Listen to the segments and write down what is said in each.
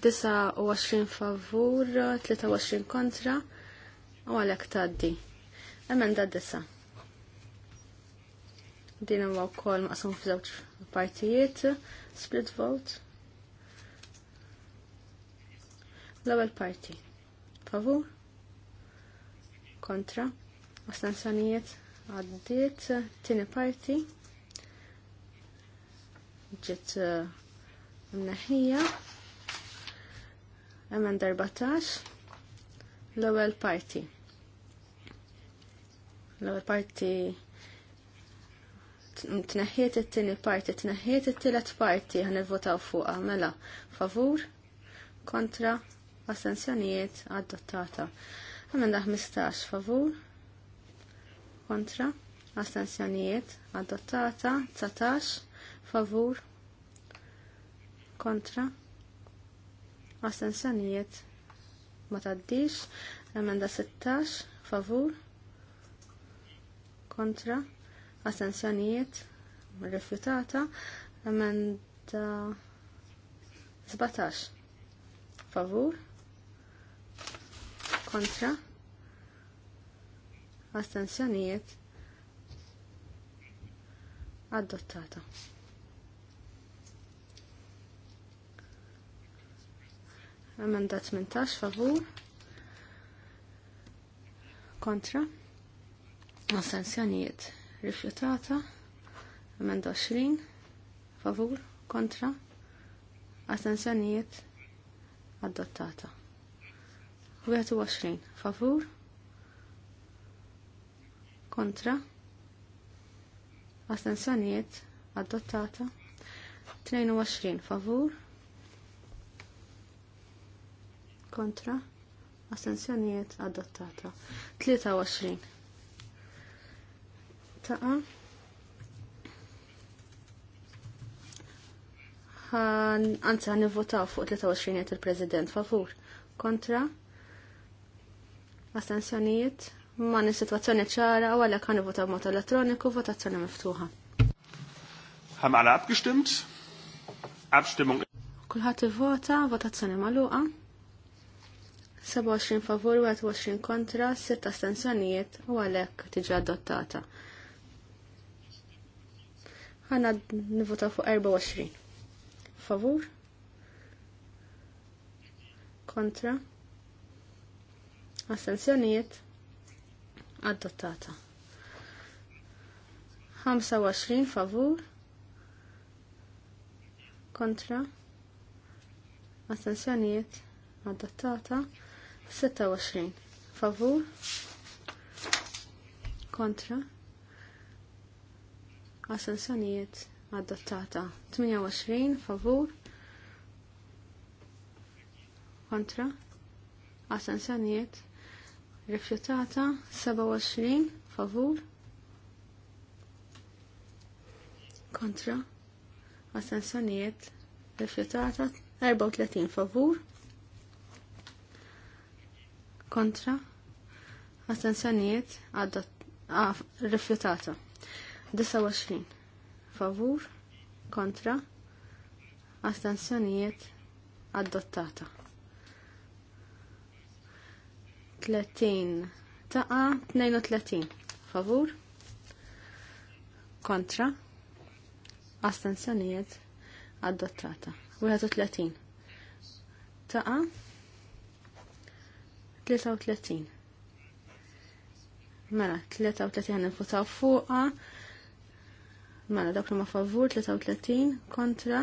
29 favur, 23 kontra, u għalek taddi. Emenda disa. Din huwa wkoll maqsum f'żewġ partijiet, split vote. L-ewwel parti. Favur? Kontra? Astensjonijiet għaddiet, tieni parti. Ġiet uh, mneħħija. Uh, Emenda 14. L-ewwel parti. L-ewwel parti tneħħiet it-tieni parti, tneħħiet it-tielet parti ħanivvotaw fuqha mela favur kontra astensjonijiet adottata. Emenda 15 favur kontra astensjonijiet adottata 19 favur kontra astensjonijiet ma taddix, emenda 16 favur kontra astensjonijiet rifjutata, emenda 17 favur kontra astensjonijiet adottata. Emenda 18 favur kontra assenzjonijiet rifjutata. Emenda 20 favur kontra assenzjonijiet adottata. 21 favur kontra astensjonijiet adottata 22 favur kontra astensjonijiet adottata. 23. Taqa. Anzi, għan votaw fuq 23 jiet il-President favur kontra astensjonijiet ma' n-situazzjoni ċara u għalek għan votaw mod elettroniku votazzjoni miftuħa. Haben għala abgestimt? Abstimmung. Kulħat vota, votazzjoni maluqa. 27 favur u 20 kontra, 6 astensjonijiet u għalek tiġi adottata. Għanna nivota fuq 24. Favur? Kontra? Astensjonijiet? Adottata. 25 favur? Kontra? Astensjonijiet? Adottata. 26 favur kontra assenzjonijiet adottata 28 favur kontra assenzjonijiet rifjutata 27 favur kontra assenzjonijiet rifjutata 34 favur kontra attenzjonijiet astensjonijiet rifjutata. 29 favur kontra attenzjonijiet adottata. 30 taqa 32 favur kontra astensjonijiet adottata. 31 taqa 33. Mela, 33 għan nifutaw fuqa. Mela, dak ma favur, 33 kontra.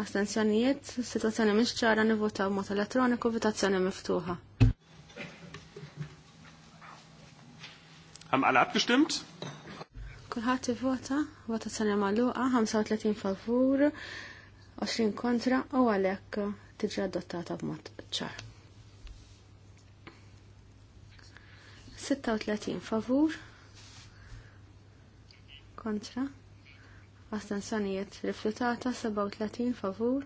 Astenzjonijiet, situazzjoni mhix ċara nivvotaw mod elettroniku, votazzjoni miftuħa. Haben alle abgestimmt? Kulħadd ivvota, votazzjoni magħluqa, 35 favur, 20 kontra u għalhekk tiġi adottata b'mod ċar. 36 favur kontra astensjonijiet riflutata 37 favur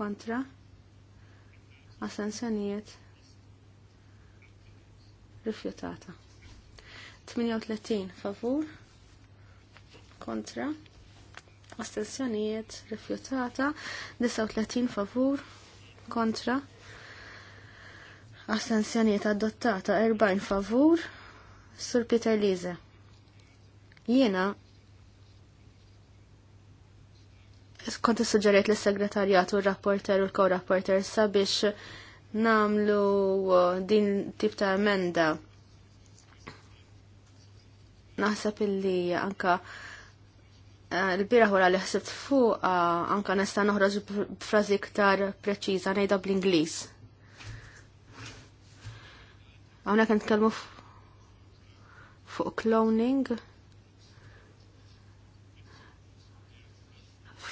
kontra astensjonijiet rifjutata. 38 favur kontra astensjonijiet rifjutata 39 favur kontra astensjonijiet adottata 40 favur Sur Peter Lise jiena kont suġġeriet l-segretarjat u r-rapporter u l-co-rapporter sabiex namlu uh, din tip ta' emenda naħseb illi anka l-biraħ għura li ħsibt fuq anka nista' noħroġ b'frażi iktar preċiża ngħidha bl-Ingliż. Hawnhekk nitkellmu fuq cloning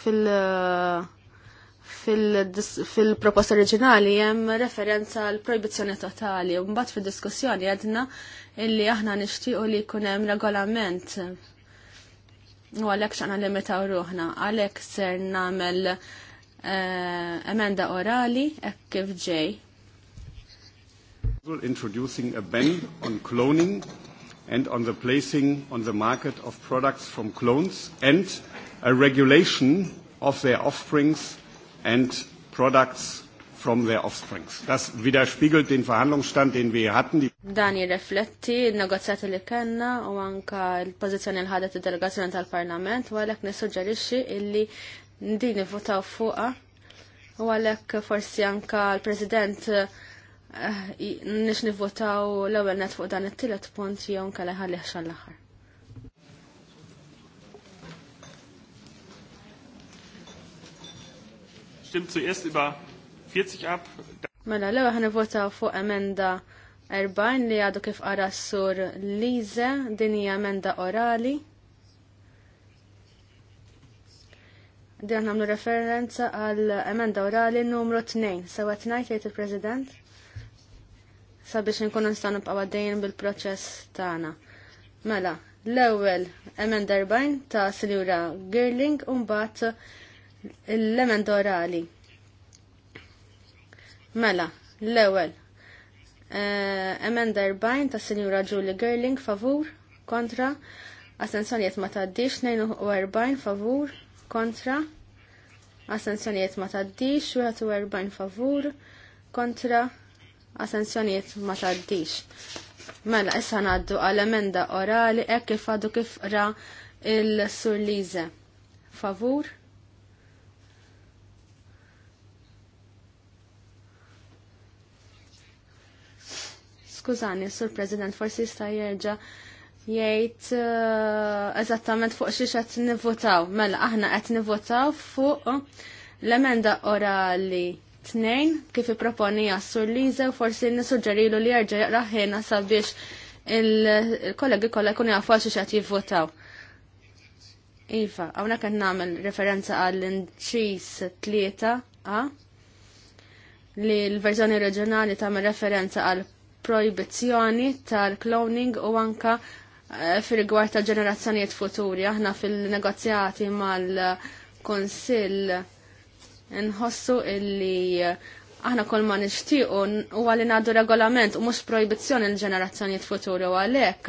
fil- fil-proposta oriġinali hemm referenza l proibizzjoni totali u mbagħad fid-diskussjoni għedna illi aħna nixtiequ li jkun hemm regolament u għalek xana limitaw ruħna, għalek ser namel eh, emenda orali, ek kif ġej. Introducing a ban on cloning and on the placing on the market of products from clones and a regulation of their offsprings and products from their offsprings. Das widerspiegelt den Verhandlungsstand, den wir hatten. Dan jirrefletti il-negozjati li kellna u anka il-pozizjoni l ħadet id-delegazzjoni tal-Parlament u għalek nissuġġerixxi illi ndini votaw fuqa u għalek forsi anka l-President eh, nix nivvotaw l-ewwel net fuq dan it-tielet punt jew nkella ħxan l-aħħar. stimmt zuerst über 40 ab. Mela, l ħan votaw fuq emenda 40 li għadu kif qara s-sur Lize, din hija emenda orali. Din nagħmlu referenza għal emenda orali numru 2, sewa tnajt jgħid il-President sabiex nkunu nistgħu nibqa' għaddejjin bil-proċess tagħna. Mela, l-ewwel emenda 40 ta' Silura Girling u mbagħad l-emenda orali Mela, l-ewel. Eh, emenda 40 ta' Sinjura Julie Gerling favur kontra Asensjonijiet ma taddix 42 favur kontra Asensjonijiet ma taddix 41 favur kontra Asensjonijiet ma taddix. Mela, issa naddu għal emenda orali hekk kif għadu kif ra il-surlize. Favur? Skużani, sur President, forsi jista' jerġa' jgħid uh, eżattament fuq xiex qed nivvotaw. Mela aħna qed nivvotaw fuq l-emenda orali tnejn kif ipproponija sur Liza u forsi nisuġġerilu li jerġa' jaqraħ ħina sabiex il-kollegi kollha jkunu jafu għal xiex qed jivvotaw. Iva, għawna kan namel referenza għall-inċis tlieta, a? li l-verżjoni reġjonali tagħmel referenza għal projbizzjoni tal-cloning u anka eh, fil-rigward ta' ġenerazzjonijiet futuri. Aħna fil-negozjati mal-Konsill nħossu illi eh, aħna kol ma nixtiequ u għalli naddu regolament u mhux projbizzjoni l-ġenerazzjonijiet futuri u għalhekk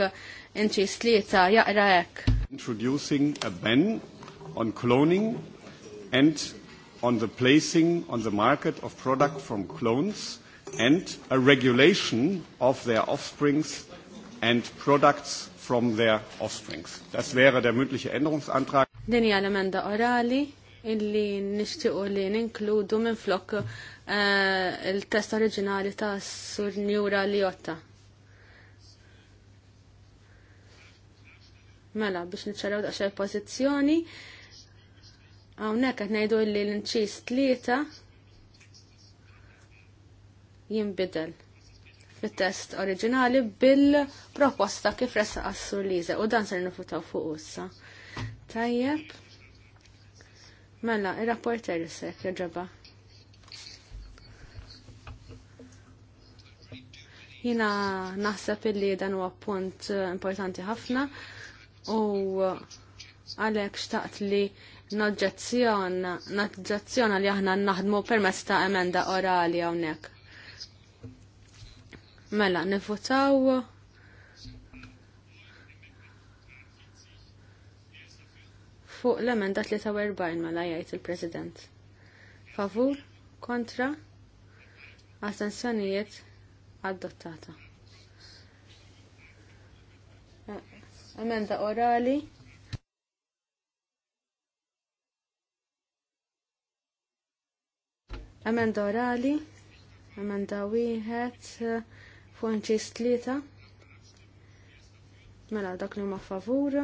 inti slita jaqra hekk. Introducing a ban on cloning and on the placing on the market of product from clones and a regulation of their offsprings and products from their offsprings. Das wäre der mündliche Änderungsantrag. Din hija l-emenda orali illi nixtiequ li ninkludu minn flok eh, il-test oriġinali ta' Sur Njura jotta. Mela, biex nitċaraw daqsxejn pożizzjoni, hawnhekk qed ngħidu illi l-inċis tlieta jinbidel fit-test oriġinali bil-proposta kif resa għassu liza u dan ser nifutaw fuq ussa. Tajjeb, mela, il-rapporter jisek, jaġaba. Jina naħseb illi dan huwa punt importanti ħafna u għalek xtaqt li naġġazzjon, naġġazzjon li aħna naħdmu permess ta' emenda orali hawnhekk Mela, nifutaw. Fuq l-emenda 43 mela jgħid il-President. Favur, kontra, astensjonijiet adottata. emenda orali. Emenda orali. Emenda wieħed Fonċis tlieta. Mela dak li huma favur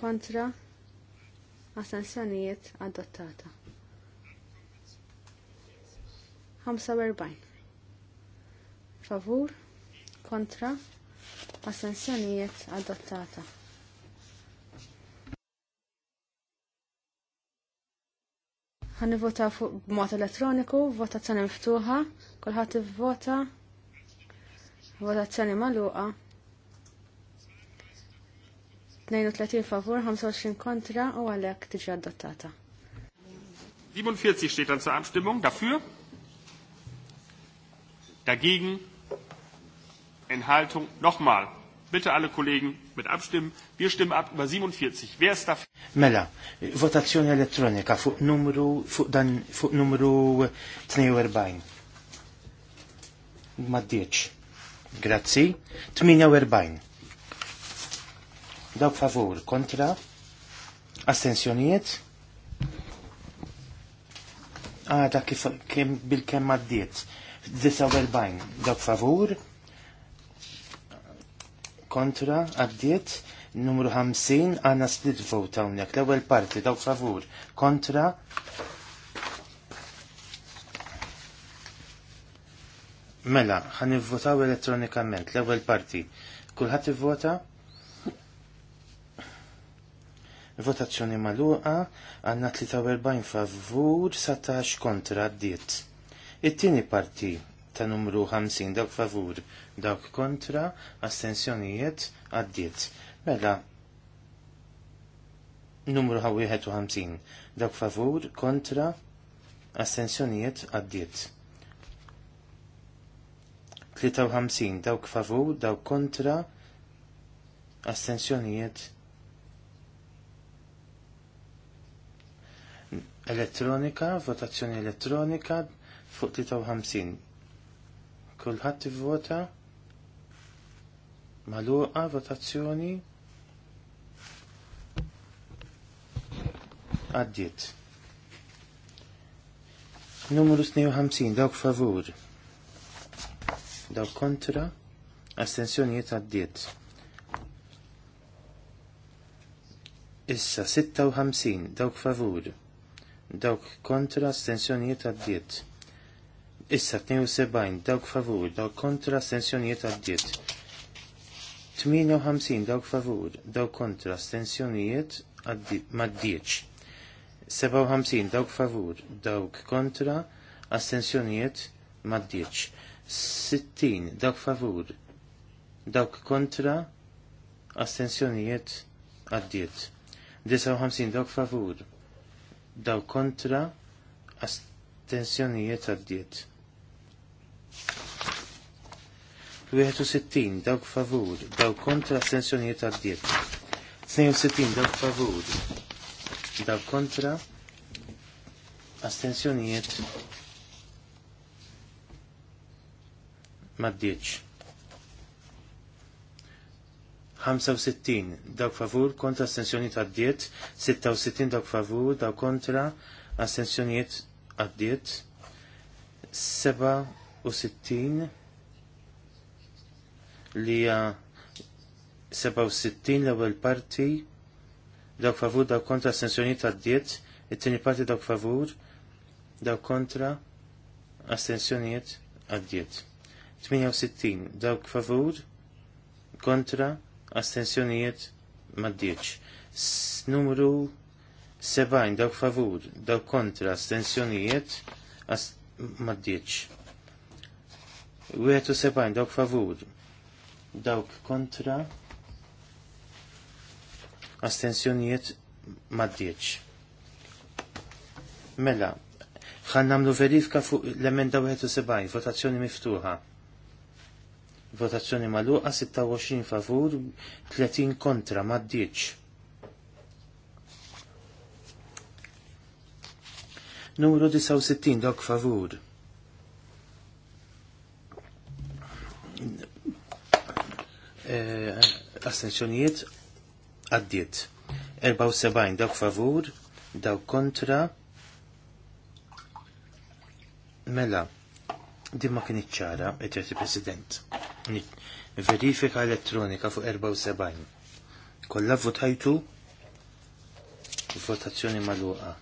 kontra assenzjonijiet adottata. 45. Favur kontra astensjonijiet adottata. Ħanivota fuq b'mod elettroniku, votazzjoni miftuħa, kulħadd ivvota. Votazzjoni maluqa. 32 favur, 25 kontra u għalek tiġi adottata. 47 steht dann zur Abstimmung. Dafür? Dagegen? Enthaltung? Nochmal. Bitte alle Kollegen mit abstimmen. Wir stimmen ab über 47. Wer ist dafür? Mela, votazzjoni elettronika fuq numru, fuq dan, fuq numru 42. Maddieċ. Grazzi. 48. Dawk favur kontra. Astensjonijiet. da kif kem, bil-kem għaddiet. 49. Dawk favur kontra għaddiet. Numru 50 għanna split vote hawnhekk l-ewwel parti dawk favur kontra Mela, ħan votaw elettronikament, l-ewel parti. Kulħat vota Votazzjoni maluqa, għanna 43 favur, 16 kontra għaddiet. It-tieni parti ta' numru 50 dawk favur, dawk kontra, astensjonijiet għaddiet. Mela, numru 51 dawk favur, kontra, astensjonijiet għaddiet 53 dawk favur, dawk kontra, astensjonijiet elettronika, votazzjoni elettronika fuq 53. Kulħadd ivvota maluqa votazzjoni għaddiet. Numru 52 dawk favur daw kontra astensjonijiet għaddiet. Issa 56 dawk favur dawk kontra astensjonijiet għaddiet. Issa 72 dawk favur dawk kontra astensjonijiet għaddiet. 58 dawk favur dawk kontra astensjonijiet maddiċ. 57 dawk favur dawk kontra astensjonijiet maddiċ. 60 dawk favur, dawk kontra, astensjonijiet għaddiet. 59 dawk favur, dawk kontra, astensjonijiet għaddiet. 61 dawk favur, dawk kontra, astensjonijiet għaddiet. 62 dawk favur, dawk kontra, astensjonijiet maddiċ. 65 dawk favur kontra astensjoniet għaddiet, 66 dawk favur dawk kontra astensjoniet għaddiet, 67 li 67 l-ewwel parti dawk favur dawk kontra astensjoniet għaddiet, it-tieni parti dawk favur dawk kontra astensjoniet għaddiet. 68 dawk favur kontra astensjonijiet maddiċ. Numru 70 dawk favur dawk kontra astensjonijiet as maddiċ. 71 dawk favur dawk kontra astensjonijiet maddiċ. Mela, ħan namlu verifika fuq l-emenda 71, votazzjoni miftuħa. Votazzjoni maluqa 26 favur, 30 kontra, maddiċ. Numru 69 dok favur. E, eh, Astenzjonijiet għaddiet. 74 dawk favur, dawk kontra. Mela, din ma kien iċċara, eċerti President. Verifika elettronika fuq 74. Kollha votajtu votazzjoni magħluqa.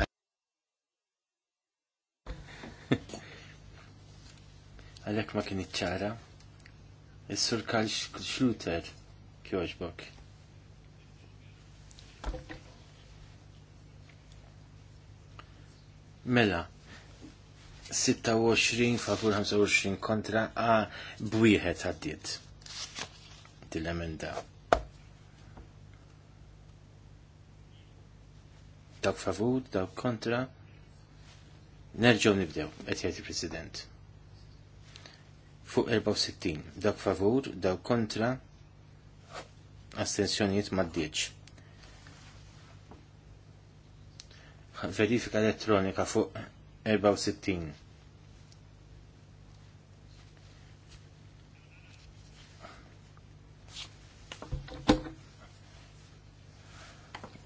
Għalhekk ma kien iċċara. Is-sur Kalx Schluter kjoġbok. Mela, 26 favur 25 kontra a bwieħed għaddiet dil-emenda. Dak favur, dak kontra. Nerġaw nibdew, qed il-President. Fuq 64, dak favur, dak kontra. Astensjonijiet maddieċ verifika elettronika fuq 64.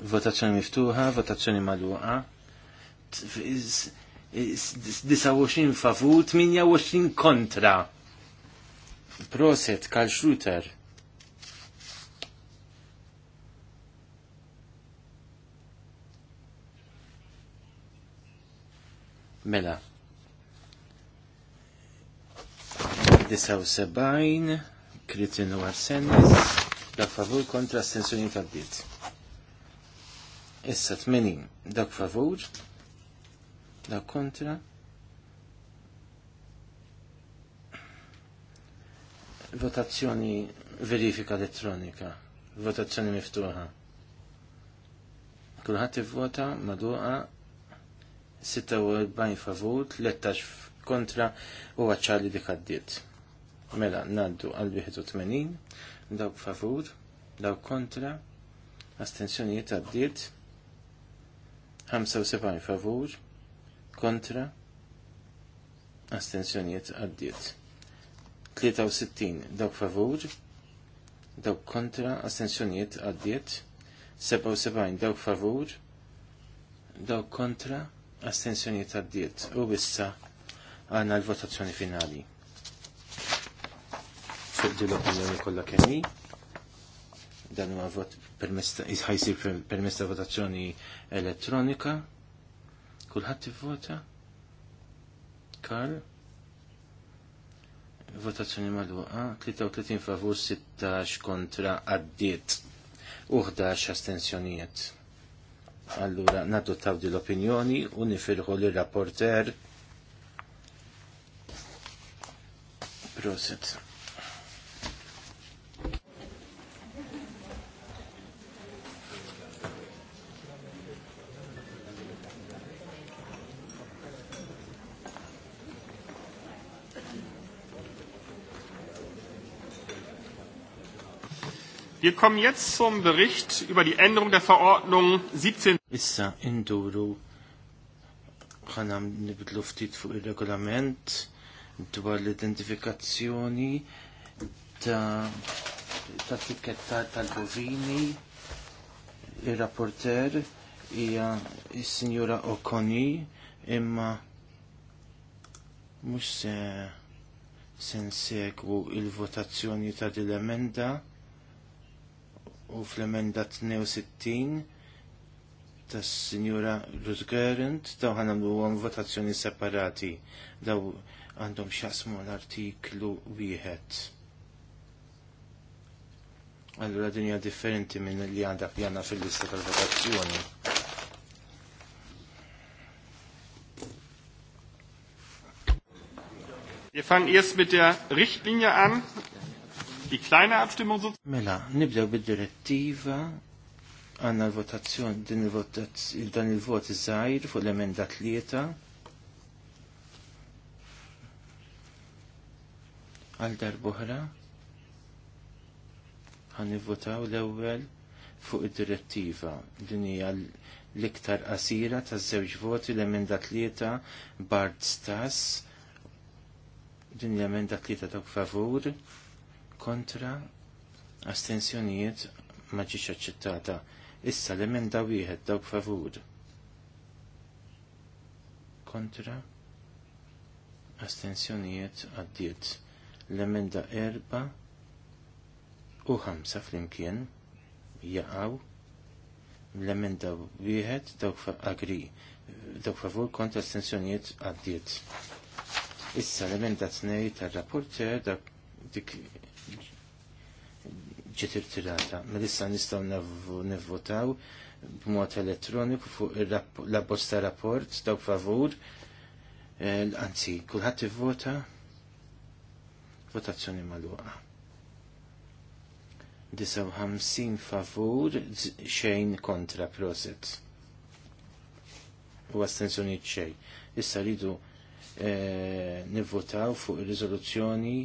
Votazzjoni miftuħa, votazzjoni magħluqa. 29 favut, 28 kontra. Proset, Karl Schruter. Mela. 79 kritinu għarsenis dak favur kontra astensjoni tal-bit. Issa 80 dak favur dak kontra votazzjoni verifika elettronika votazzjoni miftuħa kulħadd ivvota madwuqa 46 favut, 13 kontra u għacċali dik għaddiet. Mela, naddu għal 81, dawk favur, dawk kontra, astensjonijiet għaddiet, 75 favur, kontra, astensjonijiet għaddiet. 63 dawk favur, dawk kontra, astensjonijiet għaddiet, 77 dawk favur, dawk kontra, astensjoni ta' diet u wissa għanna l-votazzjoni finali. Fuq l-opinjoni kollha kemmi dan huwa għavot ħajsir permess ta' votazzjoni elettronika. Kulħadd ivvota? Karl? Votazzjoni madwa, 33 favur 16 kontra għaddiet u 11 astensjonijiet. Allura nadu tawdi l-opinjoni u nifirħu l-rapporter. Proset. Wir kommen jetzt zum Bericht über die Änderung der Verordnung 17. Issa induru ħana nibidlu ftit fuq il-regolament dwar l-identifikazzjoni ta' ta' tiketta tal-bovini il-rapporter hija il sinjura Okoni imma mhux se sensegwu il-votazzjoni ta' dil-emenda u fl-emenda 62 tas sinjura Rutgerent daw ħan għamlu għom votazzjoni separati daw għandhom xasmu l-artiklu wieħed. Allora dinja differenti minn li għandak li għanna fil-lista tal-votazzjoni. Wir fangen erst mit der Richtlinie an, Die kleine Abstimmung so? Mela, nibdew bid-direttiva għanna l-votazzjoni din il-votazzjoni dan il-vot iżgħir fuq l-emenda tlieta. Għal darbohra ħan nivvotaw l-ewwel fuq id-direttiva din hija l-iktar qasira taż-żewġ voti l-emenda tlieta Bard Stas din l-emenda tlieta tok favur kontra astensjonijiet ma ġiċ aċċettata. Issa l-emenda wieħed dawk favur. Kontra astensjonijiet għaddiet l-emenda erba u ħamsa flimkien jaqaw l-emenda wieħed dawk agri dawk favur kontra astensjonijiet għaddiet. Issa l-emenda tnej tar-rapporter dik ġiet tirata. Melissa nistgħu nivvotaw b'mod elettroniku fuq l-abbosta rapport daw favur. Eh, anzi, kulħadd vota votazzjoni magħluqa. 59 favur, xejn kontra proset. U astenzjoni xejn. Issa rridu eh, nivvotaw fuq ir-riżoluzzjoni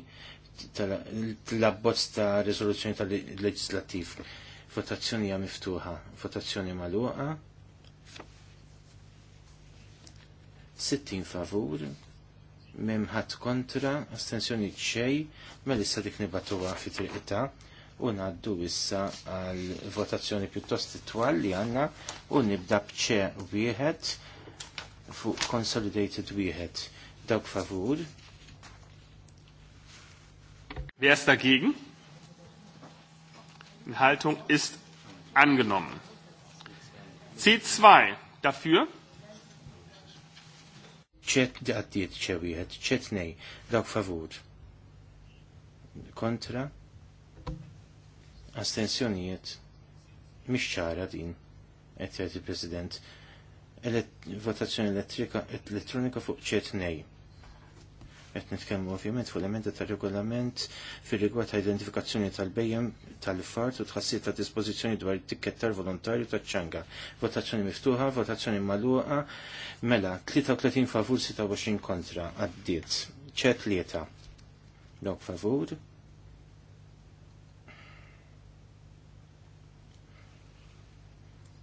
tal-abbozz ta' riżoluzzjoni tal-leġislattiv. Votazzjoni hija miftuħa, votazzjoni magħluqa. 60 favur, memħat kontra, astensjoni ċej, ma mela issa dik nibatuwa fi triqita, u naddu issa għal votazzjoni piuttost twal li għanna, u nibda bċe wieħed fuq consolidated wieħed. Dawk favur, Wer ist dagegen? Enthaltung ist angenommen. C2 dafür. ċet għaddiet ċewiet, ċet nei. Dag favut. Kontra, astensjonijiet, Mischara ċara din, għetjajt il-President, votazzjoni elettronica fuq ċet nei qed nitkellmu ovvjament fuq l-emenda tar regolament fir-rigward ta' identifikazzjoni tal-bejjem tal-fart u tħassir ta' dispożizzjoni dwar it-tikkettar volontarju taċ-ċanga. Votazzjoni miftuħa, votazzjoni magħluqa, mela 33 favur 26 kontra għaddiet. ċet lieta. Dok favur.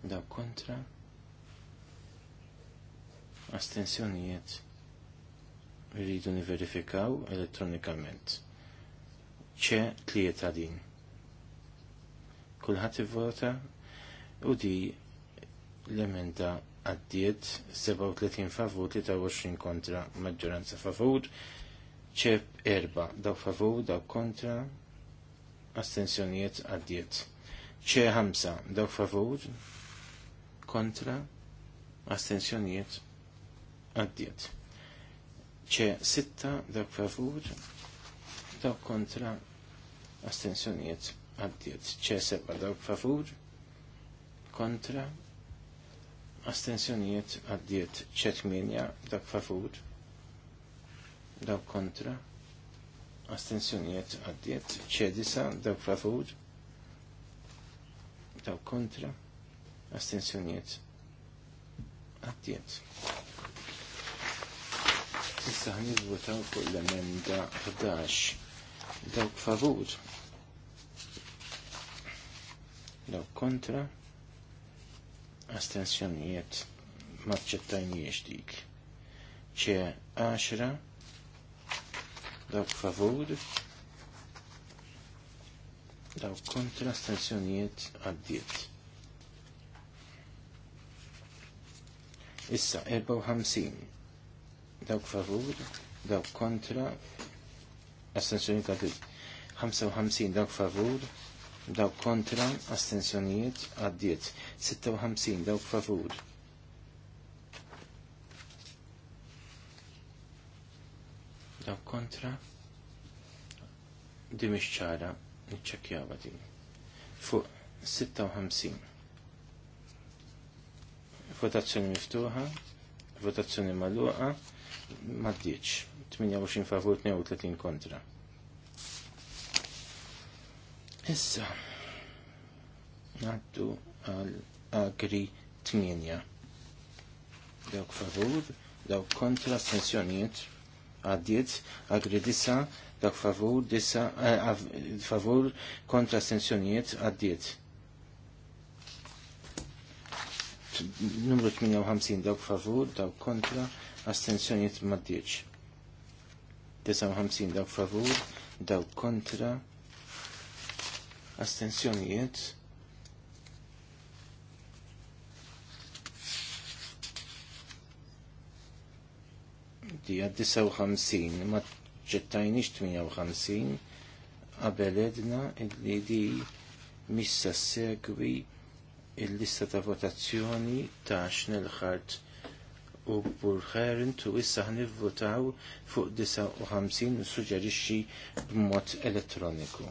Dawk kontra. Astensjonijiet rridu niverifikaw elettronikament. ċe tlieta din. Kulħadd ivvota u di l-emenda għaddiet 37 favur, 23 kontra, maġġoranza favur, ċeb erba, daw favur, daw kontra, astensjonijiet għaddiet. ċe ħamsa, daw favur, kontra, astensjonijiet għaddiet ċe sitta dak favur dak kontra astensjoniet għaddiet ċe seba dak favur kontra astensjoniet għaddiet ċe tminja dak favur dak kontra astensjoniet għaddiet ċe disa dak favur dak kontra astensjoniet għaddiet Issa ħan nivvotaw fuq l-emenda 11. Dawk favur. Dawk kontra. Astensjonijiet maċċettajniex dik. ċe 10. Dawk favur. Dawk kontra astensjonijiet għaddiet. Issa 54 dawk favur, daw kontra, astensjoniet għaddit. 55 dawk favur, dawk kontra, astensjoniet għaddit. 56 dawk favur. Dawk kontra, dimix ċara, nċekjawa din. Fuq 56. Votazzjoni miftuħa, votazzjoni maluqa, ma ddiċ. 28 favur 32 kontra. Issa, għaddu għal agri 8. Dawk favur, dawk kontra astensjoniet, għaddiet, agri 9, dawk favur, disa, eh, favur kontra astensjoniet, għaddiet. Numru 58 dawk favur, dawk kontra, astensjoniet ma ddieċ. 59 daw favur, dawk kontra, astensjonijiet. Dija 59, ma ġettajnix 58, qabel edna illi di missa segwi il-lista ta' votazzjoni ta' xnel ħart u Burħerin tu issa ħnivvotaw fuq 59 suġġerixxi b'mod elettroniku.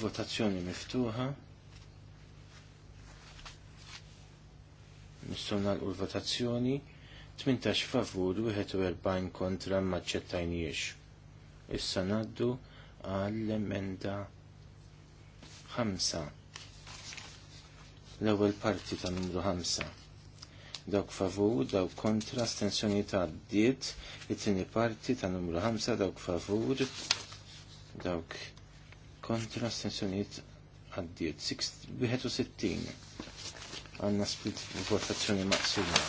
Votazzjoni miftuħa. Nistgħu nagħlqu l-votazzjoni 18 favur u 41 kontra maċċettajniex. Issa ngħaddu għall-emenda 5 l-ewwel parti ta' numru 5. Dawk favur, dawk kontra, stensjoni ta' diet, it-tieni parti ta' numru 5, dawk favur, dawk kontra, astensjoniet diet. 61. Għanna split votazzjoni maqsuma.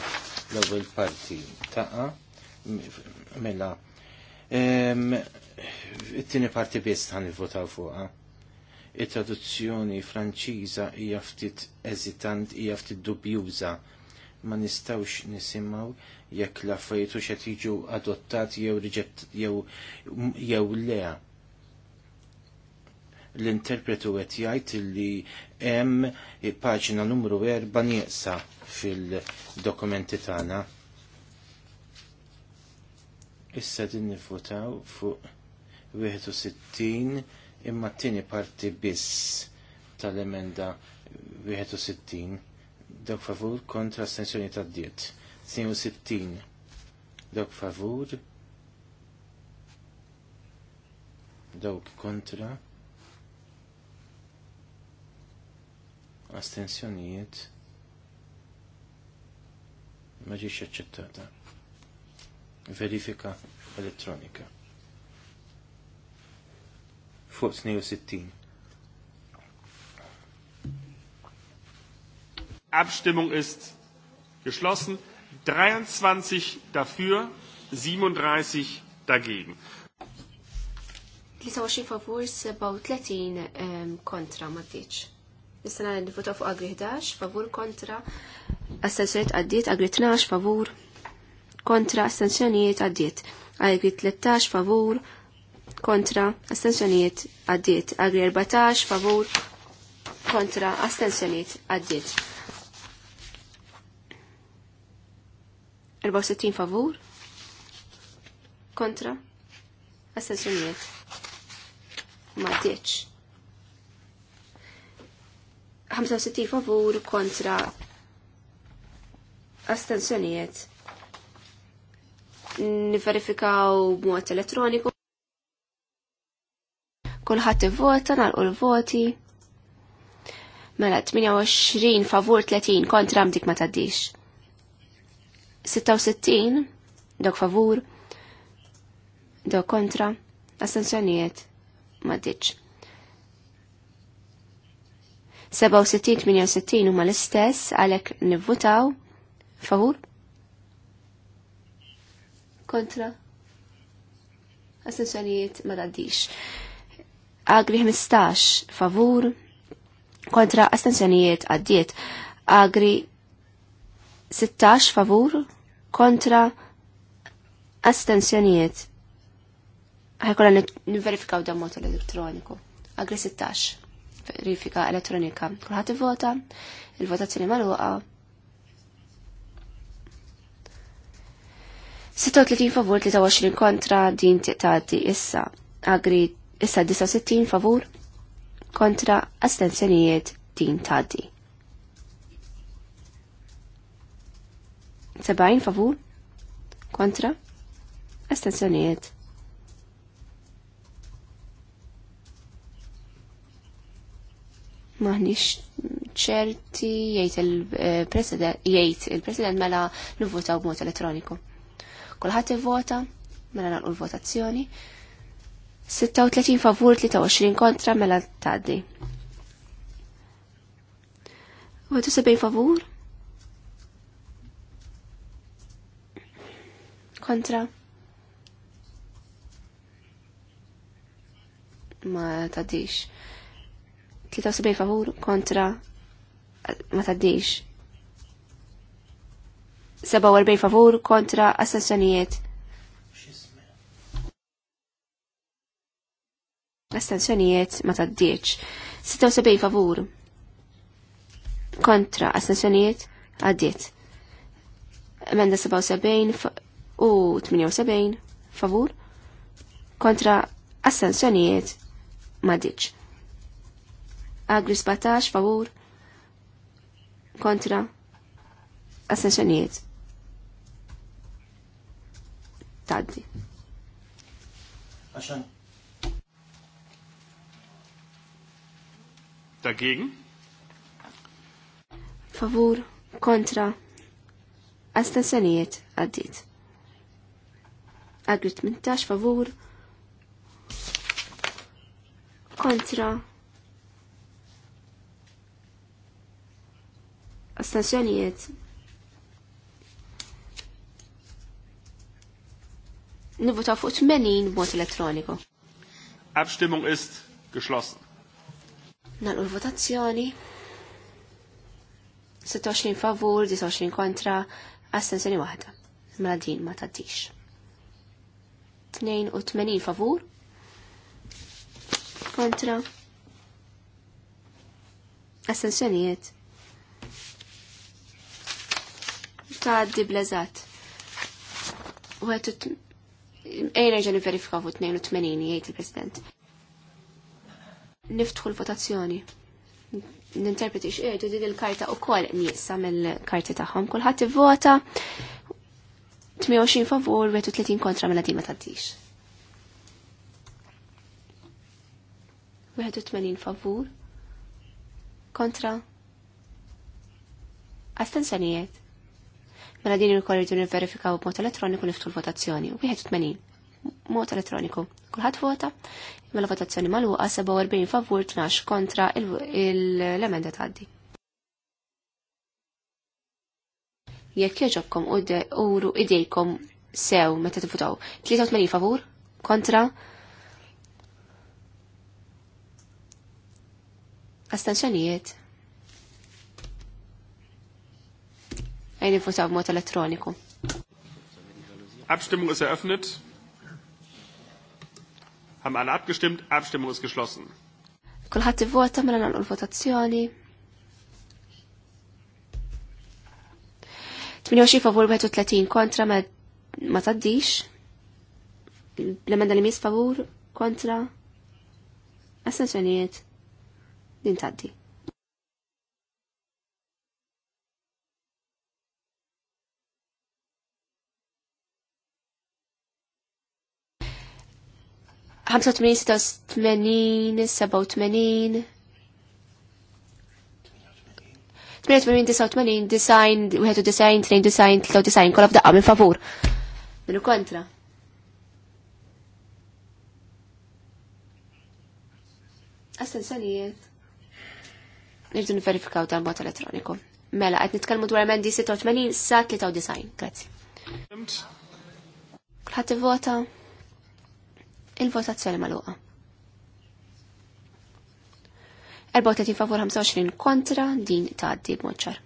L-ewwel parti ta' mela. It-tieni parti biss ħan votaw fuqha it-traduzzjoni Franċiża hija ftit eżitant, hija ftit dubjuża. Ma nistawx nisimgħu jekk l-affarijiet u xed jiġu adottati jew riġett jew jew le. L-interpretu qed jgħid li hemm paġna numru 4 nieqsa fil-dokumenti tagħna. Issa din nivvotaw fuq 61 imma t-tieni parti biss tal-emenda 61 dawk favur kontra s-sensjoni ta' diet. 62 dawk favur dawk kontra astensjonijiet ma ġiex aċċettata. Verifika elettronika fuq 62. Abstimmung ist geschlossen. 23 dafür, 37 dagegen. 23 favur, 37 kontra Matic. tiċ. Nistana nifuta fuq agri 11, favur kontra, astensjoniet għaddiet, agri 12 favur, kontra astensjoniet għaddiet, agri 13 favur, kontra astensjoniet għaddiet. Agri 14 favur kontra astensjoniet għaddiet. 64 favur kontra astensjoniet ma 65 favur kontra astensjoniet. niverifikaw mod elettroniku Kulħadd ivvota nagħlqu l-voti. Mela 28 favur 30 kontra mdik ma taddix. 66 dok favur dok kontra astensjonijiet ma ddiċ. 67-68 huma l-istess għalhekk nivvutaw favur kontra astensjonijiet ma taddix. Agri 15 favur kontra astensjonijiet għaddiet. Agri 16 favur kontra astensjonijiet. Ħajkolla niverifikaw dan mod elettroniku. Agri 16. Verifika elettronika. Kulħadd ivota, il-votazzjoni maluqa. 36 favur 23 kontra din tiqtadi issa. Agri issa 69 favur kontra astenzjonijiet din taddi. 70 favur kontra astenzjonijiet maħnix ċerti jgħid il-president eh, jgħid il-president mela nivvotaw b'mod elettroniku. Kulħadd ivvota mela nagħlqu l-votazzjoni 36 favur 23 kontra mela taddi. Għadu sebejn favur? Kontra? Ma taddix. 73 favur kontra ma taddix. 47 favur kontra assenzjonijiet Astenzjonijiet ma taddieċ. 76 favur. Kontra. Astenzjonijiet għaddiet. Emenda 77 u 78 favur. Kontra. Astenzjonijiet ma ddiċ. Agri 17 favur. Kontra. Astenzjonijiet. Taddi. Għaxan dagegen. Favur kontra astensjonijiet għaddit. Agrit mintax, favur kontra astensjonijiet Nivota fuq 80 mod elettroniku. Abstimmung ist geschlossen. Nalqu l-votazzjoni. 26 favur, 26 kontra, astensjoni waħda. Mela din ma taddix. 82 favur, kontra, astensjonijiet. Taddi blazat. U għetu, ejna ġeni verifikaw 82 jgħid il-President niftħu l-votazzjoni. Ninterpreti x'qiedu din il-karta wkoll nieqsa mill-karti tagħhom. Kulħadd ivvota 28 favur, 30 kontra mela din ma tgħaddix. 81 favur kontra sanijiet. Mela din il-korridu niverifikaw b'mod elettroniku niftu l-votazzjoni. 81 mod elettroniku. Kulħadd vota, mela votazzjoni magħluqa 47 favur 12 kontra l-emenda tgħaddi. Jekk jogħġobkom uru idejkom sew meta tivvutaw 83 favur kontra astensjonijiet. Għajni votaw mod elettroniku. Abstimmung ist eröffnet. Haben alle abgestimmt? Abstimmung ist geschlossen. Kulħadd ivvota mela nagħlqu l-votazzjoni. 28 favur 31 kontra ma, ma taddix. L-emenda li mis favur kontra. Assenzjonijiet din taddi. 85-86-87 88 design, we had to design, 3 design, design, kolla f'daqqa in favur. Minu kontra. Astensjonijiet. Nirdu niverifikaw tal-bot elettroniku. Mela, għed nitkalmu dwar emendi 86 sa design. Grazie. Kulħat vota il-votazzjoni maluqa. 34 favur 25 kontra din ta' tgħaddi b'moċċar.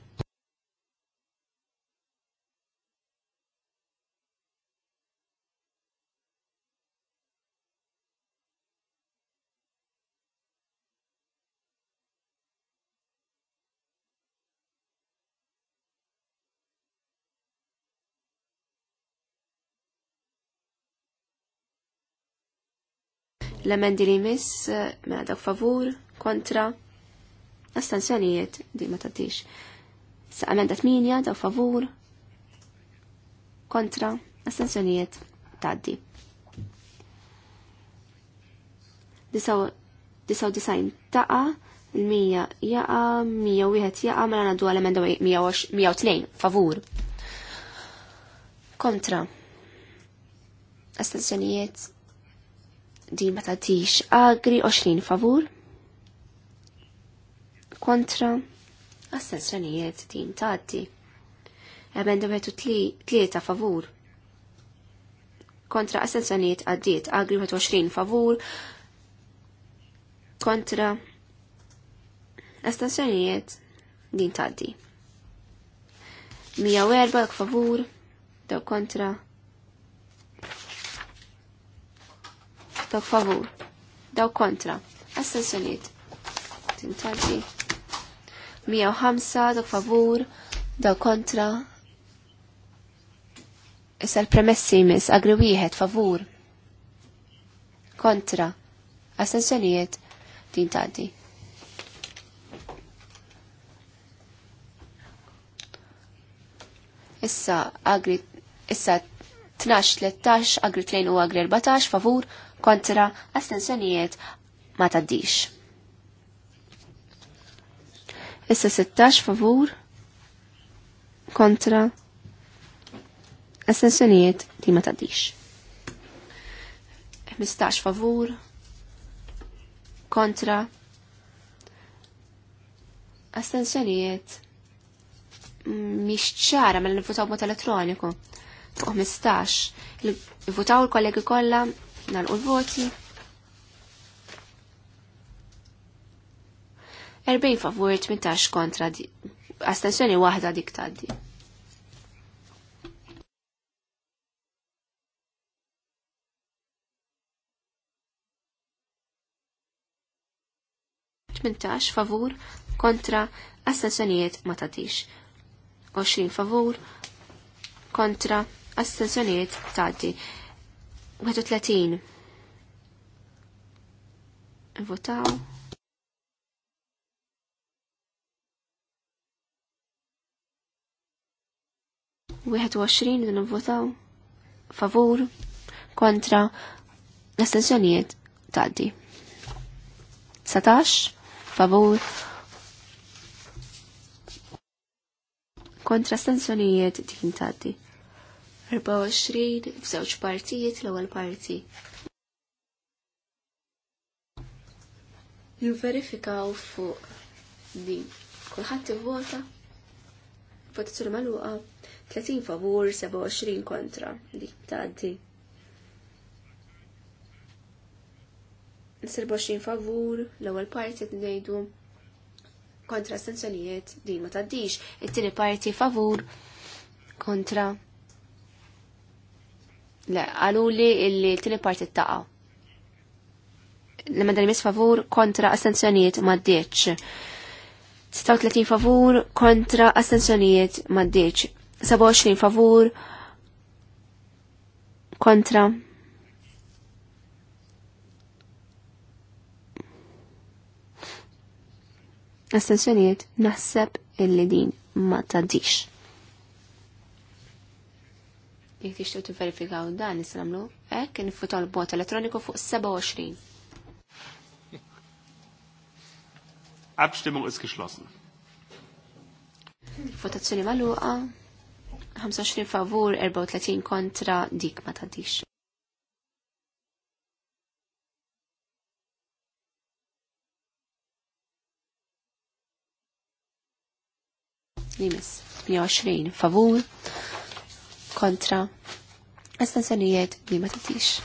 L-emendi li jmiss, eh, mela dak favur, kontra, astensjonijiet, di ma taddix. Sa emenda 8, dak favur, kontra, astensjonijiet, taddi. Disaw disajn taqa, il-mija jaqa, mija wieħed jaqa, mela għandu għal-emenda 102, favur. Kontra. Astenzjonijiet din ma tagħtix agri 20 favur kontra astensjonijiet din tgħaddi. Emenda wieħed tlieta favur kontra astensjonijiet għaddiet agri 20 favur kontra astensjonijiet din tgħaddi. 104 favur daw kontra Dawk favur. Dawk kontra. Astensjoniet. Tintaddi. 105 daw favur. Dawk kontra. Issa l-premessi mis agri wieħed favur. Kontra. Astensjoniet. Tintaġi. Issa agri issa 12-13 agri 2 u agri 14 favur kontra astensjonijiet ma taddix. Issa 16 favur kontra astensjonijiet li ma taddix. 15 favur kontra astensjonijiet miċċara ċara mill-votaw mela mod elettroniku fuq 15 il-votaw il-kollegi kollha nalqu l-voti. Erbej favur 18 kontra di. Astensjoni waħda dik taddi. Tmintax favur kontra astensjonijiet ma tadix. 20 favur kontra astensjonijiet taddi. 31. Votaw. Wieħed u għoxrin din votaw. Favur. Kontra. Estensjonijiet taddi. Satax. Favur. Kontra estensjonijiet din taddi. 24 f'żewġ partijiet l-ewwel parti. Nverifikaw fuq din. Kulħadd ivvota votazzjoni magħluqa 30 favur, 27 kontra. Di tgħaddi. 24 favur, l-ewwel parti ngħidu kontra stanzjonijiet din ma tgħaddix, it-tieni parti favur kontra għalu li illi tini parti taqa. l dan li favur kontra astenzjoniet ma d-deċ. 36 favur kontra astenzjoniet ma d-deċ. 27 favur kontra astenzjonijiet naħseb illi din ma tadix jek tixtieq tivverifikaw dan nista' nagħmlu hekk nifutaw l-bot elettroniku fuq 27. Abstimmung is geschlossen. Votazzjoni magħluqa 25 favur, 34 kontra, dik ma tadix. Nimes, 20 favur, kontra astensjonijiet li ma titix.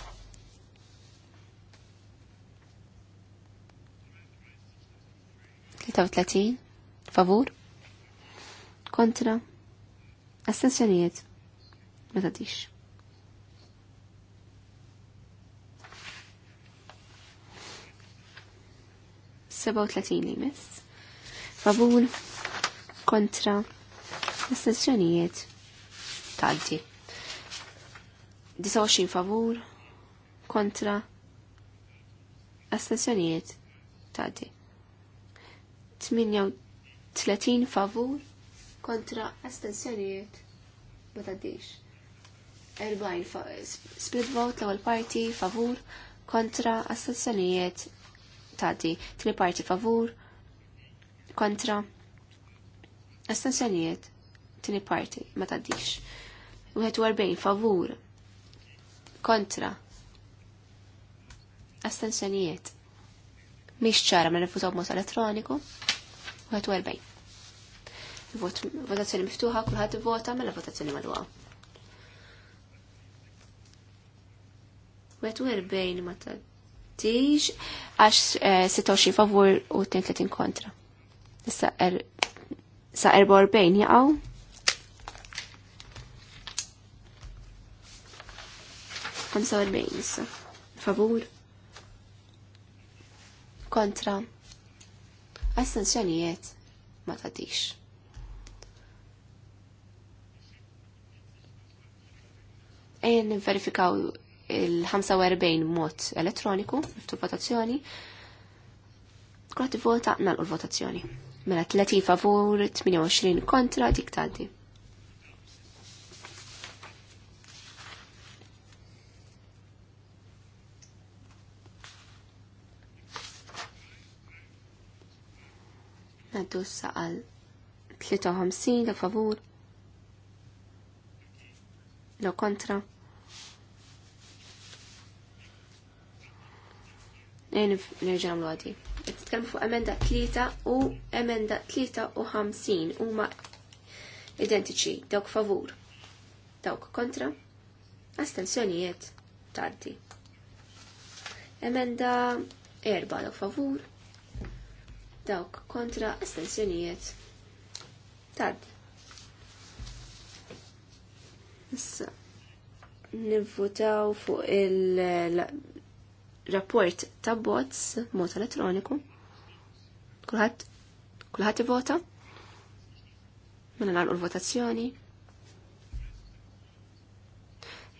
tlatin, favur kontra astensjonijiet ma titix. Seba' tletin li mis favur kontra astensjonijiet tgħaddi. 29 favur kontra astensjonijiet tgħaddi. 38 favur kontra astensjonijiet ma tgħaddix. 40 split vote l-ewwel parti favur kontra astensjonijiet tgħaddi. Tli parti favur kontra astensjonijiet tini parti, ma taddix. għarbejn, favur kontra astensjonijiet. Mhix ċara ma nifutaw u elettroniku. għarbejn. Votazzjoni miftuħa, kulħadd ivvota mela votazzjoni madwa. għarbejn, ma taddix, għax 26 eh, favur u 32 kontra. Issa 44 er, jaqaw, 45 Favur. Kontra. Astenzjonijiet ma tadix. Ejjen verifikaw il-45 mod elettroniku, niftu votazzjoni. Kħati vota l votazzjoni. Mela 30 favur, 28 kontra, dik taddi. ngħaddu saqal 53 la favur lo kontra Nerġam l-għadi. Nitkellmu fuq emenda 3 u emenda 50 huma identiċi dawk favur, dawk kontra, astensjonijiet tardi? Emenda 4 dawk favur, dawk kontra estensjonijiet. Tad. Issa. Nivvotaw fuq il-rapport ta' bots mod elettroniku. Kulħadd kulħadd ivota. Mela nagħlqu l-votazzjoni.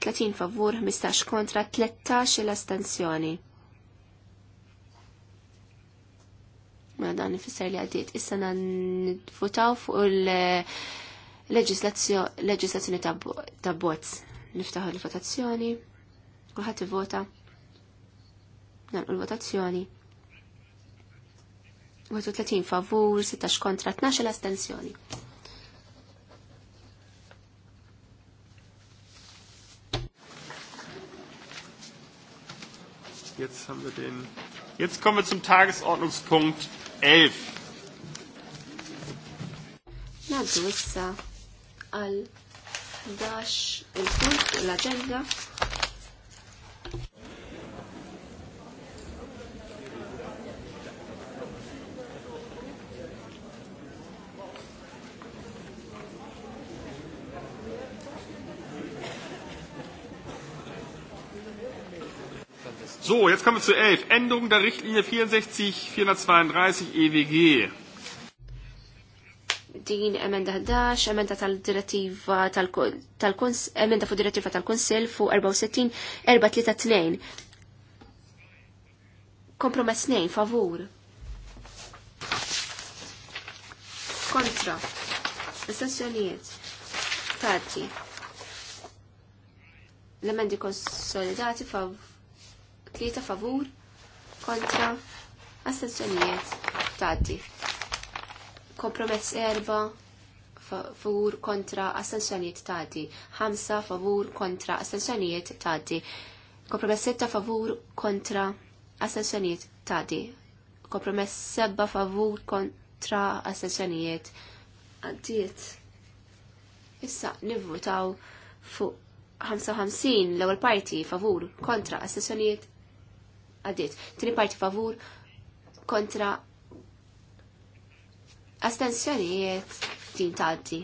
30 favur, 15 kontra, 13 l-astensjoni. Mela dan ifisser li għaddiet. Issa nifutaw fuq il-leġislazzjoni ta' bots. Niftaħu l votazzjoni kulħadd ivvota. Nagħlqu l-votazzjoni. 30 favur, 16 kontra, 12 l-astenzjoni. Jetzt haben wir den Jetzt kommen wir zum Tagesordnungspunkt 11. Naddu issa għal 11 il-punt l-agenda So, jetzt kommen wir zu 11. Änderung der Richtlinie 64 432 EWG. Din emenda 11, emenda tal-direttiva tal-kons, emenda fu direttiva tal-Konsil fu 64 432. Kompromess 2, favur. Kontra. Istazzjonijiet. Tati. L-emendi konsolidati favur tlieta favur kontra astenzjonijiet tgħaddi. Kompromess erba favur kontra astenzjonijiet tgħaddi. Ħamsa favur kontra astenzjonijiet tgħaddi. Kompromess setta favur kontra astenzjonijiet tgħaddi. Kompromess sebba favur kontra astenzjonijiet għaddiet. Issa nivvutaw fuq 55 l-ewwel parti favur kontra assessjonijiet għaddit. Tini parti favur kontra astensjonijiet din taddi.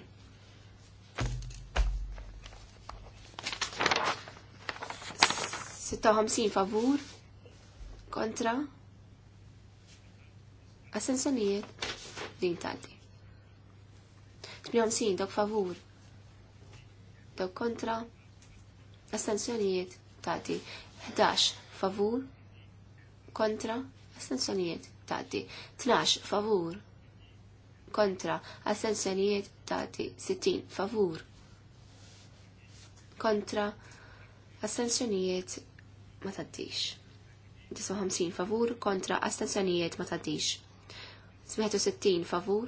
Sitta favur kontra astensjonijiet din taddi. 58 dok favur dok kontra astensjonijiet taddi. 11 favur kontra, astensjonijiet tati, 12 favur, kontra, astensjonijiet tati, 60 favur, kontra, astensjonijiet ma taddix. 59 favur, kontra, astensjonijiet ma taddix. 67 favur,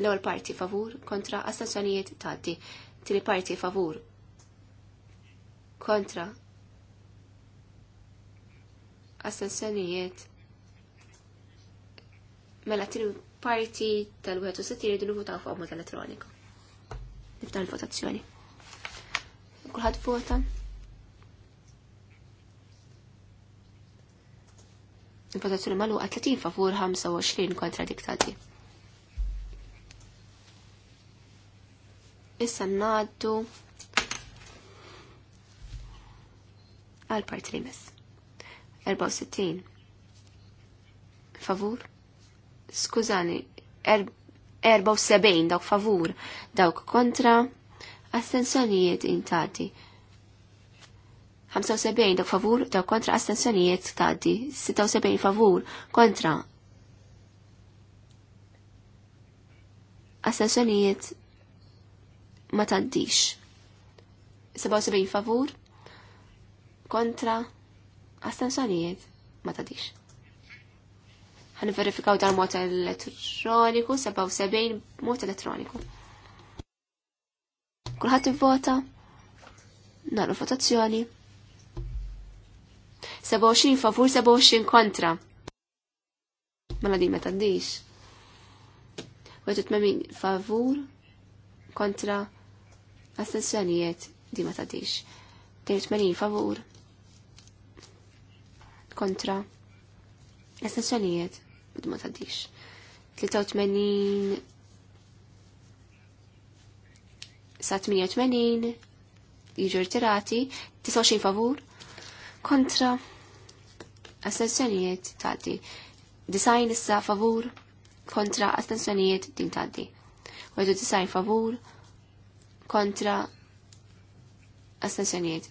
l-ewwel parti favur, kontra, astensjonijiet tati, tili parti favur, kontra, għas-sensenijiet mela tiru parti tal-61 jridu nivutaw fuq mod elettroniku. Niftaħ il-votazzjoni. Kulħadd vota. Il-votazzjoni magħluqa 30 favur 25 kontra diktati. Issa ngħaddu għal parti li mess. 64. Favur? Skużani, 74 er-, dawk favur, dawk kontra, astensjonijiet intati. 75 dawk favur, dawk kontra astensjonijiet tati. 76 favur, kontra. Astensjonijiet ma taddix. 77 favur, kontra Astensjonijiet ma tadix. Għan verifikaw dal-mod elettroniku, 77 mod elettroniku. Kulħadd vota nagħmlu votazzjoni. 27 favur, 27 kontra. Mela di ma tadix. 80 favur kontra astensjonijiet di ma tadix. 80 favur kontra estensjonijiet ma taddix. 83 sa 88 jiġu tirati 29 favur kontra essenzjonijiet taddi. Design issa favur kontra astensjonijiet din taddi. Għadu disajn favur kontra astensjonijiet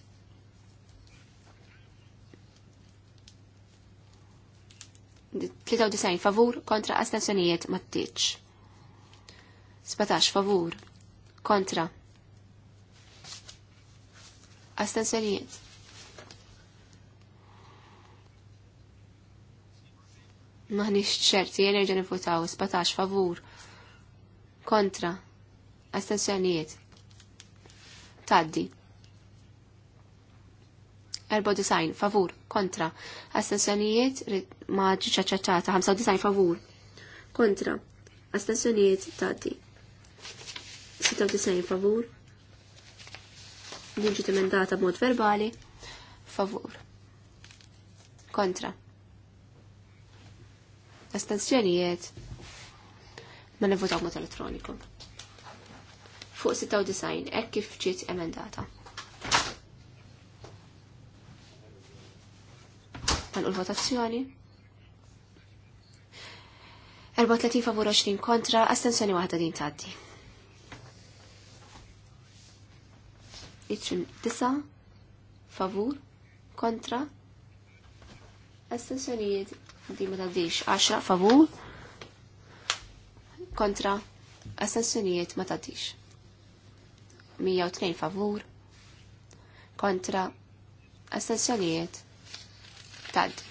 93 favur kontra astensjonijiet ma t-tieċ. 17 favur kontra astensjonijiet. Maħniex ċerti, jen irġan nifutaw, 17 favur kontra astensjonijiet. Taddi. 94 favur kontra astensjonijiet ma ġiċ aċċettata 95 favur kontra astensjonijiet tati 96 favur din ġiet emendata b'mod verbali favur kontra astensjonijiet ma nevotaw mod elettroniku fuq 96 hekk kif ġiet emendata Nalqu l-votazzjoni. 34 favur 20 kontra, astensjoni waħda din taddi. Itrim 9 favur kontra, astensjonijiet din ma taddix 10 favur kontra, astensjonijiet ma taddix. 102 favur kontra, astensjonijiet tgħaddi.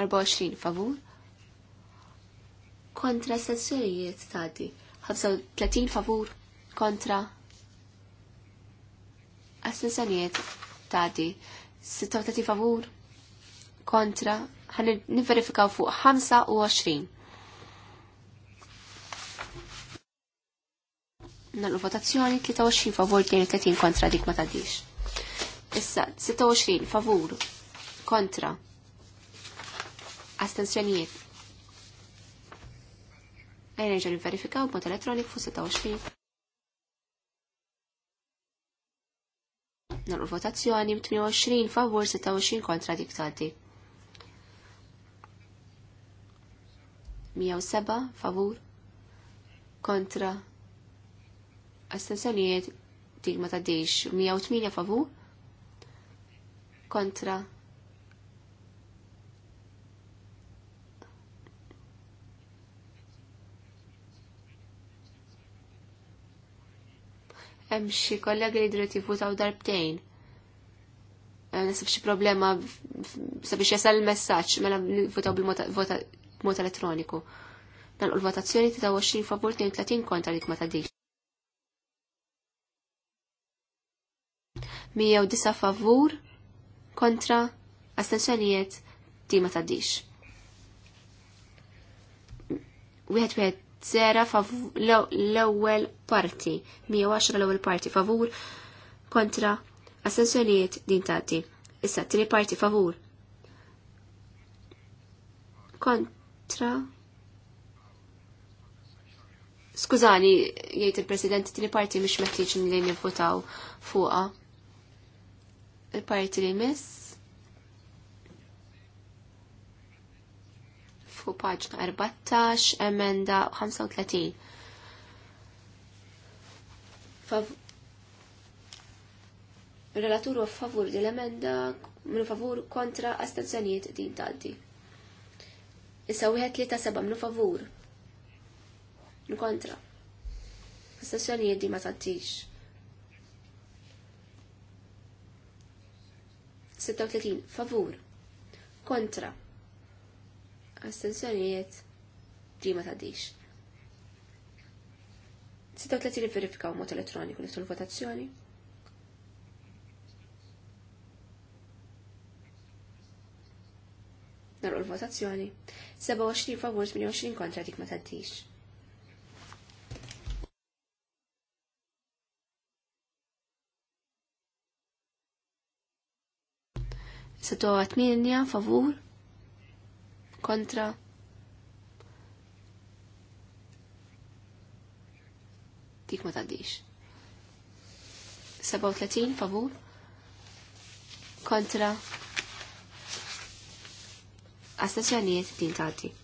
24 favur kontra sessjonijiet tadi. 35 favur kontra assenzjonijiet tadi. 36 favur kontra Għan niverifikaw fuq 25. Nal votazzjoni 23 favor 30 kontra dik ma tgħaddix. Issa, 26 favur kontra astensjonijiet. Għajna ġan verifikaw b'mod elektronik fu 26. Nar votazzjoni 28 favur 26 kontra diktati. 107 favur kontra astensjonijiet dik ma tadix 108 favur kontra hemm xi kollegi li jridu jivutaw darbtejn. Eh, nasib xi problema sabiex jasal il-messaġġ mela jivutaw bil-mod elettroniku. Nalqu l-votazzjoni 23 favur 32 kontra dik ma tadix. 109 favur kontra astensjonijiet di ma taddix. Wieħed wieħed zera l-ewwel parti, 110 l-ewwel parti favur kontra astensjonijiet din tagħti. Issa tri parti favur. Kontra Skużani, jgħid il-President, tri parti mhix meħtieġ li nivvotaw fuqha il-parti li miss fuq paġna 14 emenda 35 Fav Relatur u favur di l-emenda minu favur kontra astazzjoniet din daddi Issa wieħed li ta' seba' minu favur. Minu kontra. astazzjoniet din ma taddix. 36 favur kontra astensjonijiet di ma tadix. 36 verifikaw mod elettroniku niftu l-votazzjoni. naru l-votazzjoni. 27 favur 28 kontra dik ma tadix. 8 favur kontra dik ma taddix. 37 favur kontra astazzjonijiet din tati.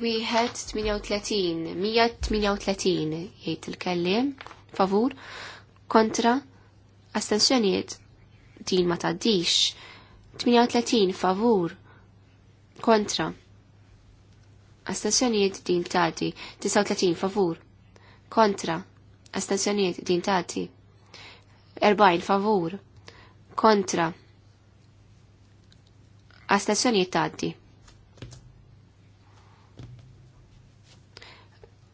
wieħed 38, 138 jgħid il-kellim, favur, kontra, astensjonijiet din ma taddix, 38 favur, kontra, astensjonijiet din tati, 39 favur, kontra, astensjonijiet din tati, 40 favur, kontra, astensjonijiet tati.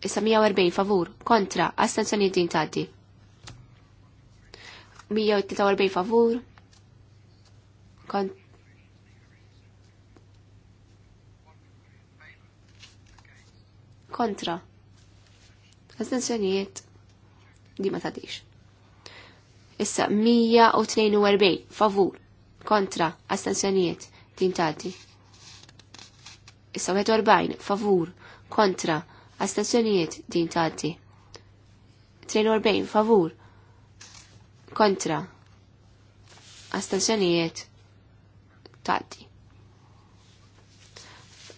Issa 140 favur kontra astenzjoni din taddi. 143 favur kon kontra astenzjonijiet di ma tadix. Issa 142 favur kontra astenzjonijiet din taddi. Issa 41 favur kontra għastazzjonijiet din tgħaddi. 43, favur kontra Għastazzjonijiet tgħaddi.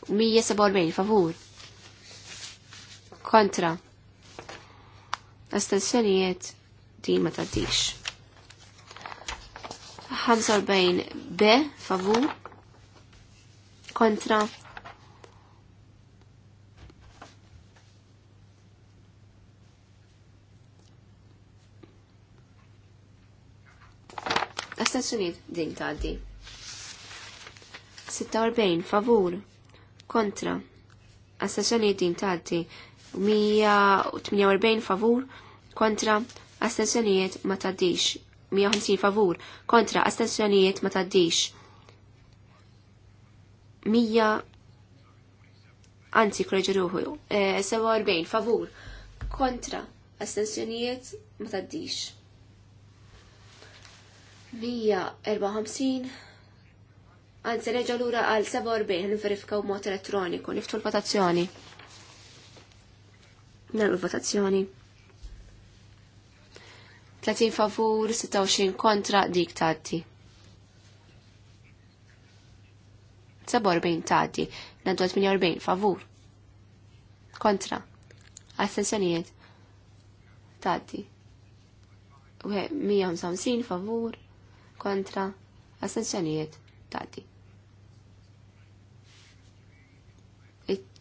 147 favur kontra Għastazzjonijiet din ma tgħaddix. 45 B favur kontra astensjoniet din tal-di. 46 favur kontra astensjoniet din tgħaddi. 148 favur kontra astensjoniet ma tgħaddix. 150 favur kontra astensjoniet ma tgħaddix. 100 anzi kreġi ruħu, 47 eh, favur kontra astensjonijiet ma taddix. 154 Anzi, reġa lura għal 47 u mod elettroniku, niftu l-votazzjoni. Nagħmlu l-votazzjoni. 30 favur, 26 kontra dik tgħaddi. 47 tgħaddi, ngħaddu 48 favur. Kontra. Astensjonijiet. Tgħaddi. 155 favur kontra assenzjonijiet tati.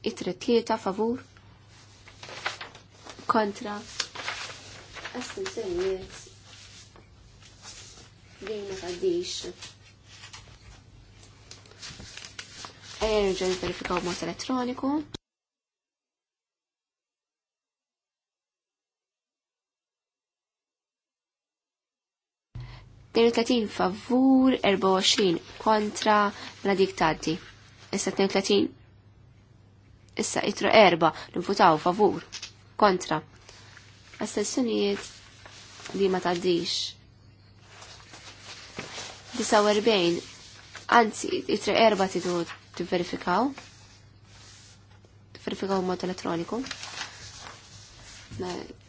Itri tlieta favur kontra assenzjonijiet dejna għaddix. Erġa verifikaw mod elettroniku. 32 favur, 24 kontra, la mela dik taddi. Issa 32 issa itru erba nifutaw favur kontra. Astessunijiet li ma taddix. 49 anzi itru erba tidu t-verifikaw. T-verifikaw mod elettroniku.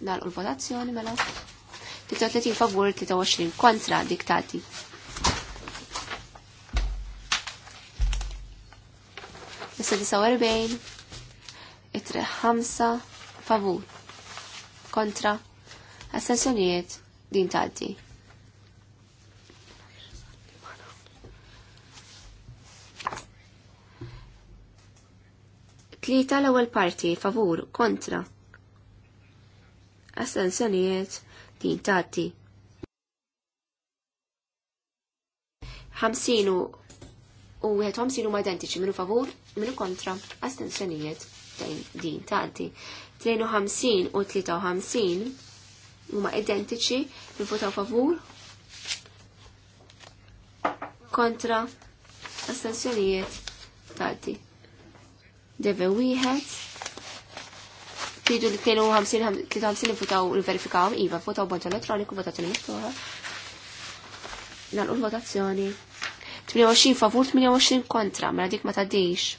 Nalqu l-votazzjoni mela. 33 favur, 23 kontra diktati. Issa 49, itre 5 favur, kontra assenzjonijiet din tati. Tlita l-ewwel parti favur kontra. Astensjonijiet din tagħti. 50 u hamsinu huma identiċi minu favur, minu kontra, astensjonijiet din tagħti. 52 u 53 huma identiċi nivvotaw favur kontra astensjonijiet tagħti. Deve wieħed tridu li kienu 53 votaw il-verifikaw, iva, votaw bont elettroniku, votazzjoni miftuħa. Nalqu l-votazzjoni. 28 favur, 28 kontra, mela dik ma taddix.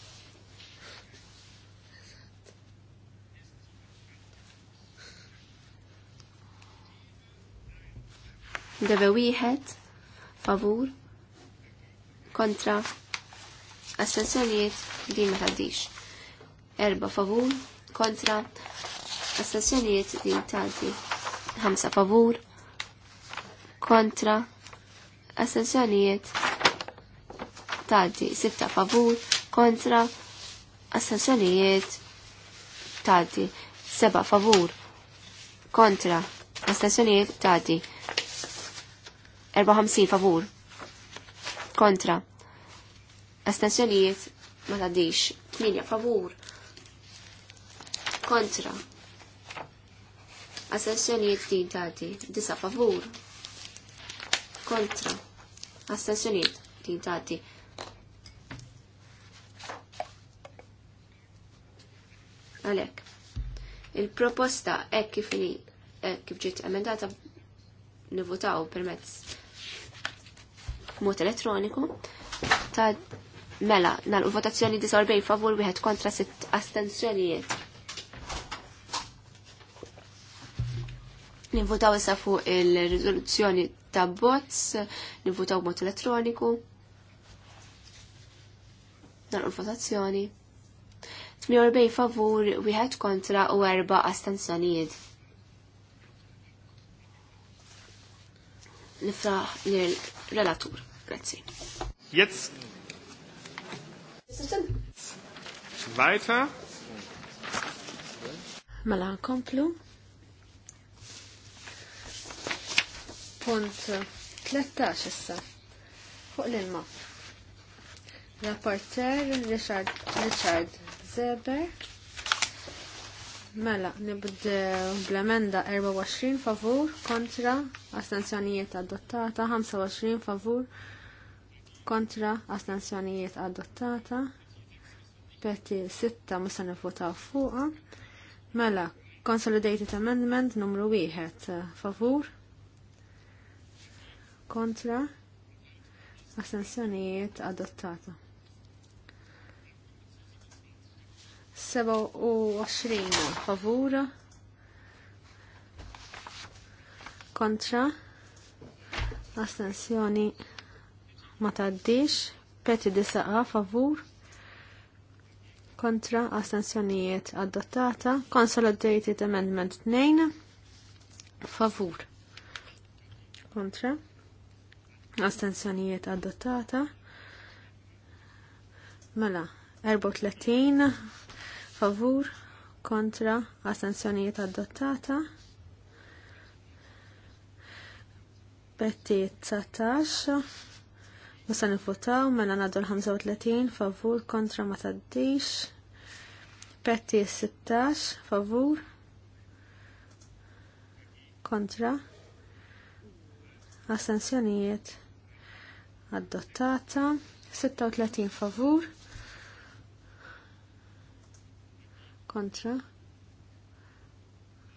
Deve wieħed, favur, kontra, astensjonijiet, din ma taddix. Erba favur, kontra astensjonijiet li tanti Ħamsa favur kontra astensjonijiet tanti Sitta favur kontra astensjonijiet tanti Seba favur kontra astensjonijiet tgħaddi. 54 favur. Kontra. Astensjonijiet ma tadix. 8 favur kontra. Astensjonijiet din tati, disa favur, kontra. Astensjonijiet din tati. Għalek, il-proposta ek kif kif ġiet emendata nivutaw permezz mod elettroniku ta' mela nal votazzjoni 49 favur wieħed kontra sitt astensjonijiet. Nivvotaw issa fuq il-rizoluzzjoni ta' bots, nivvotaw bot elettroniku. Dan votazzjoni. 48 favur, wieħed kontra u erba' astanzjonijiet. Nifraħ l-relatur. Grazzi. Jetzt. Weiter. Mela, komplu. Punt 13 issa. Fuq l-ilma. Rapporter Richard, Richard Zeber. Mela, nibdew bl-emenda 24 favur kontra astenzjonijiet adottata, 25 favur kontra astenzjonijiet adottata, peti 6 musa nivvotaw fuqa. Mela, Consolidated Amendment numru 1 favur kontra astensjonijiet adottata. 27 favura kontra astensjoni ma taddix peti disaqa favur kontra astensjonijiet adottata consolidated amendment 2 favur kontra astensjonijiet adottata. Mela, 34 favur kontra astensjonijiet adottata. Bettiet 19 Musa nifutaw, mela naddu l-35 favur kontra ma taddix. Petti 16 favur kontra astensjonijiet adottata 36 favur kontra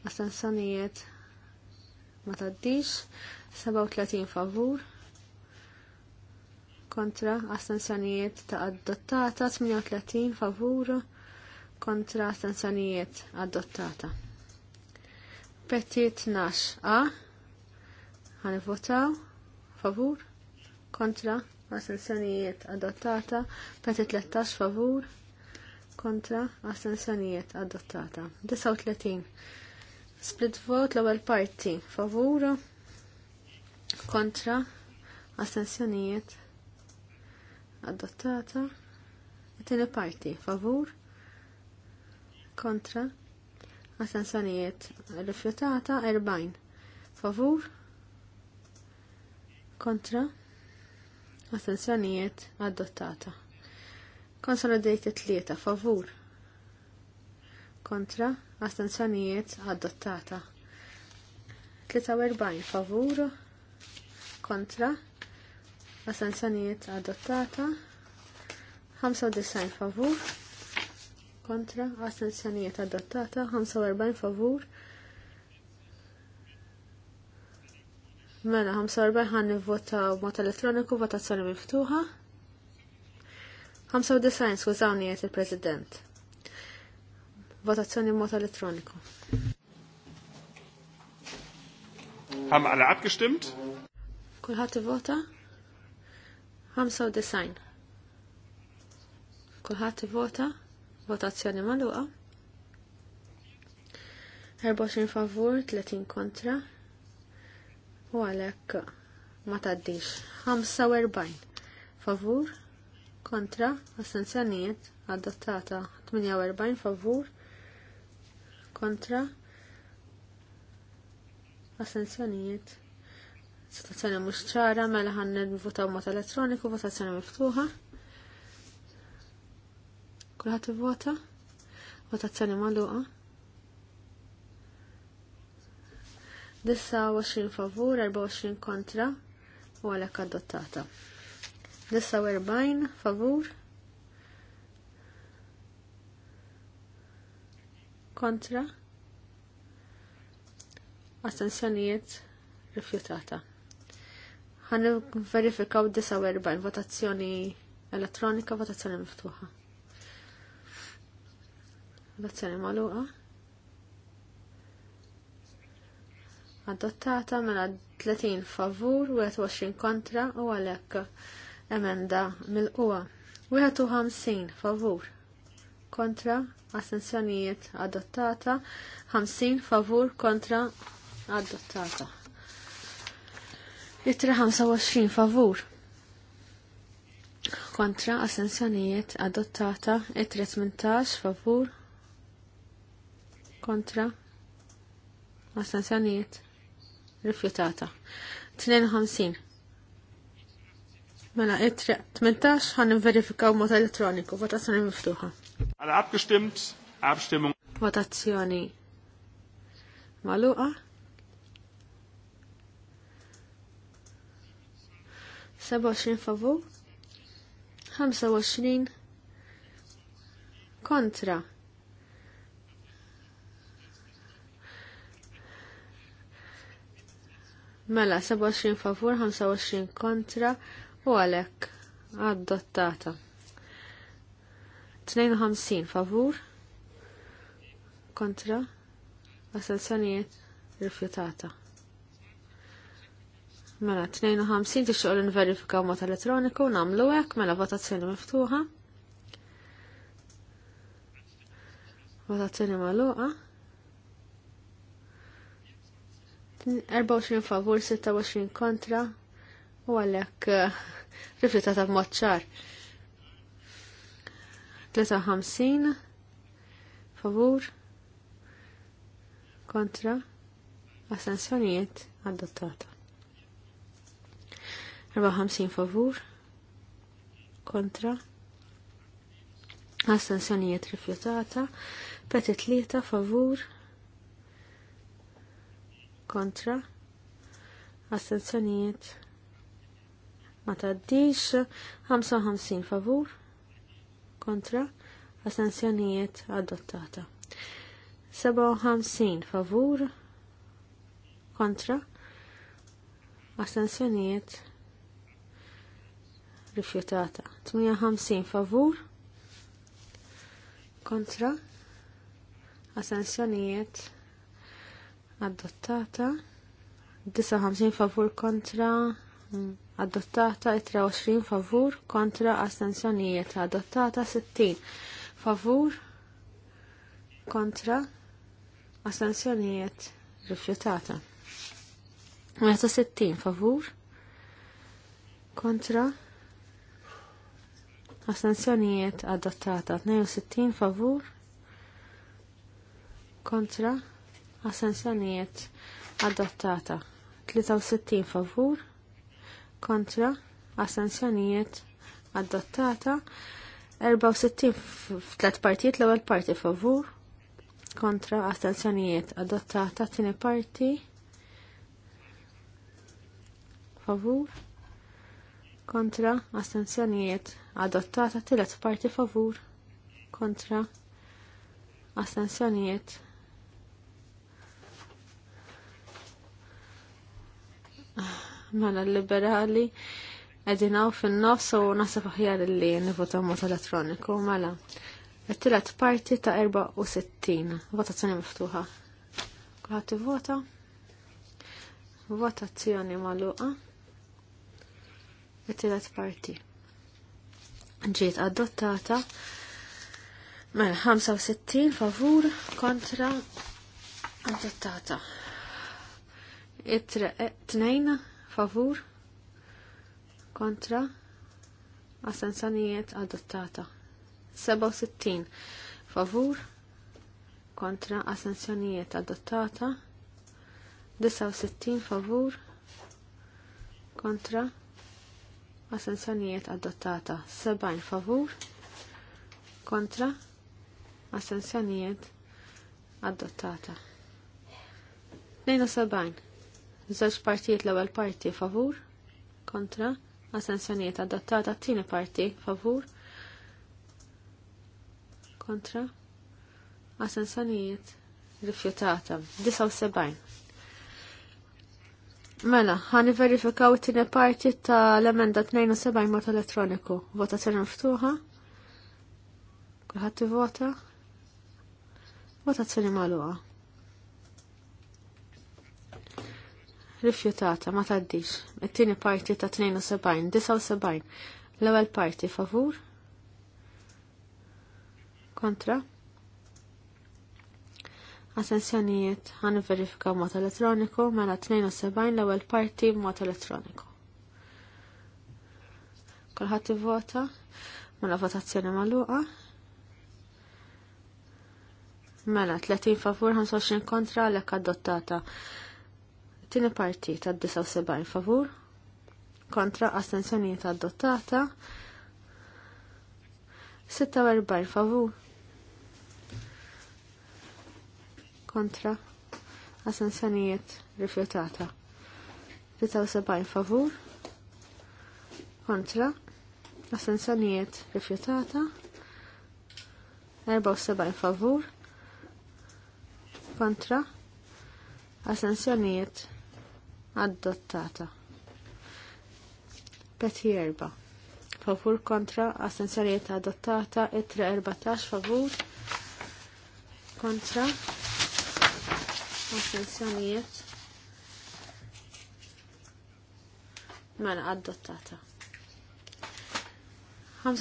astensjonijiet ma taddix 37 favur kontra astensjonijiet ta' adottata 38 favur kontra astensjonijiet adottata. Petit 12 a ħanivvotaw favur kontra astensjonijiet adottata, peti 13 favur kontra astensjonijiet adottata. 39. Split vote l-ewwel parti favuru kontra astensjonijiet adottata. Tieni parti favur kontra astensjonijiet rifjutata 40 favur kontra astensjonijiet adottata. Consolidated lieta favur kontra astensjonijiet adottata. 43 favur kontra astensjonijiet adottata. 95 favur kontra astensjonijiet adottata. 45 favur Mela, 45 ħan nivvotaw mod elettroniku votazzjoni miftuħa. 95 skużawni jgħet il-President. Votazzjoni mod elettroniku. Haben alle abgestimmt? Kulħadd ivota? 95. Kullħat vota? Votazzjoni maluqa. 24 favur, 30 kontra, u għalhekk ma taddix. 45 favur kontra assenzjonijiet adottata 48 favur kontra assenzjonijiet situazzjoni mhux ċara mela ħan votaw mod elettroniku, votazzjoni miftuħa. Kulħadd ivvota? Votazzjoni magħluqa. 29 favur, 24 kontra u għalek adottata. 49 favur kontra astensjonijiet rifjutata. Għan verifikaw 49 votazzjoni elettronika, votazzjoni miftuħa. Votazzjoni maluqa. adottata mela 30 favur, 21 kontra u għalek emenda mill-qwa. 51 favur kontra assenzjonijiet adottata, 50 favur kontra adottata. Ittra 25 favur kontra assenzjonijiet adottata, ittra 18 favur kontra assenzjonijiet rifjutata. 52. Mela, 18 ħan verifikaw mod elettroniku, votazzjoni miftuħa. Għala abgestimt, abstimmung. Votazzjoni maluqa. 27 favu. 25 kontra Mela, 27 favur, 25 kontra u għalek adottata. 52 favur kontra assenzjonijiet rifjutata. Mela, 52 tixtuq l-verifika mod elettroniku namlu hekk mela votazzjoni miftuħa. Votazzjoni magħluqa. 24 favur, 26 kontra u għalek rifjutata b'moċċar. 53 favur kontra astensjonijiet adottata. 54 favur kontra astensjonijiet rifjutata. petit lieta favur kontra astenzjonijiet ma taddix 55 favur kontra astenzjonijiet adottata 57 favur kontra astenzjonijiet rifjutata 58 favur kontra astenzjonijiet adottata 59 favur kontra adottata 23 favur kontra astensjonijiet adottata 60 favur kontra astensjonijiet rifjutata 60 favur kontra astensjonijiet adottata 62 favur kontra assenzjonijiet adottata 63 favur kontra assenzjonijiet adottata 64 f'tlet partijiet l-ewwel parti favur kontra astensjonijiet adottata tieni parti favur kontra astensjonijiet adottata tielet parti favur kontra astensjonijiet mela liberali għedinaw fin-nofs u nasib aħjar li nivota mot elettroniku mela. Għattilat parti ta' 64, votazzjoni miftuħa. Kuħat vota votazzjoni maluqa. Għattilat parti. Ġiet adottata mela 65 favur kontra adottata. it eh, tnejna favur kontra assenzjonijiet adottata 67 favur kontra assenzjonijiet adottata 69 favur kontra assenzjonijiet adottata 70 favur kontra assenzjonijiet adottata 72 Żewġ partijiet l-ewwel parti favur kontra astensjonijiet adottata t-tieni parti favur kontra astensjonijiet rifjutata 79. Mela, ħan verifikaw it-tieni parti tal-emenda 72 mod elettroniku. t miftuħa. Kulħadd ivota. Votazzjoni magħluqa. rifjutata ma taddix. It-tieni parti ta' 72, 79. L-ewwel parti favur? Kontra? Attenzjonijiet għan verifika mod elettroniku mela 72 l-ewwel parti mod elettroniku. Kulħadd ivvota mela votazzjoni magħluqa. Mela 30 favur 25 kontra l-ek adottata. Tini parti ta' 79 favur kontra astensjonijiet adottata 46 favur kontra astensjonijiet rifiutata 73 favur kontra astensjonijiet rifiutata 74 favur kontra astensjonijiet adottata. Peti erba. Favur kontra assenzjonijiet adottata. erba tax favur kontra assenzjonijiet man mela adottata. ma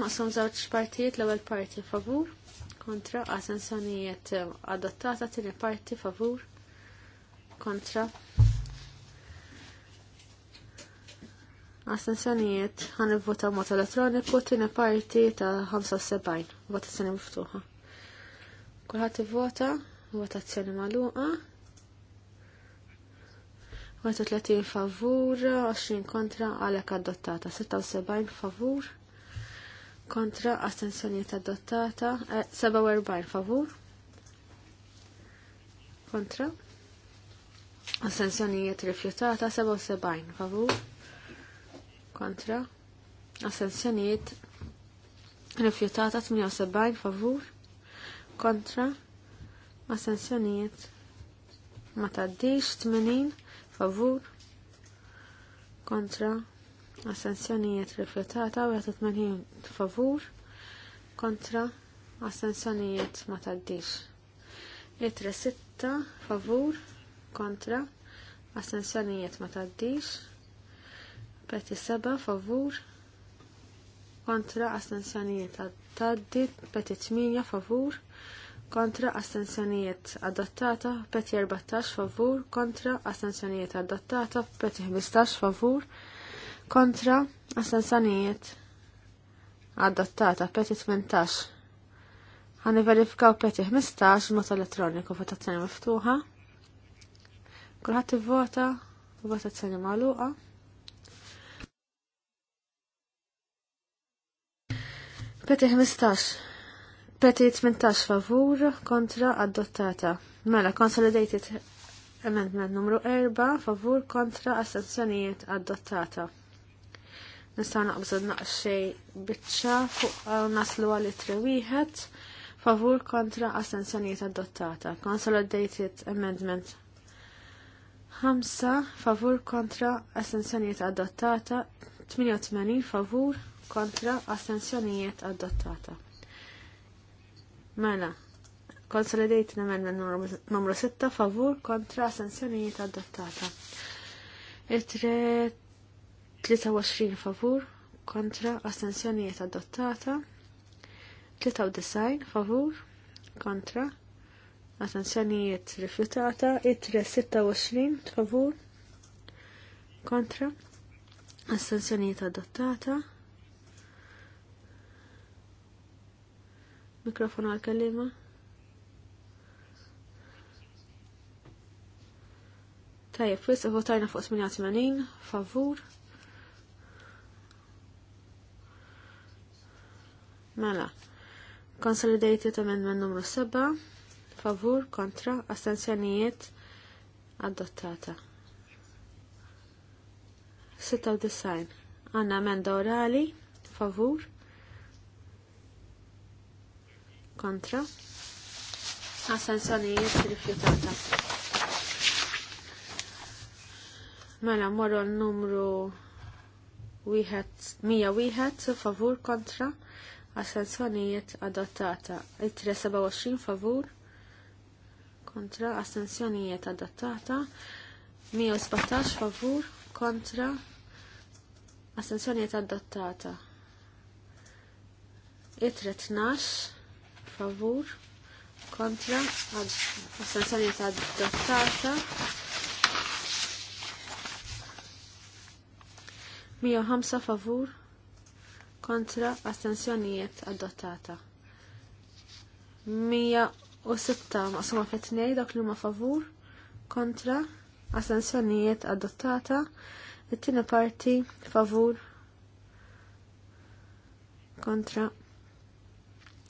maqsum żewġ partijiet l-ewwel parti favur kontra assenzjonijiet adottata tieni parti favur kontra Astensjonijiet għan vota mod elettroniku tieni parti ta' 75. Votazzjoni miftuħa. Kulħadd ivvota, votazzjoni magħluqa. 30 favur, 20 kontra għalek adottata, 76 favur kontra astensjoniet adottata, 47 eh, favur kontra astensjonijiet rifjutata, 77 favur kontra assenzjoniet rifjutata 78 favur kontra assenzjoniet ma taddix 80 favur kontra assenzjoniet rifjutata 81 favur kontra assenzjoniet ma taddix Litra 6 favur kontra assenzjoniet ma taddix Peti seba favur kontra astensjonijiet taddi. Peti tminja favur kontra astensjonijiet adottata. Peti 14 favur kontra astensjonijiet adottata. Peti 15 favur kontra astensjonijiet adottata. Peti 18 Għani verifikaw peti 15 mot elettroniku votazzjoni miftuħa. Kulħadd vota votazzjoni magħluqa. Peti 15. Peti 18 favur kontra adottata. Mela, consolidated amendment numru 4 favur kontra assenzjonijiet adottata. Nistaw naqbżu naqxej bitċa fuq eh, naslu għalli wieħed favur kontra assenzjonijiet adottata. Consolidated amendment 5 favur kontra assenzjonijiet adottata. 88 favur kontra għas-sanzjonijiet adottata. Mela, konsolidejt namenda numru 6 favur kontra sanzjonijiet adottata. il 23 favur kontra sanzjonijiet adottata. 93 favur kontra sanzjonijiet rifjutata, itre 26 favur kontra, sanzjonijiet adottata, Mikrofon għal-kellima. Tajjeb, wis votajna fuq 88, favur. Mela. Consolidated Amendment numru 7, favur, kontra, astensjonijiet, adottata. design. Anna amenda orali, favur, kontra assenzjonijiet rifjutata. Mela morru l-numru 101 favur kontra assenzjonijiet adottata. Il-327 favur kontra assenzjonijiet adottata. 117 favur kontra assenzjonijiet adottata. Itret 312 favur kontra ta' adottata 105 favur kontra astensjonijiet adottata 106 maqsuma fit dak li huma favur kontra astensjonijiet adottata it-tieni parti favur kontra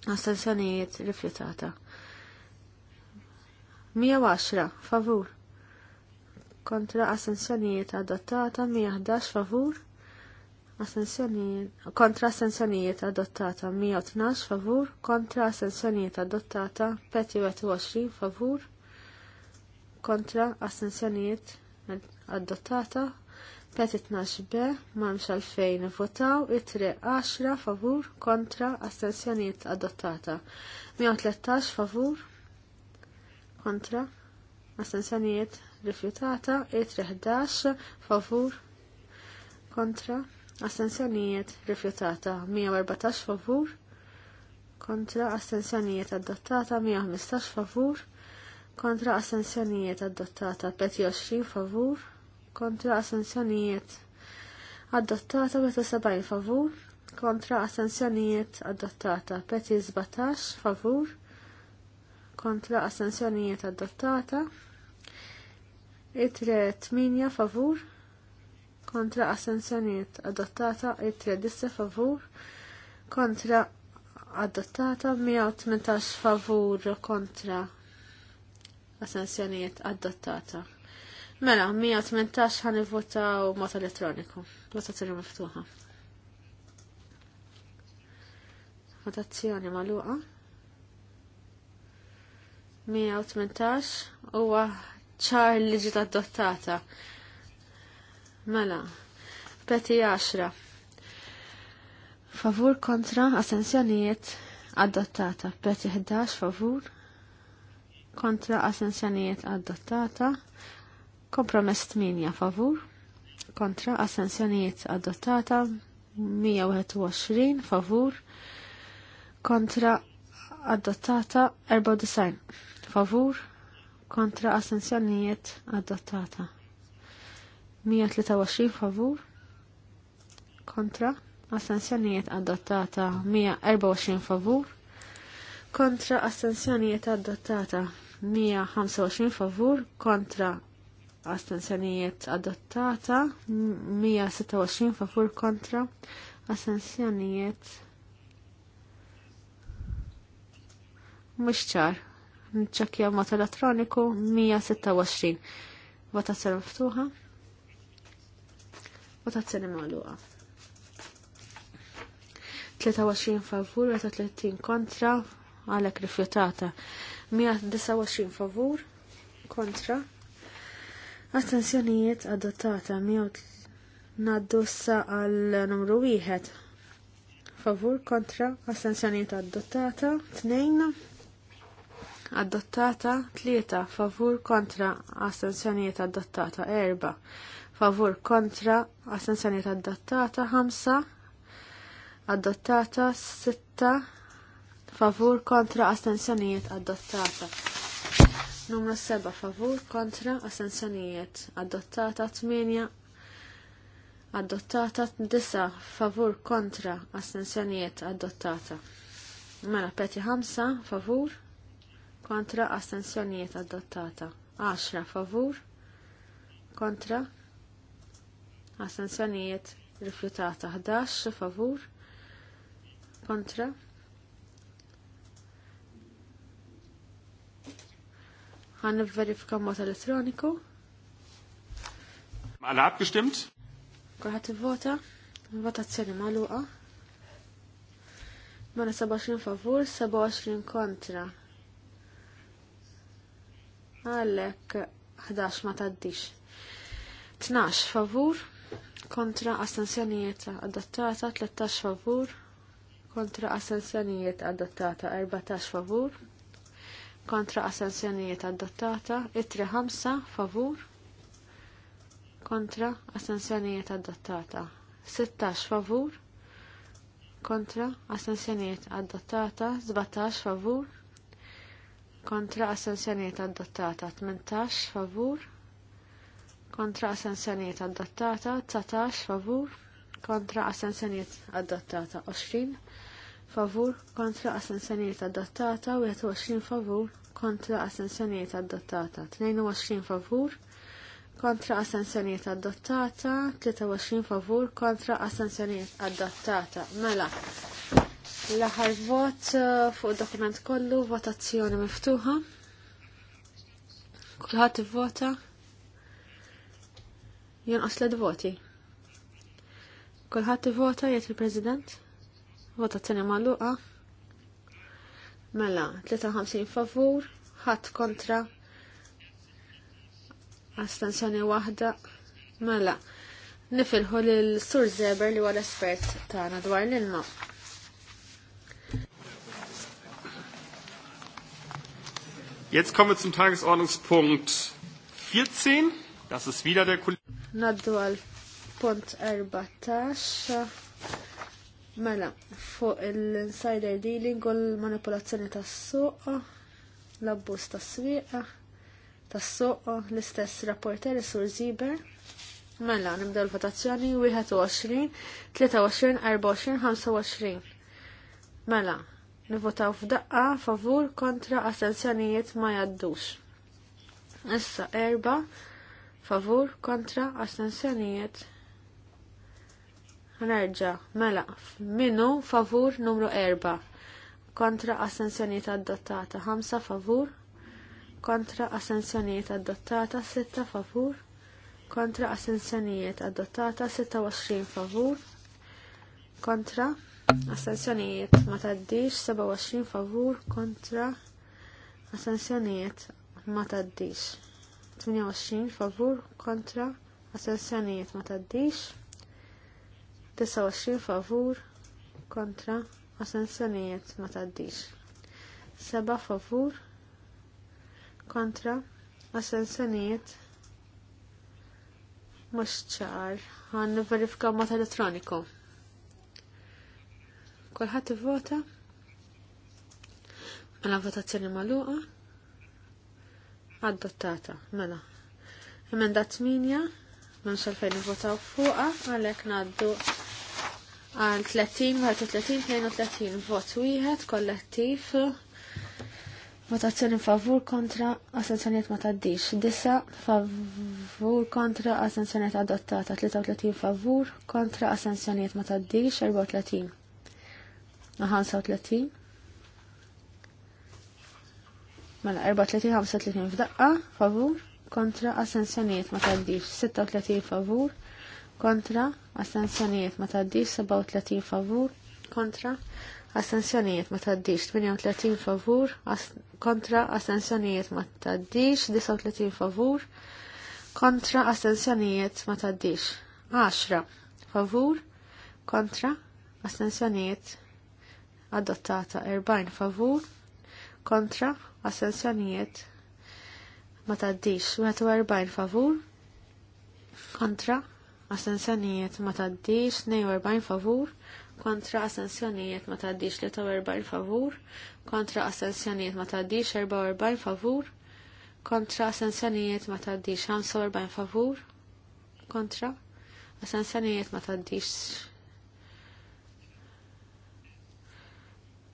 Astensjonijiet rifjutata. 110 favur. Kontra astensjonijiet adottata 111 favur. Kontra astensjonijiet adottata 112 favur. Kontra astensjonijiet adottata 23 favur. Kontra astensjonijiet adottata Petit 12 be, m'hemmx għalfejn votaw it 10 favur kontra astensjoniet adottata. 113 favur kontra astensjoniet rifjutata it 11 favur kontra astensjoniet rifjutata 114 favur kontra astensjoniet adottata 115 favur kontra astensjoniet adottata 20 favur kontra assenzjonijiet adottata meta sabaj favur kontra assenzjonijiet adottata peti zbatax favur kontra assenzjonijiet adottata itre tminja favur kontra assenzjonijiet adottata itre disse favur kontra adottata 118 favur kontra assenzjonijiet adottata Mela, 118 ħan votaw mot elettroniku. Votazzjoni miftuħa. Votazzjoni maluqa. 118 huwa ċar liġi adottata. Mela, peti 10. Favur kontra asensjonijiet adottata. Peti 11 favur kontra asensjonijiet adottata. Kompromess 8 favur kontra assenzjonijiet adottata 121 favur kontra adottata 94 favur kontra assenzjonijiet adottata 123 favur kontra assenzjonijiet adottata 124 favur kontra assenzjonijiet adottata 125 favur kontra astensjonijiet adottata 126 favur kontra astensjonijiet mhux ċar nċekkja mat elettroniku 126 votazzjoni miftuħa votazzjoni magħluqa 23 favur u 30 kontra għalhekk rifjutata 129 favur kontra Attenzjonijiet adottata 100 naddossa għal numru 1. Favur kontra attenzjonijiet adottata 2 adottata 3 favur kontra attenzjonijiet adottata 4 favur kontra attenzjonijiet adottata 5 adottata 6 favur kontra attenzjonijiet adottata numru 7 favur kontra assenzjonijiet adottata 8 adottata 9 favur kontra assenzjonijiet adottata mela peti 5 favur kontra assenzjonijiet adottata 10 favur kontra assenzjonijiet rifjutata 11 favur kontra Għan verifika mod elettroniku. Għala abgestimmt? Kulħat vota votazzjoni maluqa. Mana 27 favur, 27 kontra. Għallek 11 ma taddix. 12 favur, kontra astensjonijiet adottata, 13 favur, kontra astensjonijiet adottata, 14 favur, kontra assenzjonijiet adottata, itri ħamsa favur kontra assenzjonijiet adottata, 16 favur kontra assenzjonijiet adottata, 17 favur kontra assenzjonijiet adottata, 18 favur kontra assenzjonijiet adottata, 19 favur kontra assenzjonijiet adottata, 20 favur kontra assenzjonijiet adottata, 21 favur kontra assenzjonijiet adottata, 22 favur kontra assenzjonijiet adottata, 23 favur kontra assenzjonijiet adottata. Mela, l-aħar vot uh, fuq dokument kollu, votazzjoni miftuħa. Kulħadd ivvota. Jonqos l voti. Kulħadd ivvota jgħid il-President. Votazzjoni magħluqa. Mela, 53 favur, ħadd kontra, Astanzjoni waħda. Mela, nifilħu lil Sur Zeber li huwa espert ta' dwar l-ilma. Jetzt kommen wir zum Tagesordnungspunkt 14. Das ist wieder der Kollege. Nadwal Punt 14. Mela, fuq l-insider dealing u l-manipolazzjoni tas-suq, l abbus tas-swieq, tas-suq, l-istess rapporter sur Ziber. Mela, nibdew l-votazzjoni 21, 23, 24, 25. Mela, nivotaw f'daqqa favur kontra assenzjonijiet ma jaddux. Issa erba' favur kontra astensjonijiet nerġa' mela minu favur numru erba' kontra assenzjonijiet adottata 5 favur kontra assenzjonijiet adottata sitta favur kontra assenzjonijiet adottata 26 favur kontra assenzjonijiet ma taddix 27 favur kontra assenzjonijiet ma taddix 28 favur kontra assenzjonijiet ma taddix 29 favur kontra asensjonijiet ma taddix. 7 favur kontra asensjonijiet mhux ċar għan verifika mod elettroniku. Kulħadd ivvota għal mela votazzjoni magħluqa adottata mela. Emendat 8 m'hemmx għalfejn votaw fuqha għalhekk ngħaddu għan 30, 31, 32 vot wieħed kollettiv votazzjoni favur kontra assenzjoniet ma taddix. Disa favur kontra assenzjoniet adottata, 33 favur kontra assenzjoniet ma taddix, 34. 35. Mela 34, 35 f'daqqa favur kontra assenzjoniet ma taddix, 36 favur kontra assenzjonijiet ma taddix 37 favur kontra assenzjonijiet ma taddix 38 favur kontra assenzjonijiet ma taddix 39 favur kontra assenzjonijiet ma taddix 10 favur kontra assenzjonijiet adottata 40 favur kontra assenzjonijiet ma taddix 41 favur kontra Assenzjonijiet ma taddix 42 favur kontra assenzjonijiet ma taddix 43 favur kontra assenzjonijiet ma taddix 44 favur kontra assenzjonijiet ma taddix 45 favur kontra assenzjonijiet ma taddix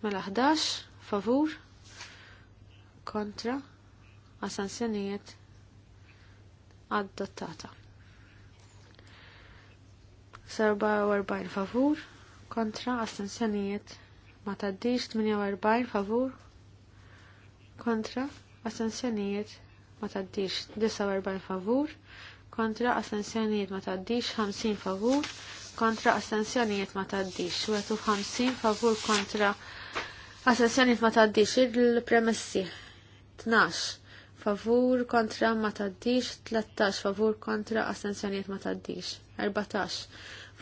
mela 11 favur kontra assenzjonijiet adottata. Ad 44 favur kontra astensjonijiet ma taddix 48 favur kontra astensjonijiet ma taddix 49 favur kontra astensjonijiet ma taddix 50 favur kontra astensjonijiet ma taddix 50 favur kontra astensjonijiet ma taddix il-premessi 12 favur kontra ma taddix, 13 favur kontra assenzjoniet ma taddix, 14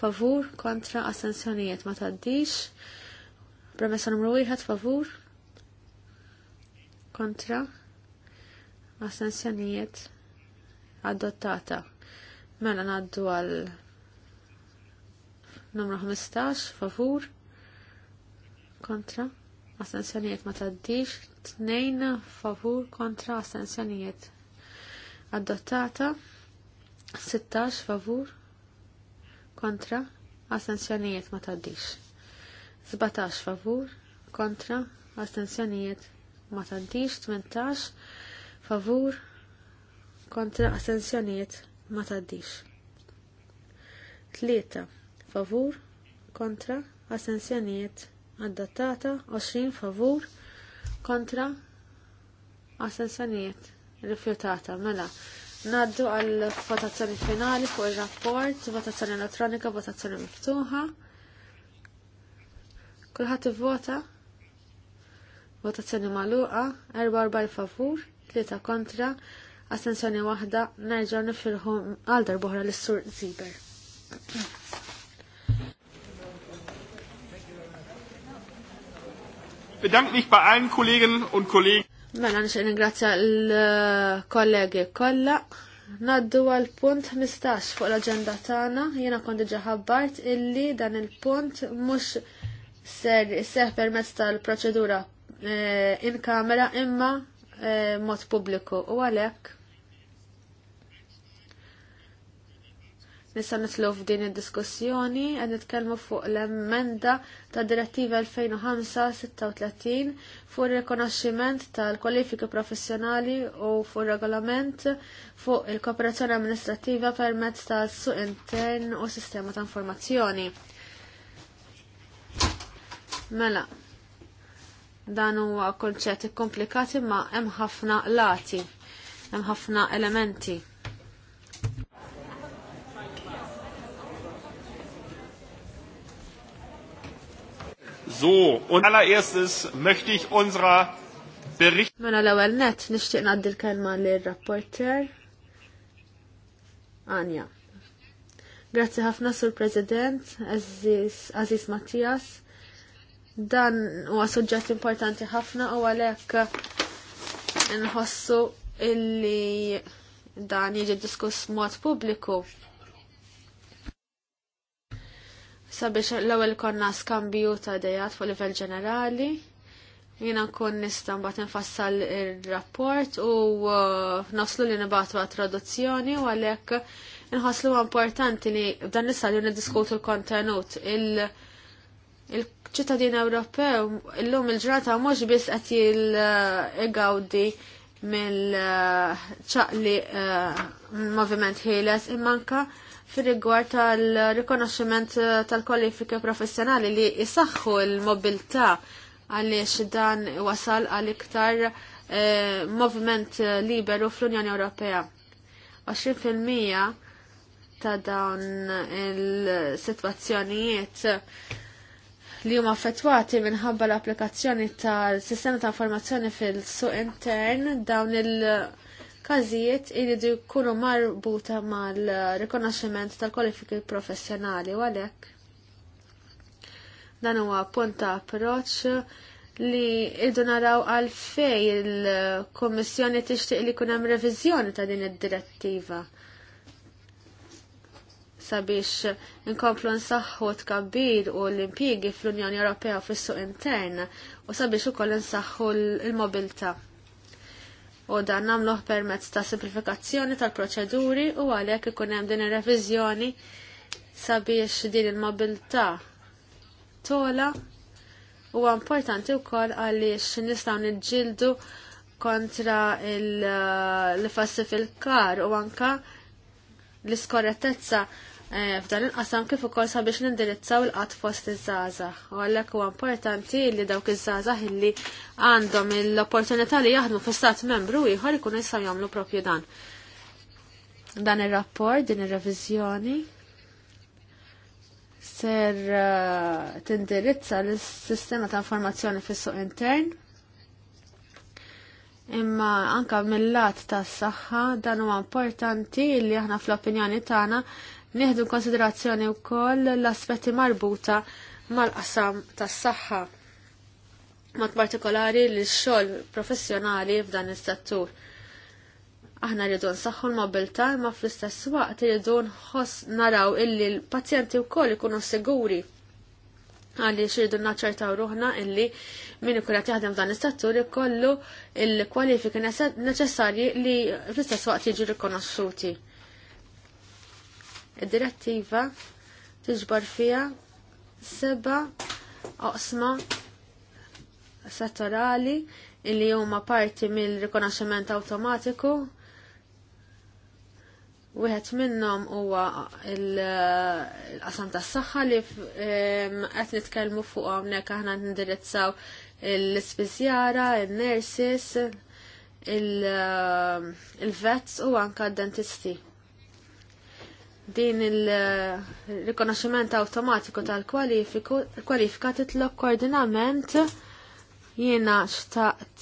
favur kontra assenzjoniet ma taddix, premessa numru 1 favur kontra assenzjoniet adottata. Mela naddu għal numru 15 favur kontra astensjonijiet ma taddix, tnejn favur kontra astensjonijiet adottata, 16 favur kontra astensjonijiet ma taddix, 17 favur kontra astensjonijiet ma taddix, 18 favur kontra astensjonijiet ma taddix. 3 favur kontra ma taddix għaddattata 20 favur kontra assenzjonijiet rifjutata mela naddu għal votazzjoni finali fuq il-rapport votazzjoni elettronika votazzjoni miftuħa kulħadd ivvota votazzjoni magħluqa 44 favur 3 kontra assenzjoni waħda nerġa' nifirħu għal darbohra l-sur Ziber. bedank mich bei allen Kolleginnen und Kollegen. Mela nixen ingrazzja l-kollegi kollha. Naddu għal punt 15 fuq l-agenda tagħna, jiena kondi diġà illi dan il-punt mhux ser seħ permezz tal-proċedura eh, in kamera imma eh, mod pubbliku u għalhekk Nissa nitlu f'din id-diskussjoni għan nitkellmu fuq l-emenda ta' direttiva 2005-36 fuq il-rikonoxximent tal-kwalifiki professjonali u fuq regolament fuq il-kooperazzjoni amministrativa permezz ta' su intern u sistema ta' informazzjoni. Mela, dan huwa konċetti komplikati ma' hemm ħafna lati, hemm ħafna elementi. So, und allererstes möchte ich unserer Bericht... Mela l-ewel net, nishtiq naddil l-kelma rapporter Anja. Grazzi ħafna sur President, Aziz Mattias. Dan huwa suġġett importanti ħafna u għalhekk nħossu illi dan jiġi diskuss mod pubbliku sabiex l-ewwel konna skambju ta' dejat fuq livell ġenerali. Jiena nkun nista' mbagħad nfassal ir-rapport u uh, naslu li nibatu għat traduzzjoni u għalhekk inħosslu importanti li b'dan l li niddiskutu l-kontenut. Il-ċittadin Ewropew illum il-ġrata mhux biss qed jil-gawdi mill-ċaqli uh, moviment ħieles manka fil-rigward tal-rikonoxximent eh, tal-kwalifika professjonali li jisaxħu l-mobilità għaliex dan wasal għal iktar eh, moviment liberu fl-Unjoni Ewropea. 20% ta' dawn il-sitwazzjonijiet li huma affettwati minħabba l-applikazzjoni tal-sistema ta' informazzjoni fil-suq intern dawn il- każijiet iridu jkunu marbuta mal-rikonoxximent tal-kwalifiki professjonali u għalhekk. Dan huwa punt ta' approċċ li irdu naraw għal fej il-Kommissjoni tixtieq li kun hemm reviżjoni ta' din id-direttiva sabiex inkomplu nsaħħu tkabbir u l-impjiegi fl-Unjoni Ewropea u fis-suq intern u sabiex ukoll insaħħu l-mobilta u dan namluħ permezz ta' simplifikazzjoni tal-proċeduri u għalhekk ikun hemm din ir-reviżjoni sabiex din il-mobilità tola huwa importanti wkoll għaliex nistgħu niġġieldu kontra l kar u anka l-iskorrettezza Eh, f'dan il-qasam kif ukoll sabiex nindirizzaw il-qatt fost iż-żgħażagħ. U għalhekk huwa importanti li dawk iż-żgħażagħ illi għandhom l-opportunità li jaħdmu fi stat membru ieħor ikunu jistgħu jagħmlu propju dan. Dan ir-rapport, din ir-reviżjoni ser eh, tindirizza l-sistema ta' informazzjoni fis-suq intern imma anka mill-lat tas saħħa dan huwa importanti li aħna fl-opinjoni tagħna Nieħdu konsiderazzjoni wkoll l-aspetti marbuta mal-qasam tas-saħħa mod partikolari l xogħol professjonali f'dan is-settur. Aħna rridu nsaħħu l-mobilità imma fl-istess waqt rridu nħoss naraw illi l-pazjenti wkoll ikunu siguri għaliex rridu naċċertaw ruħna illi min ikun qed jaħdem f'dan is-settur ikollu l kwalifiki neċessarji li fl-istess waqt jiġu rikonoxxuti. Id-direttiva tiġbar fija seba oqsma settorali illi huma parti mill-rikonoxximent awtomatiku. Wieħed minnhom huwa l-qasam tas-saħħa li ehm, qed nitkellmu fuqhom hekk aħna nindirizzaw l-ispiżjara, il-nurses, ehm, il-vets u anka d-dentisti din il-rikonoxximent awtomatiku tal-kwalifika titlok koordinament jiena xtaqt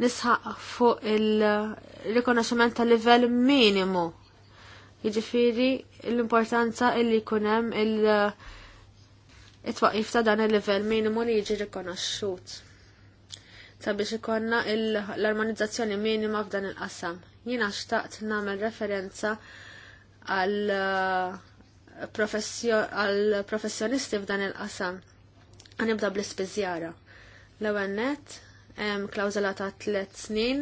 nisħaq fuq il-rikonoxximent tal-livell minimu. Jiġifieri l-importanza illi jkun hemm il-twaqif ta' dan il-livell minimu li jiġi rikonoxxut sabiex ikonna l-armonizzazzjoni minima f'dan il-qasam. Jiena xtaqt nagħmel referenza għal-professjonisti eh, f'dan il-qasam. Għanibda bl-ispizjara. L-għannet, klawzela ta' tlet snin,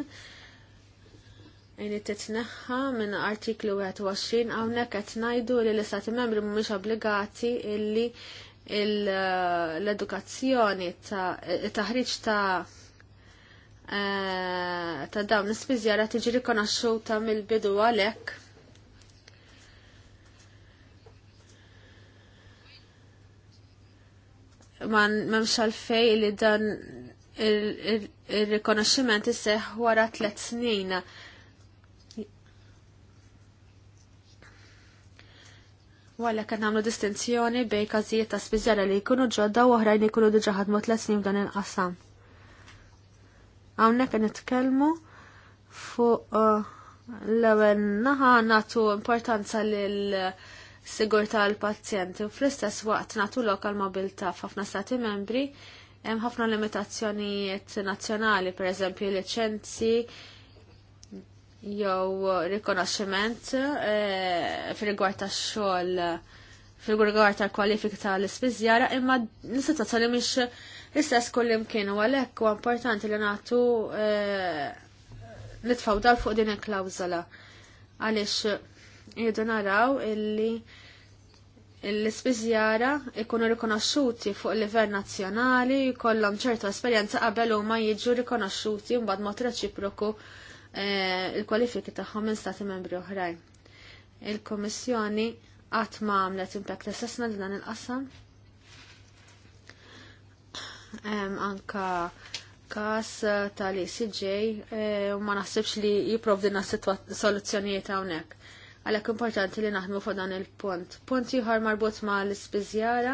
jini titneħħa minn artiklu 21 għawnek qed ngħidu li l-istati membri mhumiex obbligati illi eh, l-edukazzjoni ta' eh, taħriġ ta' ta' dawn l-ispiżjara tiġi rikonoxxuta mill-bidu għalhekk man memx għalfej li dan il-rikonoxximent il, il isseħ wara tlet snin. Walla kan għamlu distinzjoni bej kazijiet ta' spiżjala li jkunu ġodda u oħrajn jkunu diġa ħadmu tlet snin f'dan il-qasam. Hawnhekk nitkellmu fuq uh, l-ewwel naħa nagħtu importanza lil uh, sigurta għal pazjenti u fl-istess waqt natu lokal mobilta f'ħafna stati membri hemm ħafna limitazzjonijiet nazzjonali, per eżempju licenzi jew rikonoxximent e, eh, fil-rigward tax-xogħol fil-rigward tal-kwalifiki tal-ispiżjara, imma l-istituzzjoni mhix l-istess kull imkien u għalhekk huwa importanti li nagħtu eh, nitfgħu dal fuq din il-klawżola għaliex jidu naraw illi l-ispiżjara ikunu rikonoxxuti fuq livell nazzjonali, jkollhom ċerta esperjenza qabel huma jiġu rikonoxxuti mbagħad mod reċiproku eh, il-kwalifiki tagħhom minn stati membri oħrajn. il komissjoni qatt ma għamlet impact assessment dan il-qasam. Anka kas tal-ECJ eh, u ma naħsibx li jiprovdina soluzzjonijiet hawnhekk għalhekk importanti li naħdmu fuq dan il-pont. Pont ieħor marbut ma' l-ispiżjara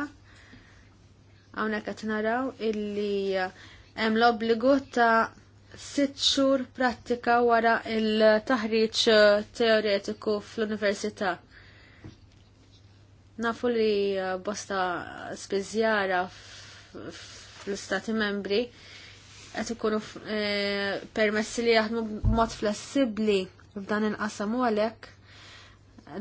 hawnhekk qed naraw illi eh, hemm l-obbligu ta' sitt xhur prattika wara il-taħriġ eh, teoretiku fl-università. Nafu li eh, bosta spiżjara fl-istati membri qed ikunu permessi li jaħdmu b'mod flessibbli f'dan il-qasam u għalhekk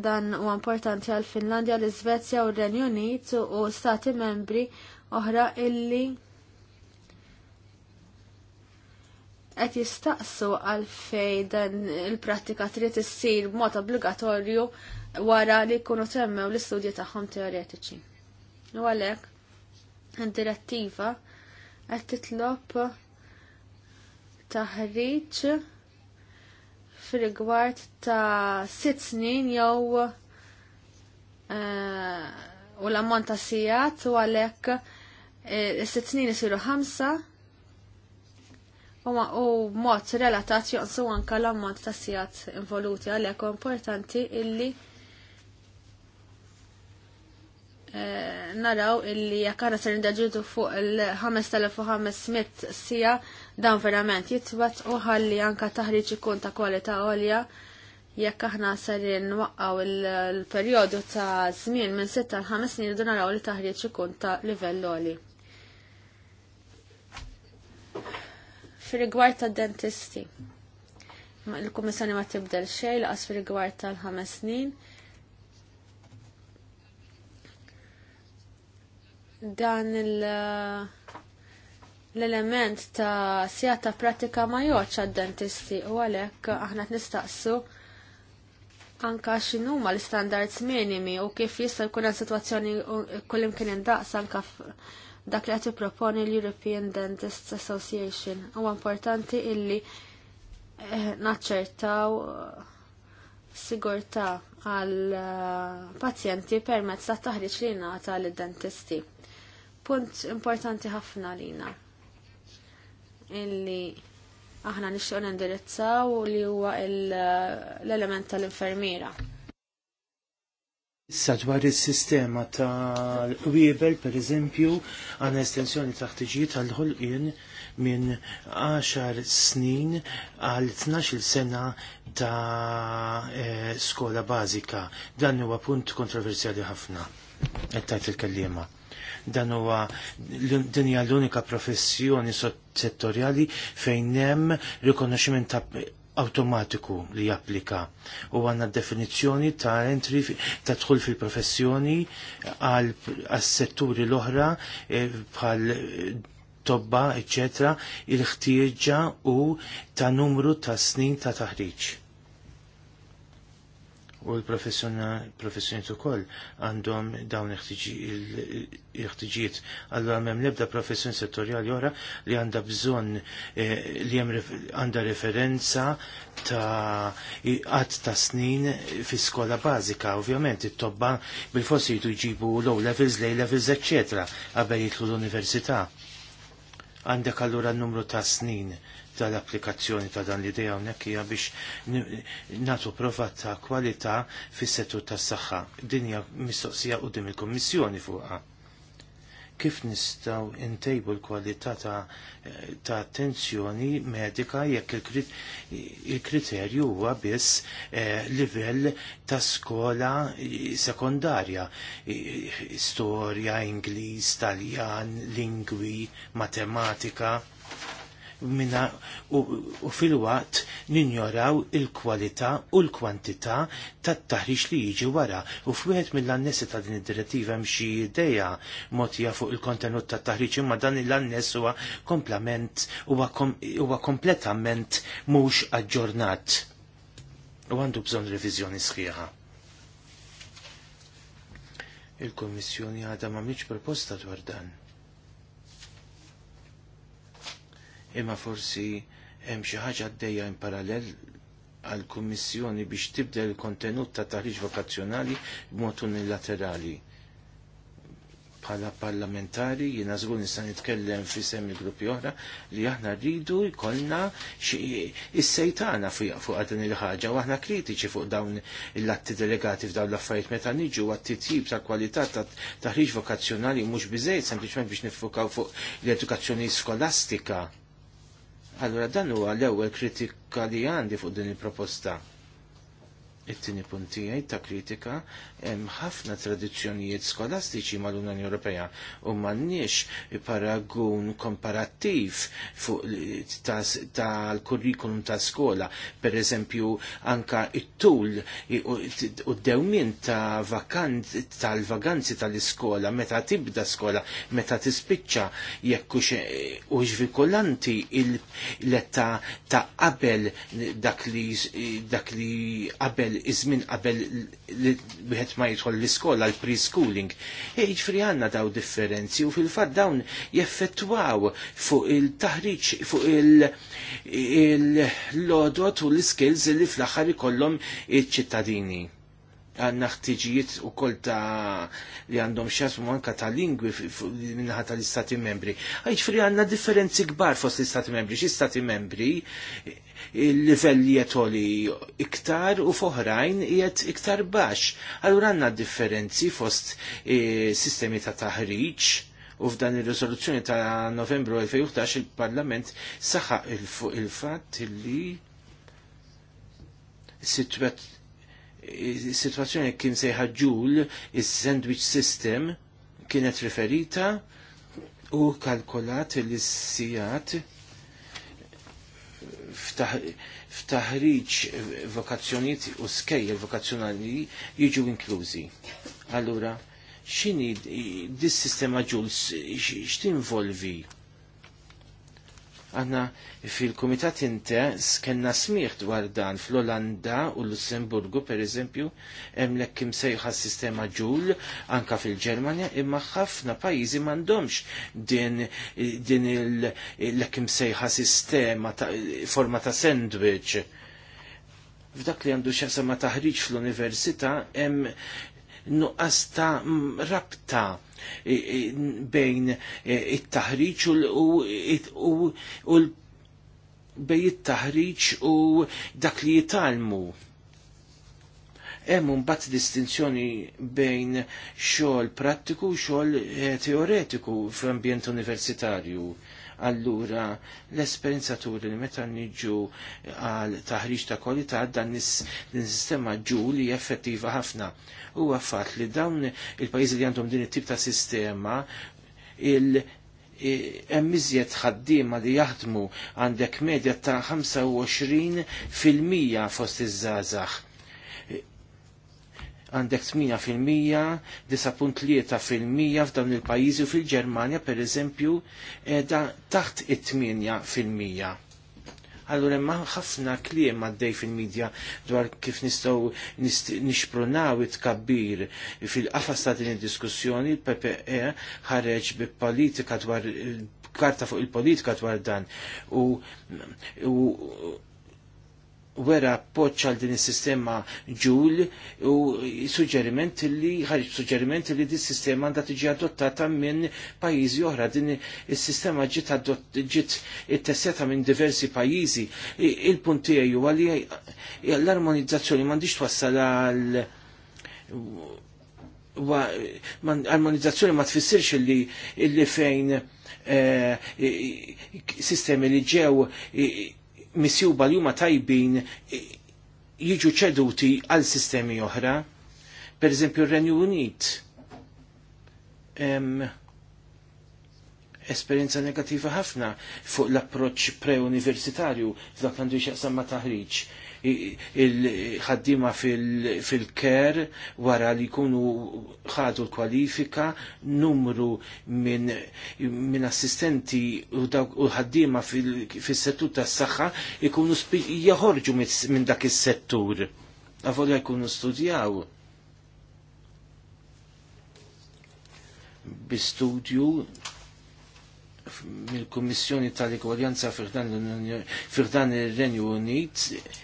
dan u importanti għal Finlandja, l-Svezja u r-Renju Unit u stati membri oħra illi qed jistaqsu għal fej dan il-prattika trid issir b'mod obbligatorju wara li jkunu temmew l-istudji tagħhom teoretiċi. U għalhekk id-direttiva qed titlob taħriġ fil-rigward ta' sitt snin jew eh, u l-ammont ta' sijat u għalek eh, sitt snin isiru ħamsa u mod relatat joqsu anka l-ammont ta' sijat involuti għalek u importanti illi eh, naraw illi jekk għana ser fuq il-5500 sija dan verament jitwet u ħalli anka taħriġ ikun ta' kwalità għolja jekk aħna serin waqqaw il-perjodu ta' żmien minn 6 għal 5 snin idu naraw li taħriġ ikun ta' livell għoli. Fir-rigward ta' dentisti, il-kummissjoni ma tibdel xejn laqas fir-rigward tal-ħames snin. Dan il- uh, l-element ta' sija ta' pratika ma joċ għad-dentisti u għalek aħna t-nistaqsu anka x'inhuma l-standards minimi u kif jista' jkun hemm sitwazzjoni kullimkien indaqs anka dak li għati proponi l-European Dentists Association. Huwa importanti illi eh, naċċertaw eh, sigurtà għal eh, pazjenti permezz ta' taħriġ li jingħata lid dentisti Punt importanti ħafna lina illi aħna nixtieq nindirizzaw li huwa l-element tal-infermiera. Issa dwar is-sistema tal-wiebel, pereżempju, għandna estensjoni taħtiġijiet tal-ħolqien minn 10 snin għal 12 sena ta' eh, skola bażika. Dan huwa punt kontroversjali ħafna. Qed tajt il-kellima. Dan huwa din hija l-unika professjoni settorjali fejn hemm rikonoxximent automatiku li japplika u għanna definizzjoni ta' entri ta' tħul fil-professjoni għal setturi l-oħra eh, bħal tobba, eccetera, il-ħtieġa u ta' numru ta' snin ta' taħriġ u l-professjoniet ukoll għandhom dawn il-ħtiġijiet. Allora m'hemm l-ebda professjoni settorjali oħra li għandha bżonn eh, li hemm għandha referenza ta' qatt ta' snin fi skola bażika. Ovvjament it-tobba bil-fossi jitu jġibu low levels, lay levels, eccetera, qabel jitlu l-università. Għandek allura n-numru ta' snin tal-applikazzjoni ta' dan l-idea hawnhekk hija biex nagħtu prova ta' kwalità fis-settur tas-saħħa. Din hija mistoqsija qudiem il-Kummissjoni fuqha. Kif nistgħu ntejbu l-kwalità ta' attenzjoni medika jekk il-kriterju huwa biss eh, livell ta' skola sekondarja, storja, Ingliż, Taljan, lingwi, matematika minna u, u fil wat ninjoraw il-kwalità u l-kwantità tat-taħriġ li jiġi wara. U f'wieħed mill-annessi ta' din id-direttiva mxi ideja motija fuq il-kontenut tat-taħriġ imma dan l-anness huwa komplement huwa kom, kompletament mhux aġġornat. U għandu bżonn reviżjoni sħiħa il-Kommissjoni għadha ma miċ proposta dwar dan. imma forsi hemm xi ħaġa għaddejja in parallel għal kummissjoni biex tibdel il-kontenut ta' taħriġ vokazzjonali b'mod unilaterali. Bħala parlamentari jiena żgur nista' nitkellem fi semmi gruppi oħra li aħna rridu jkollna is-sejtana fuq dan il-ħaġa u aħna kritiċi fuq dawn l-atti delegati f'dawn l-affarijiet meta niġu għat tip ta' kwalità ta' taħriġ vokazzjonali mhux biżejjed sempliċement biex nifukaw fuq l-edukazzjoni skolastika Allora dan huwa l-ewwel kritika li għandi fuq din il-proposta it-tini puntijaj ta' kritika hemm ħafna tradizzjonijiet skolastiċi mal-Unjoni Ewropea u m'għandniex paragun komparattiv tal-kurrikulum ta' skola, per eżempju anka it-tul u d dewmin ta' tal-vaganzi tal-iskola meta tibda skola, meta tispiċċa jekk u xvikulanti l-etta ta' qabel dak li qabel iż-żmien qabel wieħed ma jidħol l-iskola l preschooling e, Jiġifieri għandna daw differenzi u fil-fatt dawn jeffettwaw fuq il-taħriġ fuq il-lodot u l-skills li fl-aħħar ikollhom iċ-ċittadini għanna ħtiġijiet u kol ta' li għandhom xasmu anka ta' lingwi minnaħa tal-istati membri. Għajġ fri jiġifieri għanna differenzi kbar fost l-istati membri. Xi stati membri il level jetoli iktar u foħrajn jiet iktar baċ. Allura għanna differenzi fost e, sistemi ta' taħriġ u f'dan il-risoluzzjoni ta' novembru 2011 il-Parlament saħaq il-fatt li situazzjoni kien sejħa ġul is-sandwich system kienet riferita u kalkolat il sijat f'taħriġ vokazzjonijiet u skej vokazzjonali jiġu inklużi. Allura, xini dis-sistema ġuls x'tinvolvi? Għanna fil-Kumitat Inte skenna smiħ dwar dan fl-Olanda u Lussemburgu per eżempju hemm kim imsejħa sistema ġul anka fil-Ġermanja imma ħafna pajjiżi m'għandhomx din din il-kim sejħa sistema ta, forma ta' sandwich. F'dak li għandu xasama taħriġ fl-università hemm nuqqas ta' rabta bejn e, it-taħriġ u bej it-taħriġ u dak li jitalmu. Hemm mbagħad distinzjoni bejn xogħol prattiku u xogħol e, teoretiku fl-ambjent universitarju Allura, l-esperienza turi li meta nġu għal taħriġ ta' kwalità dan is-sistema ġu li effettiva ħafna. Huwa fatt li dawn il-pajjiżi li għandhom din it-tip ta' sistema il emmizjet ħaddima li jaħdmu għandek medja ta' 25% fil-mija fost iż-żazax għandek 8%, 9.3% f'dawn il-pajjiżi u fil-Ġermanja per eżempju eh, taħt it-8%. Allura hemm ħafna kliem għaddej fil-medja dwar kif nistgħu nixpronaw it-kabbir fil-qafas ta' din id-diskussjoni il-PPE ħareġ bi politika dwar karta fuq il-politika dwar dan u, u wera appoċ għal din is-sistema ġul u suġġeriment li ħarġ suġġeriment li din is-sistema għandha tiġi adottata minn pajjiżi oħra. Din is-sistema ġiet ġiet ittesseta minn diversi pajjiżi. Il-punt tiegħi huwa li l-armonizzazzjoni m'għandix twassal għal armonizzazzjoni ma tfissirx li fejn eh, sistemi li ġew misjuba li huma tajbin e, jiġu ċeduti għal sistemi oħra. Per eżempju, renju Unit em, esperienza negativa ħafna fuq l-approċ pre-universitarju f'dak għandu jxaqsam ma taħriġ il-ħaddima fil-ker wara li jkunu ħadu l-kwalifika numru minn assistenti u ħaddima fil-settur tas saħħa jkunu jaħorġu minn dak is-settur. Avolja jkunu studjaw. Bi studju mill-Kummissjoni tal-Igwaljanza fiħdan ir-Renju Unit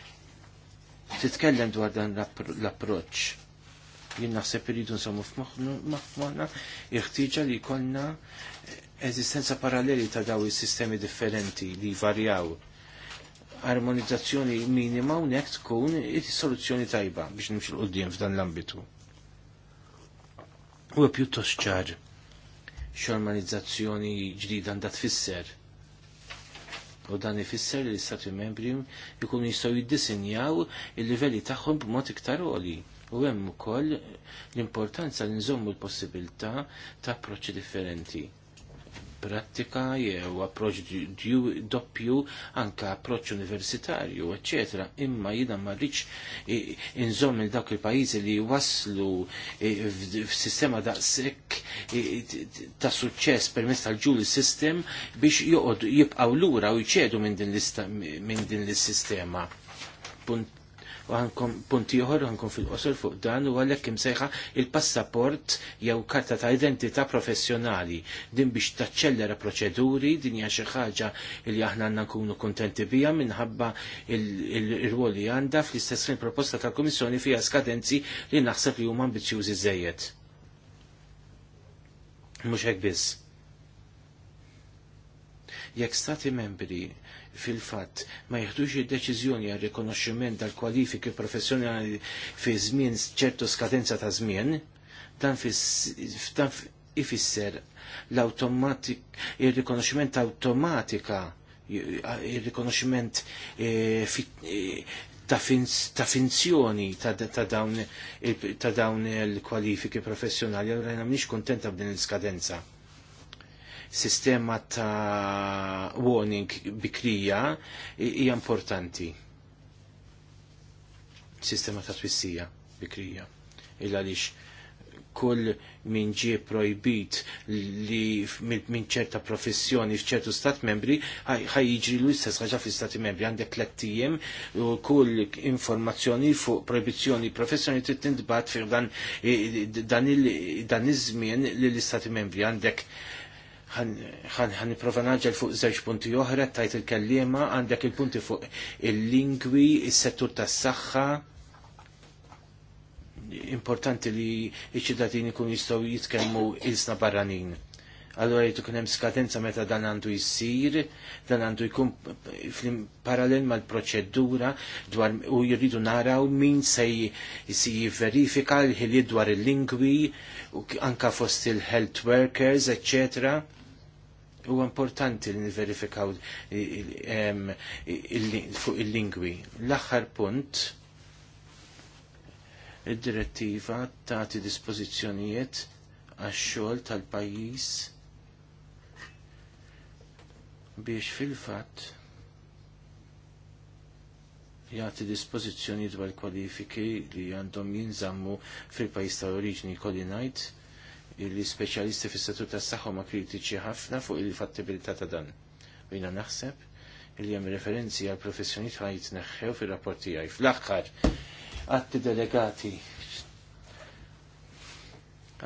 titkellem dwar dan l-approċ. Jien naħseb iridu nsomu f'moħħna jeħtieġa li jkollna eżistenza paralleli ta' daw is-sistemi differenti li varjaw. Armonizzazzjoni minima unek tkun soluzzjoni tajba biex nimxil qudiem f'dan l-ambitu. U pjuttost ċar x'armonizzazzjoni ġdida għandha tfisser u dan ifisser li l-Istati membri jkunu jistgħu jiddisinjaw il-livelli tagħhom b'mod iktar għoli. U hemm ukoll l-importanza li nżommu l-possibilità ta' approċċi differenti prattika jew approċċ doppju anka approċċ universitarju, eċetera, imma jiena ma rridx inżomm il dawk il-pajjiżi li waslu f'sistema daqshekk ta' suċċess permezz tal-ġuli system biex jibqaw jibqgħu lura u jċedu minn din l-sistema. Punt u għankom punti uħor, għankom fil-qosor fuq dan u għalek imsejħa il-passaport jew karta ta' identità professjonali din biex taċċellera proċeduri din hija xi ħaġa li aħna għandna nkunu kontenti bija minħabba il-rwol li għandha fl-istess proposta tal-Komissjoni fiha skadenzi li naħseb li huma ambizzjużi żejjed. Mhux hekk biss Jekk stati membri fil-fatt ma jieħdux id-deċiżjoni għal rikonoxximent tal-kwalifiki professjonali fi żmien ċertu skadenza ta' żmien, dan ifisser l-automatik, ir rikonoxximent automatika ir rikonoxximent e, e, ta' finzjoni ta', dawn il-kwalifiki e, professjonali, għallura jena mnix kontenta b'din il-skadenza sistema ta' warning bikrija hija importanti. Sistema ta' twissija bikrija. Illa lix kull min ġie projbit li minn ċerta professjoni f'ċertu stat membri ħaj jiġri l-istess ħaġa fl-istati membri għandek tlettijiem u kull informazzjoni fuq projbizzjoni professjoni trid tintbat fir dan iż-żmien li l-istati membri għandek ħan prova naġġel fuq żewġ punti oħra, tajt il-kellima, għandek il-punti fuq il-lingwi, il-settur tas saħħa importanti li iċ-ċittadini kun jistgħu jitkellmu ilsna barranin. Allora jitu kunem skadenza meta dan għandu jissir, dan għandu jkun parallel mal proċedura dwar u jirridu naraw min se jiverifika l-ħiliet dwar il-lingwi, anka fost il-health workers, eccetera U importanti li niverifikaw fuq il-lingwi. L-axar punt, id-direttiva tagħti dispożizzjonijiet għax-xogħol tal-pajjiż biex fil-fatt jagħti dispożizzjonijiet dwar kwalifiki li għandhom jinżammu fil-pajjiż tal oriġini kolli ngħid il-speċjalisti fis-setut tas-saħħa ma kritiċi ħafna fuq il-fattibilità ta' dan. U naħseb li hemm referenzi għal professjonijiet ħaj jitneħħew fir-rapport tiegħi. Fl-aħħar għatti delegati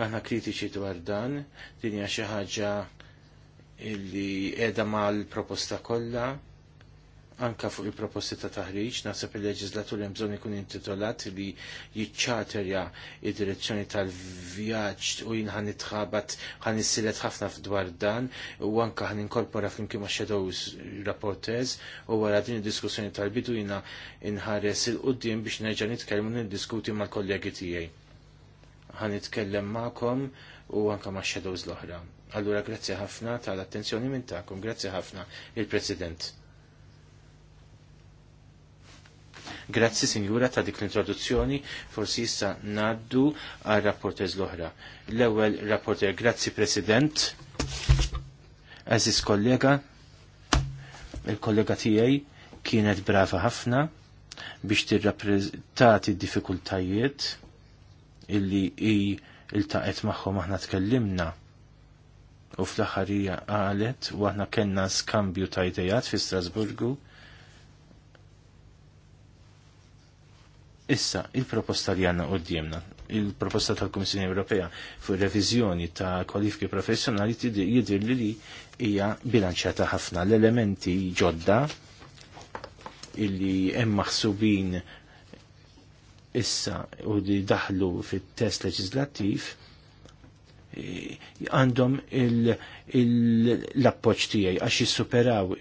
aħna kritiċi dwar dan, din hija xi ħaġa illi qiegħda mal-proposta kollha anka fuq il-proposti ta' taħriġ, naħseb il leġizlatur hemm bżonn ikun intitolat li jiċċaterja id-direzzjoni tal-vjaġġ u jien ħan nitħabat ħan issilet ħafna f'dwar dan u anka ħan inkorpora flimkien ma' shadows rapportez u wara din id-diskussjoni tal-bidu jiena inħares il-qudiem biex nerġa' nitkellmu niddiskuti mal-kollegi tiegħi. Ħan nitkellem magħkom u anka ma' shadows l-oħra. Allura grazzi ħafna tal-attenzjoni minn tagħkom, grazzi ħafna il-President. Grazzi sinjura ta' dik l-introduzzjoni, forsi issa naddu għal rapportez l-oħra. L-ewwel rapporter, grazzi President, Aziz kollega, il-kollega tiegħi kienet brava ħafna biex tirrappreżentati d-diffikultajiet illi i il-taqet magħhom aħna tkellimna u fl-aħħarija qalet u aħna kellna skambju ta' idejat fi Strasburgu Issa, il-proposta li għanna u il-proposta tal-Komissjoni Ewropea fuq revizjoni ta' kwalifiki professjonali jidir li li hija bilanċata ħafna l-elementi ġodda illi hemm maħsubin issa u li daħlu fit-test leġislattiv għandhom l-appoċ tiegħi għax jissuperaw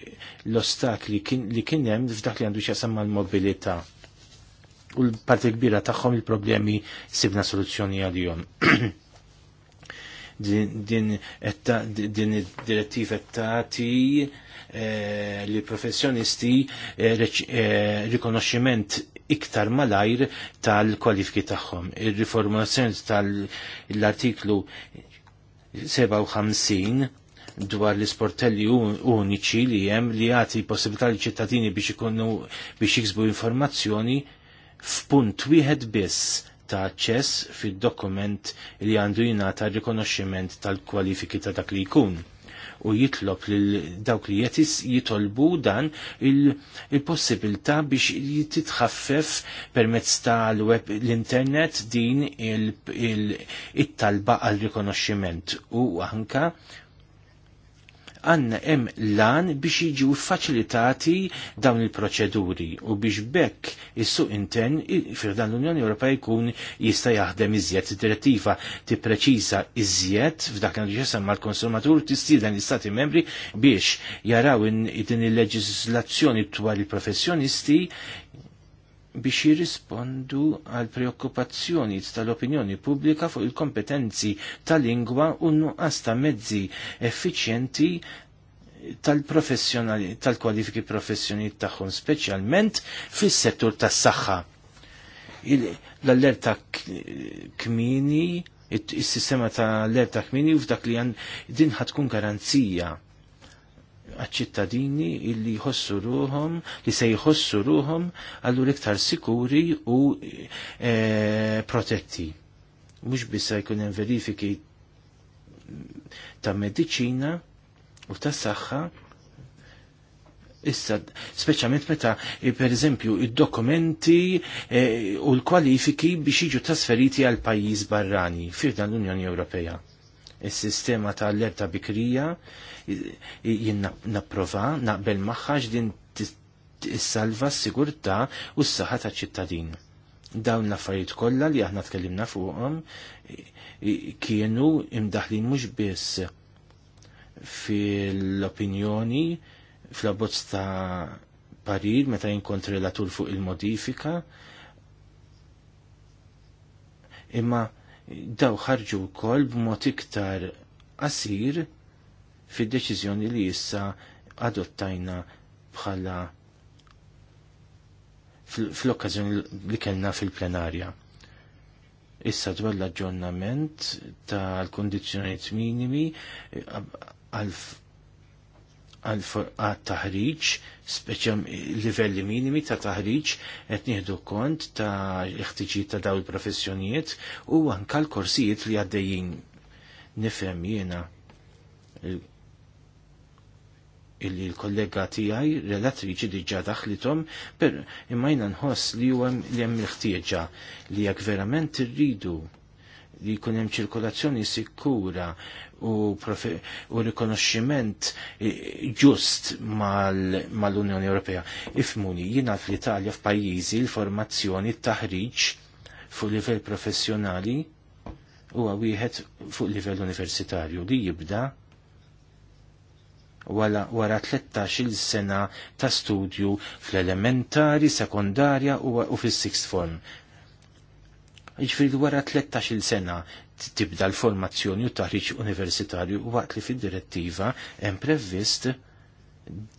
l-ostakli li kien hemm f'dak li għandu x'jasam mal-mobilità u l-parti kbira tagħhom il-problemi sibna soluzzjoni għal-jom. din id-direttiva tagħti eh, li professjonisti eh, eh, rikonoxximent iktar malajr tal-kwalifiki tagħhom. Ir-riformazzjoni tal-artiklu 57 dwar l-isportelli uniċi li hemm li jagħti possibilità li ċittadini biex ikunu biex jiksbu informazzjoni f'punt wieħed biss ta' aċċess fid-dokument li għandu jingħata rikonoxximent tal-kwalifiki ta' dak li jkun u jitlob lil dawk li jetis jitolbu dan il-possibilità il biex jititħaffef permezz tal-web l-internet din il-talba il, għal rikonoxximent u anka għanna hemm lan biex jiġu faċilitati dawn il-proċeduri u biex bekk is-suq intern firdan l-Unjoni Ewropea jkun jista' jaħdem iżjed. Direttiva tippreċiża iżjed f'dak li ġesemma l-konsumatur tistieden l-Istati membri biex jaraw din il-leġiżlazzjoni dwar il-professjonisti biex jirrispondu għal preokkupazzjoni tal-opinjoni pubblika fuq il-kompetenzi tal-lingwa u nuqqas ta' mezzi effiċjenti tal kwalifiki professjoni tagħhom speċjalment fis-settur tas-saħħa. L-allerta kmini, is-sistema ta' allerta kmini u f'dak li għan din ħatkun garanzija għal-ċittadini illi jħossu ruhom, li se jħossu ruhom għallu liktar sikuri u e, protetti. Mux bissa jkun hemm verifiki ta' medicina u ta' saħħa Issa, speċjalment meta, per eżempju, id-dokumenti e, u l-kwalifiki biex jiġu trasferiti għal pajjiż barrani fir dan l-Unjoni Ewropea il-sistema tal-lerta bikrija jien napprova naqbel maħħax din salva s-sigurta u s-saħħa ta' ċittadin. Dawn l-affarijiet kollha li aħna tkellimna fuqhom kienu imdaħlin mhux biss fil-opinjoni fl-abbozz ta' parir meta jinkontri l fuq il-modifika imma daw ħarġu wkoll b'mod iktar asir fid-deċiżjoni li issa adottajna bħala fl-okkazjoni li kellna fil-plenarja. Issa dwar l-aġġornament tal-kondizjoniet minimi għal għal furqat taħriġ, speċjam livelli minimi ta' taħriġ qed nieħdu kont ta' l-ħtiġijiet ta' daw il-professjonijiet u anka l-korsijiet li għaddejjin. Nifhem jiena illi l-kollega tiegħi relatriċi diġà daħlithom, per imma nħoss li hemm li hemm l-ħtieġa li jekk verament irridu li jkun hemm ċirkolazzjoni sikura u, u rikonoxximent ġust mal-Unjoni mal Ewropea. Ifmuni, jina fl-Italja f'pajjiżi l-formazzjoni t-taħriġ fuq livell professjonali huwa wieħed fuq livell universitarju li jibda wara, wara 13 sena ta' studju fl-elementari, sekondarja u, u fil-sixth form. Iġfiri wara 13 sena tibda l-formazzjoni u taħriġ universitarju u waqt li fid-direttiva hemm previst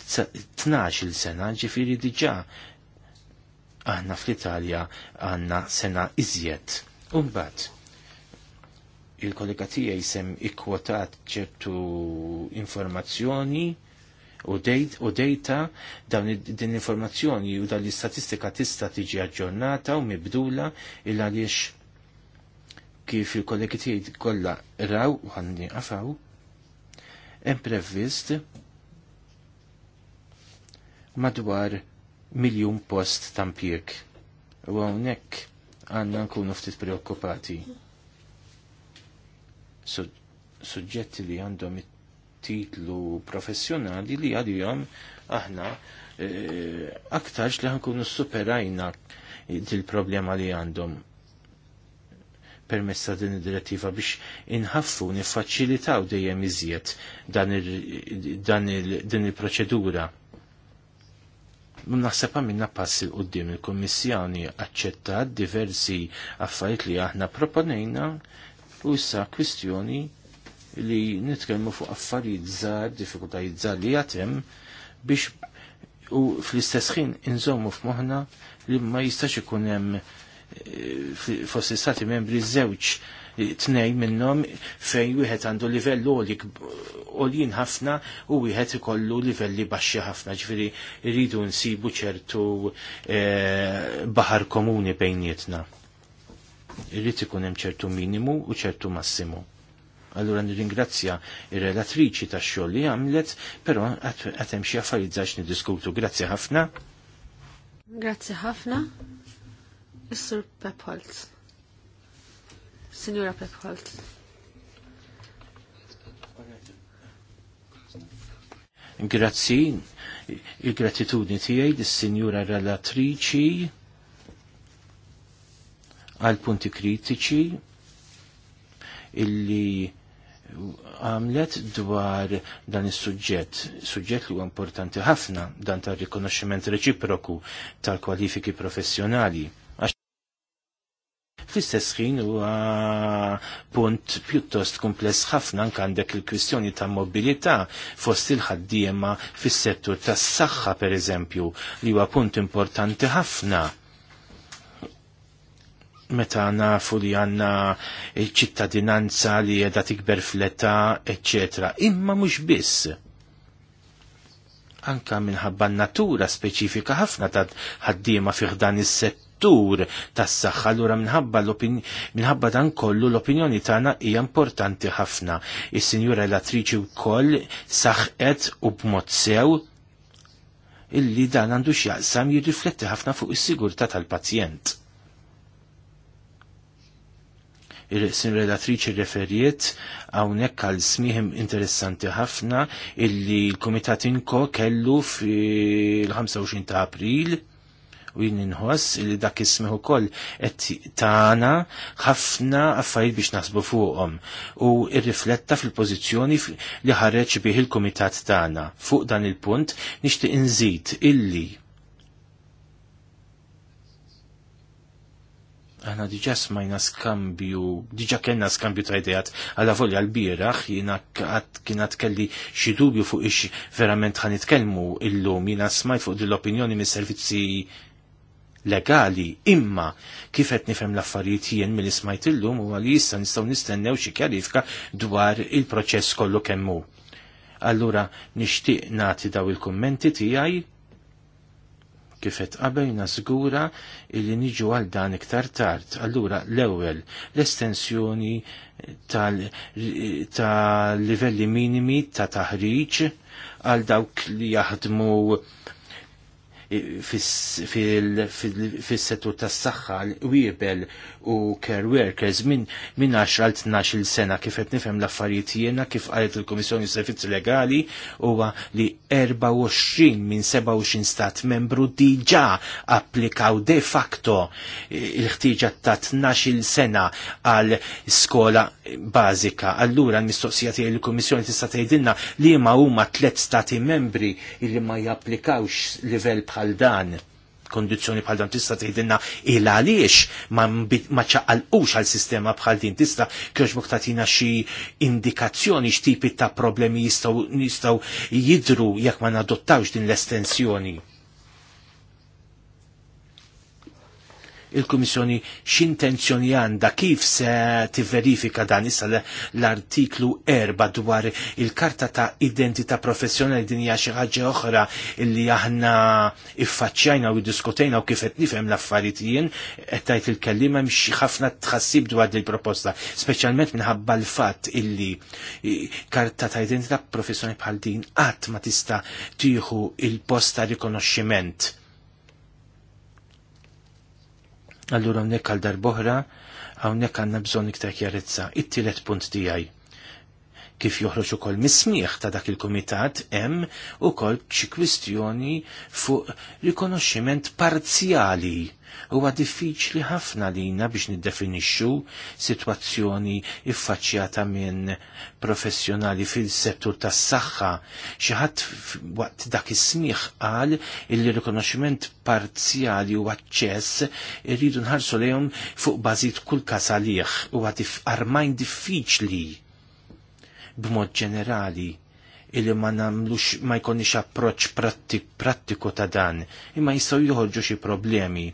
12 sena ġifiri diġà aħna fl-Italja għandna sena iżjed. Umbat, il-kollega tiegħi sem ikkwotat ċertu informazzjoni u dejta dawn din l informazzjoni u dan l-istatistika tista' tiġi aġġornata u mibdula il għaliex kif il-kollegi tiegħi kollha raw u ħanni qafaw hemm previst madwar miljun post tampjek. U hawnhekk għandna nkunu ftit preokkupati. Suġġetti li għandhom titlu professjonali li għadjom aħna eh, aktarx li ħankunu superajna dil-problema li għandhom permessa din id-direttiva biex inħaffu nifaċilitaw dejjem iżjed dan din il-proċedura. Naħseb minna pass il qoddim il-Kommissjoni aċċettat diversi affarijiet li aħna proponejna u issa kwistjoni li nitkellmu fuq affarijiet żgħar, diffikultajiet żgħar li jatem biex u fl-istess ħin inżommu f'moħħna li ma jistax ikun hemm fost stati membri żewġ nej minnhom fejn wieħed għandu livell għolik għolin ħafna u wieħed ikollu livelli baxxi ħafna ġifieri rridu nsibu ċertu eh, baħar komuni bejnietna. Irrid ikun hemm ċertu minimu u ċertu massimu. Allura nirringrazzja ir-relatriċi tax-xogħol li għamlet, però qed hemm xi affarijiet żgħax niddiskutu. Grazzi ħafna. Grazzi ħafna. Pepholz. Signora Pepholz. Grazzi, il-gratitudni tiegħi lis signora Relatrici. għal punti kritiċi illi għamlet dwar dan is suġġett suġġett li huwa importanti ħafna dan tar rikonoxximent reċiproku tal-kwalifiki professjonali Fl-istess ħin huwa punt pjuttost kumpless ħafna anke għandek il-kwistjoni ta' mobilità fost il-ħaddiema fis-settur tas-saħħa pereżempju li huwa punt importanti ħafna meta nafu li għanna ċittadinanza li edha tikber fl-età, etc. Imma mhux biss. Anka minħabba natura speċifika ħafna ta' ħaddiema fih dan is-sett settur tas-saħħa allura minħabba minħabba dan kollu l-opinjoni tagħna hija importanti ħafna. Is-Sinjura Relatriċi wkoll saħqet u b'mod sew illi dan għandu x'jaqsam jirrifletti ħafna fuq is-sigurtà tal-pazjent. Ir-sin relatriċi referiet għawnek għal smiħim interessanti ħafna illi l-Komitat Inko kellu fil-25 ta' april u jien inħoss li dak ismeħ ukoll et tagħna ħafna affarijiet biex naħsbu fuqhom u rrifletta fil-pożizzjoni li ħareġ bih il-kumitat tagħna. Fuq dan il-punt nixtieq inżid illi Għana diġa smajna skambju, diġa kena skambju ta' idejat, għala volja l-biraħ, jina kienat kelli xidubju fuq ix verament għan itkelmu il-lum, jina smajt fuq dil-opinjoni mis servizzi legali imma kif qed nifhem l-affarijiet jien milli smajt illum huwa li issa nistgħu nistennew xi kjarifka dwar il-proċess kollu kemm hu. Allura nixtieq nagħti daw il-kummenti tiegħi kif qed qabelna żgura li niġu għal dan iktar tard. Allura l-ewwel l-estensjoni tal-livelli minimi ta' taħriġ għal dawk li jaħdmu fis-settur tas-saħħa wiebel u care workers minn min 10 għal 12 sena kif qed nifhem l-affarijiet jiena kif qalet il-Komissjoni Servizzi Legali huwa li 24 minn 27 stat membru diġà applikaw de facto il-ħtieġa ta' 12 sena għal skola bażika. Allura l-mistoqsija tiegħi l-Kummissjoni tista' tgħidilna li ma huma tliet stati membri li ma japplikawx livell bħal dan kondizjoni bħal dan tista' tgħidilna il għaliex ma ċaqalqux għal sistema bħal din tista' kiex mhux tagħtina xi indikazzjoni x'tipi ta' problemi jistgħu jistgħu jidru jekk ma nadottawx din l-estensjoni. il komissjoni x'intenzjoni għandha kif se tiverifika dan issa l-artiklu 4 dwar il-karta ta' identità professjonali din hija xi ħaġa oħra li aħna iffaċċjajna u diskutejna u kif qed nifhem l-affarijiet jien qed tgħid il-kelliem hemm xi ħafna tħassib dwar il proposta, speċjalment minħabba l-fatt illi karta ta' identità professjonali bħal din qatt ma tista' tieħu il posta ta' rikonoxximent Allura hawnhekk għal darboħra hawnhekk għandna bżonn iktar kjarezza. It-tielet punt tiegħi kif joħroġ ukoll mismieħ ta' dak il-kumitat hemm ukoll xi kwistjoni fuq rikonoxximent parzjali. Huwa diffiċli ħafna lina biex niddefinixxu sitwazzjoni iffaċċjata minn professjonali fil-settur tas-saħħa. Xi ħadd waqt dak is-smieħ qal li rikonoxximent parzjali u aċċess irridu nħarsu lejhom fuq bażit kull każ għalih huwa armajn diffiċli b'mod ġenerali illi ma namlux ma jkonniex approċ prattik, prattiku ta' dan, imma jistgħu joħorġu xi problemi.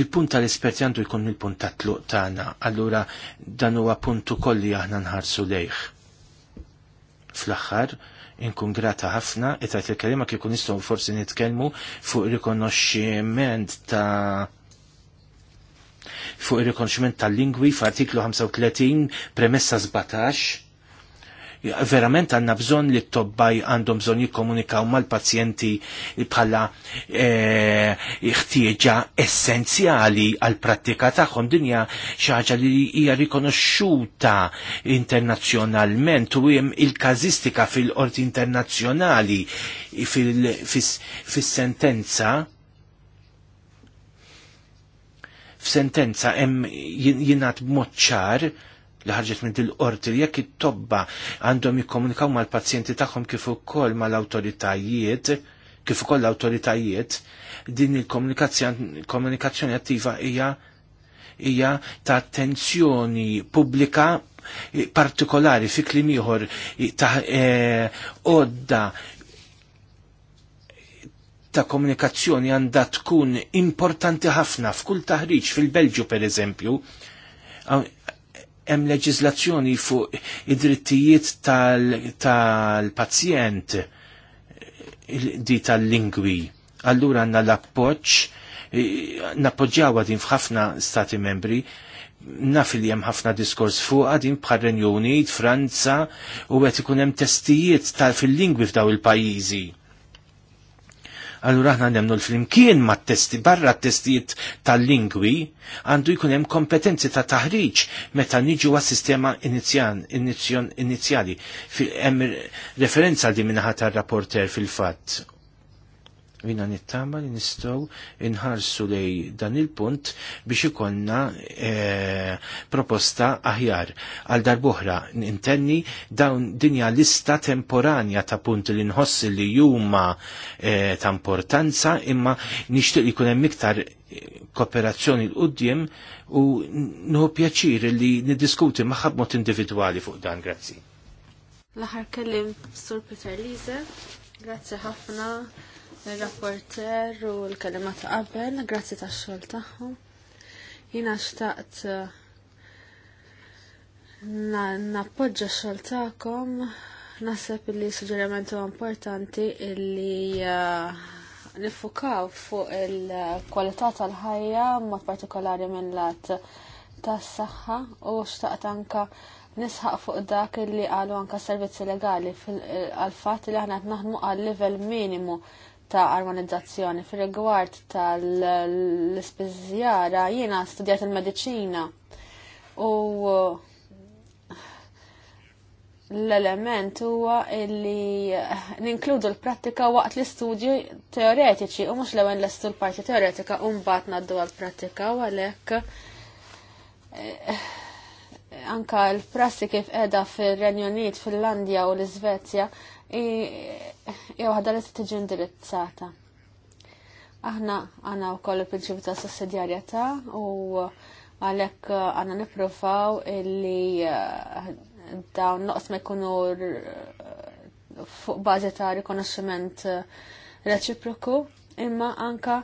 Il-punt tal-esperti għandu jkun il-punt ta' tluq tagħna, allura dan huwa punt ukoll li aħna nħarsu lejh. Fl-aħħar, inkun grata ħafna, itajt il-kelima kikun nistgħu forsi nitkellmu fuq rikonoxximent ta' fuq ir-rikonoxximent tal-lingwi f'artiklu 35 premessa 17 verament għanna bżon li t-tobbaj għandhom bżon jikkomunikaw mal-pazjenti bħala eh, ħtieġa essenzjali għal-prattika tagħhom dinja xaġa li hija rikonoxxuta internazzjonalment u hemm il-kazistika fil-qorti internazzjonali fis-sentenza f'sentenza hemm jingħad b ċar li ħarġet minn dil-qorti li jekk it-tobba għandhom jikkomunikaw mal-pazjenti tagħhom kif ukoll mal-awtoritajiet kif ukoll l-awtoritajiet din il-komunikazzjoni attiva hija hija ta' attenzjoni pubblika partikolari fi klim ieħor ta' e, għodda ta' komunikazzjoni għandha tkun importanti ħafna f'kull taħriġ fil-Belġju per eżempju hemm leġiżlazzjoni fuq id-drittijiet tal-pazjent tal di tal-lingwi. Allura għandna l-appoġġ, nappoġġjawa din f'ħafna stati membri, naf li hemm ħafna diskors fuqha din bħal Renju Unit, Franza, u qed ikun hemm testijiet tal fil-lingwi f'daw il-pajjiżi Allura aħna nemnu l-flimkien ma' testi barra t-testijiet tal-lingwi għandu jkun hemm kompetenzi ta' taħriġ meta niġu għas sistema inizjali. Hemm referenza li minnaħat tar-rapporter fil-fatt jina nittama li nistow inħarsu lej dan il-punt biex ikonna e, proposta aħjar. Għal darbuħra intenni dawn dinja lista temporanja ta' punt li nħossi li juma e, ta' importanza imma nishtiq li kunem miktar eh, kooperazzjoni l qudjem u nħu pjaċir li nidiskuti maħab mod individuali fuq dan, grazzi. Laħar kellim Sur Peter Lise, grazzi ħafna il-rapporter u l-kelima ta' qabel, grazzi ta' xol taħħom. Jina xtaqt uh, nappoġġa xol taħkom, nasab li suġġerimentu importanti illi uh, nifukaw fuq il-kwalità tal-ħajja, mod partikolari minn lat tas saħħa u xtaqt anka nisħaq fuq dak li għalu anka servizzi legali għal-fat li għanat naħdmu għal-level minimu ta' armonizzazzjoni fil-rigward tal-ispiżjara jiena studjat il-medicina u l-element huwa illi ninkludu l-prattika waqt l istudji teoretiċi u mhux l-ewwel l-parti teoretika u mbagħad naddu għal prattika u għalhekk eh, anka l-prassi kif qiegħda fir-Renju Unit, Finlandja u l-Iżvezja jew ħadda li tiġi indirizzata. Aħna għana u koll il-prinċipju ta' sussidjarjetà u għalhekk uh, għana nippruvaw illi uh, dawn noqs ma jkunu uh, fuq bażi ta' rikonoxximent reċiproku imma anka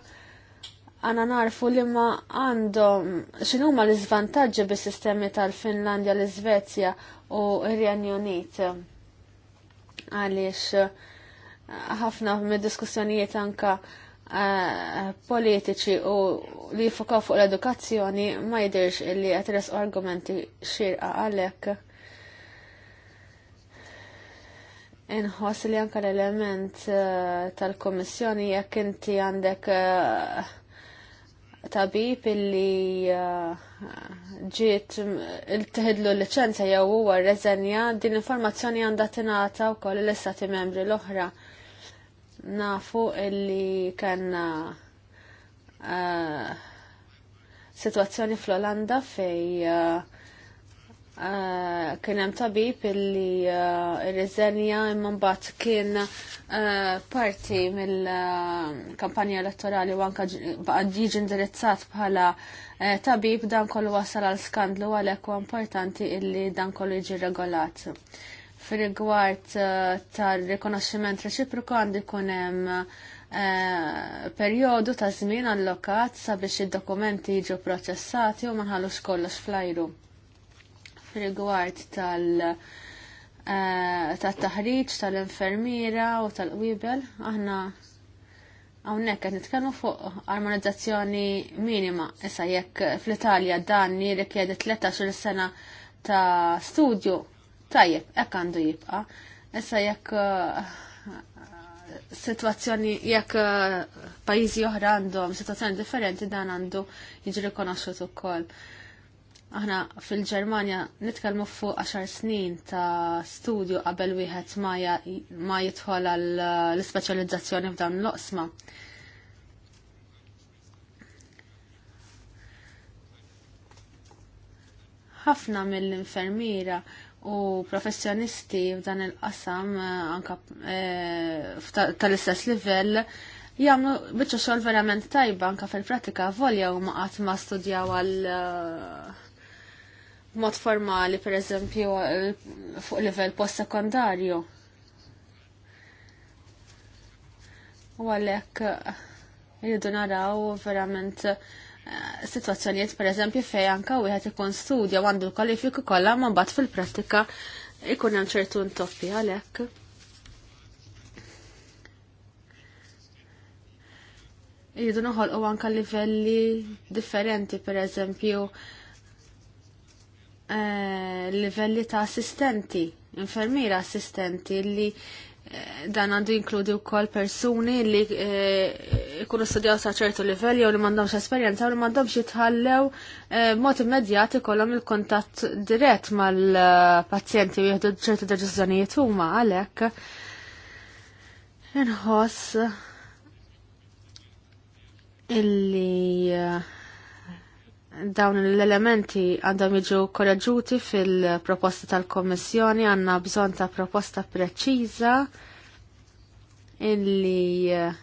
għana narfu li ma għandhom xinu ma l-izvantagġi bis sistemi tal-Finlandja, l izvezja u r-Renju Unit għaliex eh, ħafna mid diskussjonijiet anka eh, politiċi u li jifukaw fuq l-edukazzjoni ma jidirx illi għatres argumenti xirqa għalek. Inħoss li anka l-element eh, tal-Komissjoni jekk inti għandek uh, tabib illi uh, ġiet il-tihidlu l-licenza jew huwa reżenja din informazzjoni għandha tingħata wkoll l-istati membri l-oħra. Nafu illi kellna uh, situazzjoni fl-Olanda fej uh, Eh, kien hemm tabib illi eh, rriżenja imma mbagħad kien eh, parti mill-kampanja elettorali u anke jiġi indirizzat bħala tabib dan kollu wasal għal skandlu għalhekk huwa importanti illi dan kollu jiġi regolat. Fir-rigward tar-rikonoxximent reċiproku għandi kunem hemm perjodu ta' żmien allokat sabiex id-dokumenti jiġu proċessati u ma nħallux kollox flajru rigward tal- eh, tal taħriġ tal-infermiera u tal-qwibel, aħna Għawnek għed nitkellmu fuq armonizzazzjoni minima. Issa jekk fl-Italja dan li kjedi 13 sena ta' studju, tajjeb, hekk għandu jibqa. Issa jekk eh, situazzjoni jekk eh, pajjiżi oħra għandhom situazzjoni differenti dan għandu jiġi rikonoxxut ukoll. Aħna fil-Ġermanja nitkellmu fuq 10 snin ta' studju qabel wieħed ma jidħol uh, l-ispeċjalizzazzjoni f'dan l-oqsma. ħafna mill-infermiera u professjonisti f'dan il-qasam uh, anka uh, tal-istess livell jagħmlu biċċa xogħol verament tajba anka fil-pratika volja huma qatt ma studjaw għal mod formali, per eżempju, eh, fuq livell post-sekondarju. U għalek jridu eh, naraw verament eh, situazzjoniet, per eżempju, fej anka u jħet ikun studja għandu l kwalifiku kollha ma bat fil-prattika ikun hemm ċertu ntoppi għalhekk. Jridu u anka livelli differenti, per eżempju, Eh, livelli ta' assistenti, infermiera assistenti li eh, dan għandu jinkludi u kol persuni li eh, ikunu studjaw sa' ċertu livelli jew li mandomx esperienza u li mandomx jitħallew mod immedjat ikollhom il-kontatt dirett mal-pazjenti u jieħdu ċertu deċiżjonijiet huma għalhekk inħoss illi dawn l-elementi għandhom jiġu korreġuti fil-proposta tal-Kommissjoni għandna bżonn ta' proposta preċiża illi eh,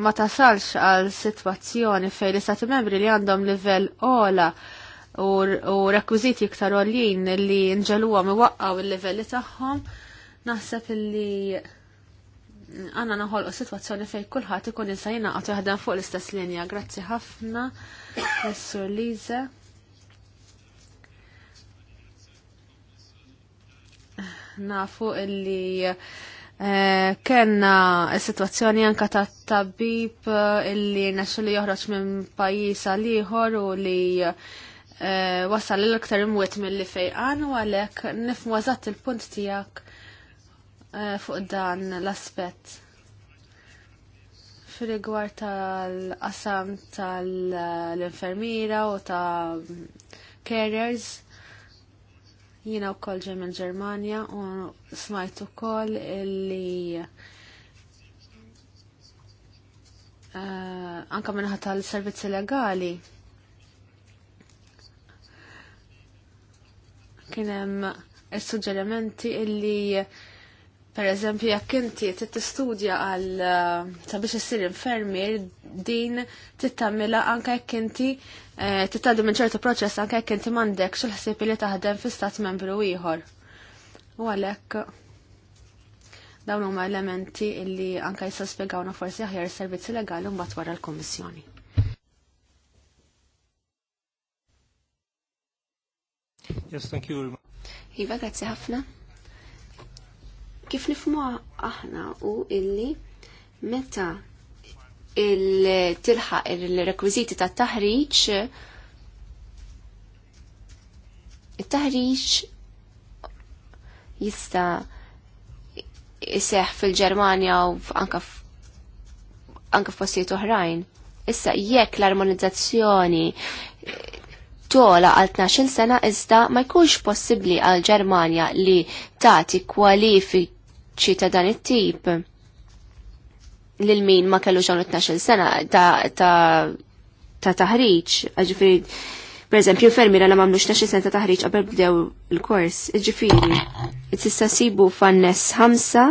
ma tasalx għal sitwazzjoni fejn l-istati membri li għandhom livell ola u rekwiziti iktar għoljin li nġeluwa miwaqqaw il-livelli tagħhom naħseb illi għanna naħolqu situazzjoni fej kulħadd ikun insajna għatu jaħdem fuq l-istess linja. Grazzi ħafna, Sur Liza. Nafu illi eh, kena situazzjoni anka ta' tabib illi naxxu li joħroġ minn pajjiż għal ieħor u li eh, wasal l-iktar imwiet mill-li fejqan u għalek nifmu il-punt tiegħek Eh, fuq dan l-aspett. Fir-rigward tal-qasam tal-infermiera u ta' carriers, jiena wkoll ġej ġemil Ġermania u smajt ukoll li uh, eh, anka minħat tal-servizzi legali kien hemm is-suġġerimenti illi Per eżempju, jekk inti tistudja għal eh, sabiex issir infermier din tittamila anke jekk inti eh, tittadu minn ċertu proċess anke jekk inti m'għandek xi ħsieb li taħdem fi stat membru ieħor. U għalhekk dawn huma elementi illi anke jista' spjegawna forsi aħjar is-servizzi legali mbagħad wara l-Kummissjoni. Yes, thank you very much. Iva, grazzi ħafna. Kif nifmu aħna u illi meta il-tilħaq il-rekwiziti ta' taħriġ il-taħriġ jista jiseħ fil-Ġermanja u anka f'postijiet oħrajn. Issa jekk l-armonizzazzjoni tola għal 12 sena iżda ma jkunx possibbli għal Ġermanja li tagħti kwalifik ċi ta' dan it-tip lil min ma kellu xawn 12 sena ta' ta' ta' taħriġ, ġifiri, per eżempju, fermira la mamlu 12 sena ta' taħriġ qabel bdew il-kors, ġifiri, it-sissa sibu fannes ħamsa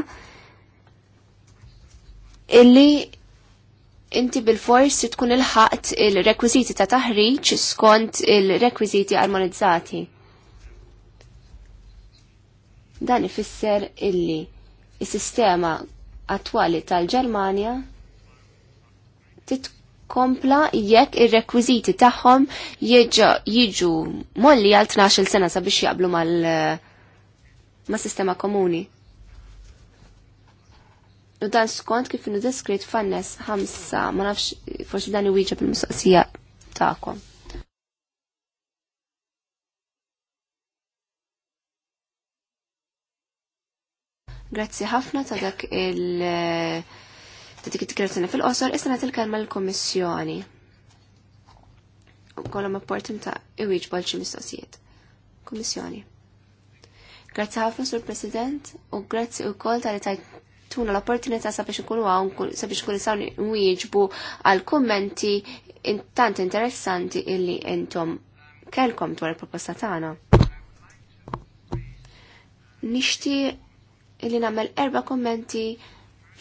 illi inti bil-fors tkun il ħat il-rekwiziti ta' taħriġ skont il-rekwiziti armonizzati. Dan ifisser illi is-sistema attwali tal-Ġermanja titkompla jekk ir-rekwiżiti tagħhom jiġu molli għal 12 sena sabiex jaqblu mal eh, ma' sistema komuni. U dan skont kif nu diskrit fannes ħamsa, ma nafx forsi dan iwieġeb il-mistoqsija tagħkom. Grazzi ħafna ta' dak il- ta' dik il-dikrazzjoni fil-qosor, issa nagħti l-kelma l-Kummissjoni. Kolom ta' iwieġbol xi mistoqsijiet. Kummissjoni. Grazzi ħafna sur President u grazzi wkoll ta' li tajtuna l-opportunità sabiex ikunu għaw, sabiex ikunu sawn nwieġbu għal kommenti tant interessanti illi intom kelkom dwar il-proposta tagħna. Nixtieq illi namel erba kommenti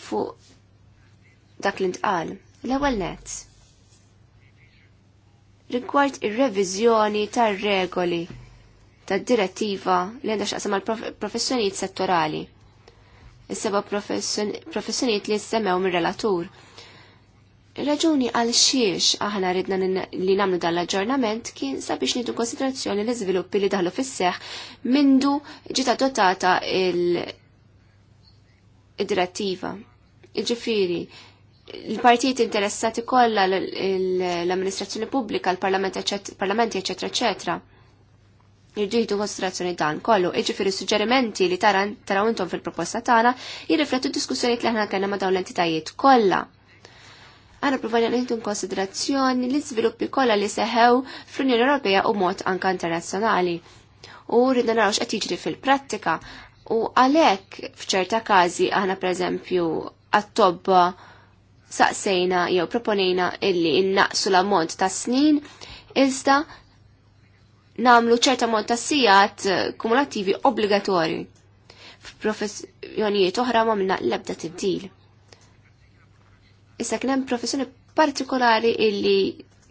fuq dak li ntqal. L-ewwel net. Rigward ir-reviżjoni tar-regoli tad-direttiva li għandha x'qasam mal-professjonijiet settorali. Is-seba professjonijiet li semmew mir-relatur. Raġuni għal xiex aħna ridna li namlu dan l-aġġornament kien sabiex nidu konsiderazzjoni l-iżviluppi li daħlu fis-seħ mindu ġita dotata il- id-direttiva. Iġifiri, il-partijiet interessati kollha l-amministrazzjoni pubblika, l-parlamenti, eccetera, eccetera. Irġiħdu konsiderazzjoni dan kollu, iġifiri suġġerimenti li taraw intom fil-proposta tagħna jirriflettu diskussjoni li aħna kena ma' dawn l-entitajiet kollha. Għana provajna nħintu konsiderazzjoni li sviluppi kollha li seħew fl-Unjoni Ewropea u mod anka internazzjonali. U rridna narawx qed jiġri fil-prattika U għalhekk f'ċerta każi aħna pereżempju għat-tobba saqsejna jew proponejna illi innaqsu l-ammont ta' snin iżda namlu ċerta ammont ta' sijat eh, kumulattivi obbligatorji. F'professjonijiet oħra ma minna l-ebda tibdil. Issa kien hemm professjoni partikolari illi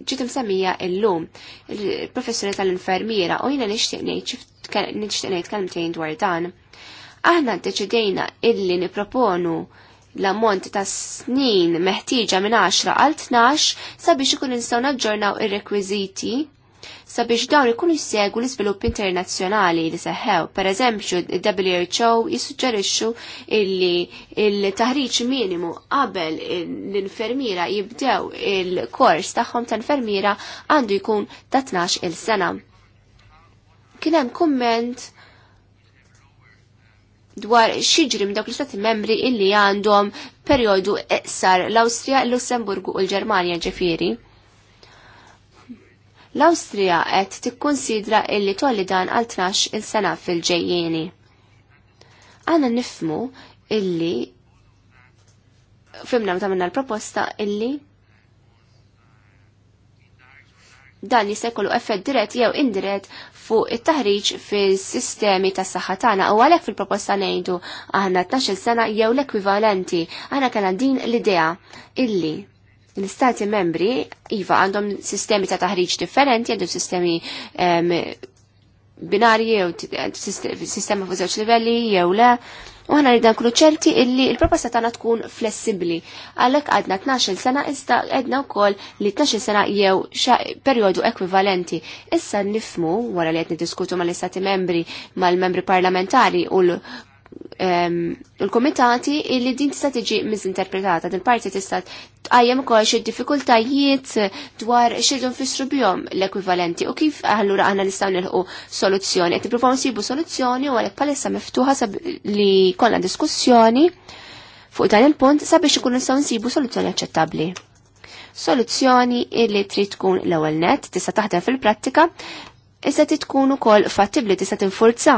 ġitim semmija illum il professuri tal-infermiera u jina nishtiqnejt ngħid dwar dan. Aħna ddeċidejna illi niproponu l-ammont ta' snin meħtieġa minn 10 għal 12 sabiex ikun nistgħu naġġornaw ir-rekwiżiti sabiex dawn ikunu jsegu l-iżvilupp internazzjonali li seħħew. Pereżempju, il-WHO jissuġġerixxu illi il-taħriġ minimu qabel l-infermiera jibdew il-kors tagħhom ta' infermiera għandu jkun ta' 12 il-sena. Kien hemm kumment dwar xiġri minn dawk l-istati membri illi għandhom perjodu iqsar l-Awstrija, l-Lussemburgu u l-Ġermanja ġifieri l-Awstrija qed tikkunsidra illi tolli dan għal tnax il-sena fil-ġejjieni. Għana nifmu illi fimna meta minna l-proposta illi dan jista' jkollu effett dirett jew indirett fuq it-taħriġ fis-sistemi tas-saħħa tagħna u għalhekk fil-proposta ngħidu aħna 12 sena jew l-ekwivalenti aħna kellna din l-idea illi l-istati membri, iva, għandhom sistemi ta' taħriġ differenti, għandhom sistemi um, binarji, jew sistema fuq żewġ livelli, jew le. U għana rridan kullu ċerti illi il-proposta tagħna tkun flessibli. Għalhekk għadna 12 sena iżda għedna wkoll li 12 sena jew perjodu ekvivalenti. Issa nifmu wara li qed niddiskutu mal-Istati membri mal-membri parlamentari u l il-komitati illi din tista' tiġi misinterpretata, din parti tista' tqajjem ukoll xi diffikultajiet dwar xirdu nfissru bihom l-ekwivalenti u kif allura aħna nistgħu nilħu soluzzjoni. Qed nippruvaw nsibu soluzzjoni u għalhekk palissa miftuħa sab li kollha diskussjoni fuq dan il-punt sabiex ikun nistgħu nsibu soluzzjoni aċċettabbli. Soluzzjoni illi trid tkun l-ewwel net tista' taħdem fil-prattika, issa tkun ukoll fattibbli tista' tinfurza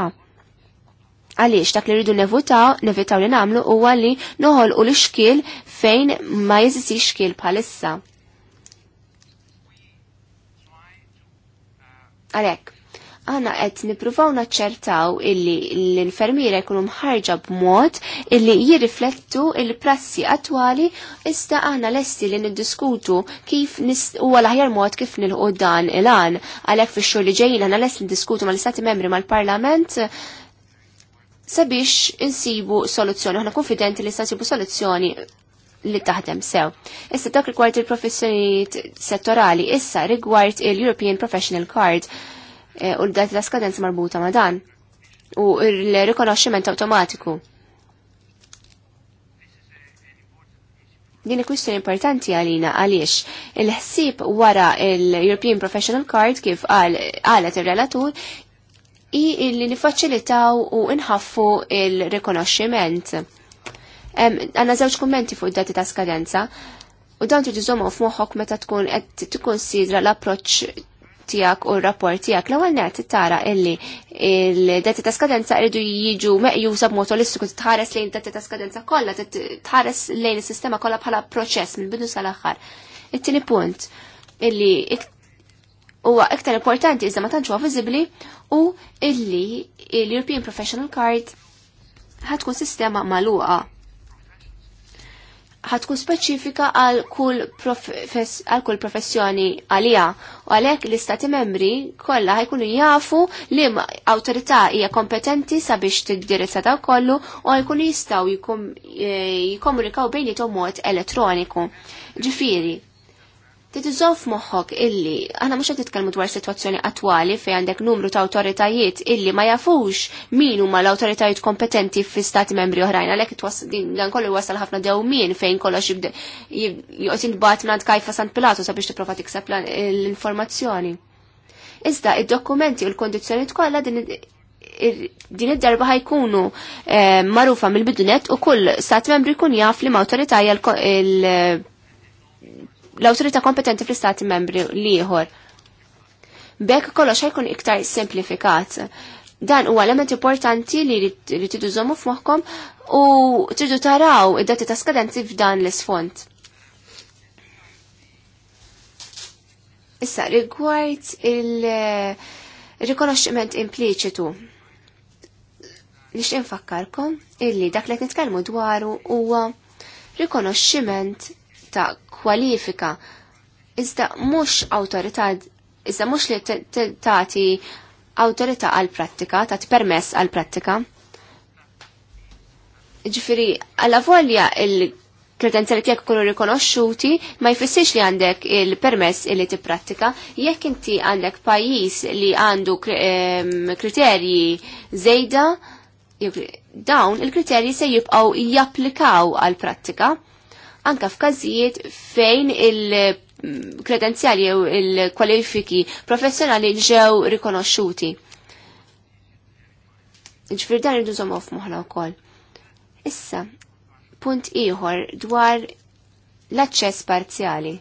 Għaliex dak li rridu nevutaw, nevitaw li namlu u għalli noħol u l-xkil fejn ma jeżisi xkil palissa. Għalek, għana għed nipruvaw naċċertaw illi l-infermiera jkunu mħarġa b'mod illi jirriflettu il-prassi attwali iżda għana lesti li niddiskutu kif u għal-ħjar mod kif nil dan il-għan. Għalek fi xur li ġejjin għana l-esti niddiskutu mal-istati membri mal-parlament sabiex insibu soluzzjoni. Aħna konfidenti li sa' sibu soluzzjoni li taħdem sew. Issa dak rigward il-professjonijiet settorali, issa rigward il-European Professional Card eh, u l dat ta' skadenza marbuta ma' dan u il-rikonoxximent automatiku. Din il-kwistjoni importanti għalina għaliex il-ħsib wara il-European Professional Card kif għalet il-relatur i illi nifaċilitaw u nħaffu il-rikonoxximent. Għanna zewċ kummenti fuq id-dati ta' skadenza u dan trid iżommu f'moħħok meta tkun qed sidra l-approċċ tijak u rapport tijak. L-għal net tara illi il-dati ta' skadenza irridu jiġu sab motolistiku t tħares lejn dati ta' skadenza kollha, tħares lejn is-sistema kollha bħala proċess minn bidu sal-aħħar. It-tieni punt illi huwa iktar importanti iżda ma tanċu huwa viżibbli u illi l-European Professional Card ħatkun sistema maluqa. ħatkun speċifika għal kull professjoni għalija u għalhekk l-istati membri kollha ħajkunu jafu li awtorità hija kompetenti sabiex tiddirizza daw kollu u jkunu jistgħu eh, jikomunikaw bejnietom mod elettroniku. Ġifieri, titiżof moħħok illi aħna mhux qed titkellmu dwar sitwazzjoni attwali fejn għandek numru ta' awtoritajiet illi ma jafux min huma l-awtoritajiet kompetenti fi stati membri oħrajn għalhekk dan kollu wasal ħafna dewmien fejn kollox joqgħod jinbagħat mingħand kajfa Sant Pilatu sabiex tipprova tikseb l-informazzjoni. Iżda id-dokumenti u l-kondizzjoni kollha din din id-darba ħajkunu eh, marufa mill-bidunet u kull stat membri kun jaf li ma' autoritajja l l autorita kompetenti fl-istati membri liħor. Bekk kollox ħajkun iktar simplifikat. Dan huwa element importanti li li tidu żommu f'moħħkom u tridu taraw id-dati ta' skadenzi f'dan l-isfond. Issa, rigward il-rikonoxximent impliċitu. Nix infakkarkom illi dak li nitkellmu dwaru huwa rikonoxximent ta' kwalifika. Iżda mhux awtorità, iżda mhux li tagħti awtorità għal prattika, tagħti permess għal prattika. Ġifieri alla volja il-kredenzjali tiegħek ikunu rikonoxxuti ma jfissirx li għandek il-permess li tipprattika jekk inti għandek pajjiż li għandu kriterji żejda dawn il-kriterji se jibqgħu japplikaw għal prattika anka f'każijiet fejn il-kredenzjali jew il-kwalifiki professjonali ġew rikonoxxuti. Ġifir dan irdu żomu f'moħħna wkoll. Issa, punt ieħor dwar l-aċċess parzjali.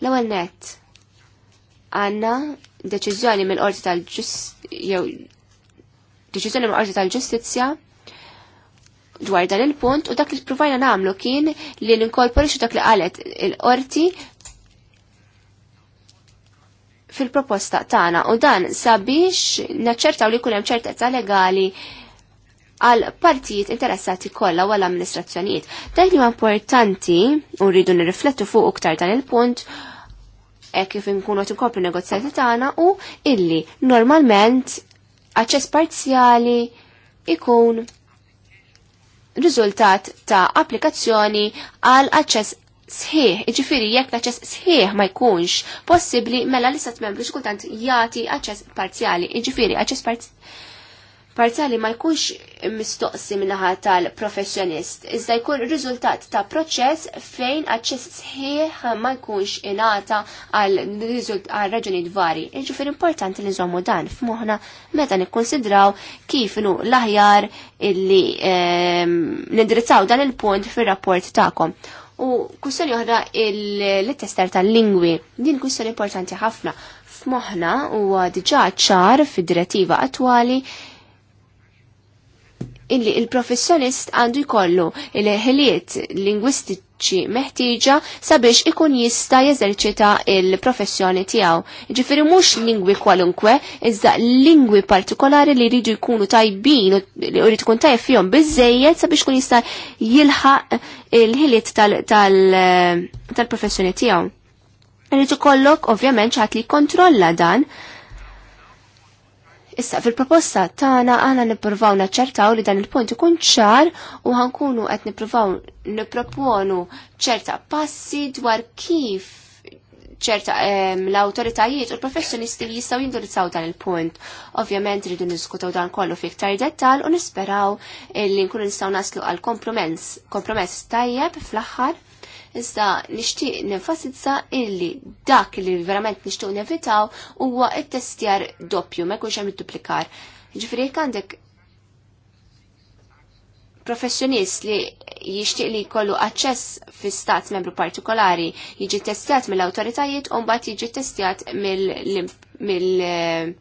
L-ewwel nett għandna deċiżjoni mill-qorti tal-ġust jew deċiżjoni mill-qorti tal-ġustizzja dwar dan il-punt u dak li provajna namlu kien li l-inkorporixu dak li qalet il-qorti fil-proposta tagħna u dan sabiex naċċertaw li kunem hemm ċertezza legali għal partijiet interessati kollha u għall-amministrazzjonijiet. Dak li importanti u rridu nirriflettu fuq iktar dan il-punt e kif inkunu qed inkomplu negozjati tagħna u illi normalment aċċess parzjali ikun riżultat ta' applikazzjoni għal aċċess sħiħ, iġifiri jekk l-aċċess sħiħ ma jkunx possibli mela l-istat membru xkultant jati aċċess parzjali, iġifiri aċċess parzjali parzjali ma jkunx mistoqsi minnaħa tal-professjonist, iżda jkun riżultat ta' proċess fejn aċċess sħiħ ma jkunx inata għal raġuni dvari. Ġifier importanti li nżommu dan f'moħħna meta nikkonsidraw kif nu l-aħjar illi ehm, nindrizzaw dan il-punt fir-rapport tagħkom. U kussjoni oħra il-tester tal-lingwi, din kussjoni importanti ħafna. F'moħna u diġa ċar fid-direttiva attwali illi il-professjonist għandu jkollu il-ħiliet lingwistiċi meħtieġa sabiex ikun jista' jeżerċita il-professjoni tiegħu. Ġifieri mhux lingwi kwalunkwe, iżda lingwi partikolari li jridu jkunu tajbin u li jrid ikun tajb fihom biżejjed sabiex ikun jista' jilħaq il-ħiliet tal-professjoni tiegħu. Rrid ikollok ovvjament ċaħat li kontrolla dan Issa fil-proposta tagħna għana nippruvaw naċċertaw li dan il-punt ikun ċar u ħankunu qed nippruvaw nipproponu ċerta passi dwar kif ċerta l-autoritajiet u l-professjonisti li jistaw dan il-punt. Ovvjament rridu niskutaw dan kollu fi iktar dettal u nisperaw li nkunu nistaw naslu għal kompromess tajjeb fl-aħħar Issa nixtieq nenfasizza illi dak li verament nixtieq nevitaw huwa it-testjar doppju, ma jkunx hemm duplikar. Ġifieri għandek professjonist li jixtieq li jkollu aċċess fi stat membru partikolari jiġi testjat mill-awtoritajiet u mbagħad jiġi testjat mill-, mill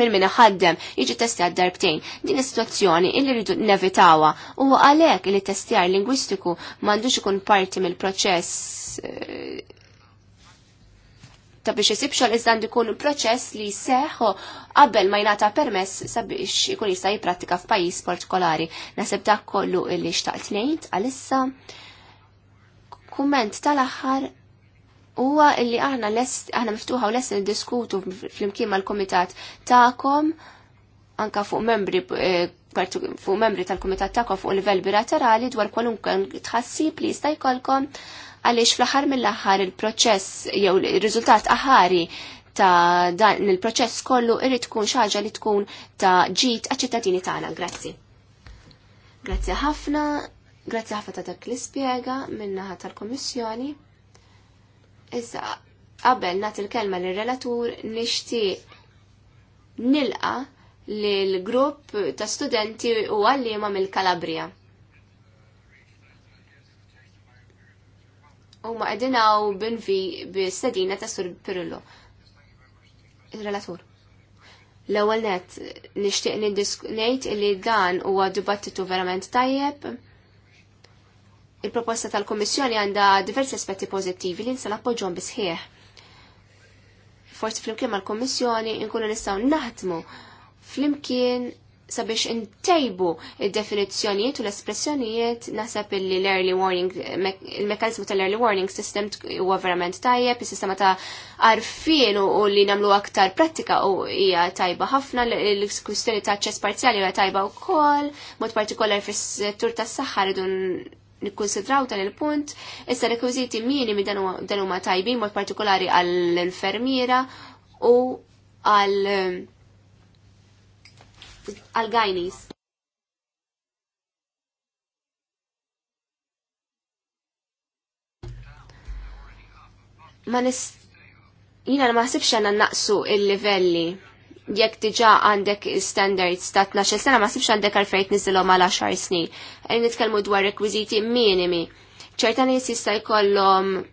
minn minna ħaddem jiġi testi għad darbtejn. Din is-sitwazzjoni illi rridu nevitawa u għalhekk li testjar lingwistiku m'għandux ikun parti mill-proċess eh, ta' biex isib xogħol iżda għandu jkun proċess li seħu qabel ma jnata permess sabiex ikun jista' jipprattika f'pajjiż partikolari. Naseb dak kollu illi xtaqt ngħid għalissa. Kumment tal-aħħar huwa illi aħna lest aħna miftuħa u lest niddiskutu fl-imkien mal-kumitat tagħkom anka fuq membri eh, fuq membri tal-kumitat tagħkom fuq livell bilaterali dwar kwalunkwe tħassib li jista' jkollkom għaliex fl-aħħar mill-aħħar il-proċess jew ir-riżultat aħari ta' dan il-proċess kollu irrid tkun xaġa ħaġa li tkun ta' ġid għaċ-ċittadini tagħna. Grazzi. Grazzi ħafna, grazzi ħafna ta' dak l-ispjega minnaħa tal-Kummissjoni. Issa, qabel nat il-kelma l-relatur nixtieq nilqa li l-grupp ta' studenti u għallima mill-Kalabria. U ma' edinaw binvi bis sedina ta' Sur Pirullo. Il-relatur. L-ewwel net nixtieq ngħid li dan huwa dibattitu verament tajjeb Il-proposta tal-Kommissjoni għandha diversi aspetti pożittivi li nsa nappoġġhom bisħieħ. Forsi flimkien mal-Kommissjoni nkunu nistgħu naħdmu flimkien sabiex intejbu id-definizzjonijiet u l-espressjonijiet nasab li l-early warning, il-mekanizmu tal-early warning system huwa verament tajjeb, is-sistema ta' arfien u li namlu aktar pratika u hija tajba ħafna, l-kwistjoni ta' ċess parzjali hija tajba wkoll, mod partikolari fis-settur tas-saħħa rridu nikkonsidraw tal il-punt, issa rekwiziti minimi dan huma tajbin mod partikolari għall-infermiera u għall eh, għal gajnis. Ma nis jina ma ħsibx naqsu il-livelli jekk diġa għandek standards ta' 12 sena ma sibx għandek għalfejn tniżilhom għal 10 snin. Għin nitkelmu dwar rekwiżiti minimi. ċerta nies jista' jkollhom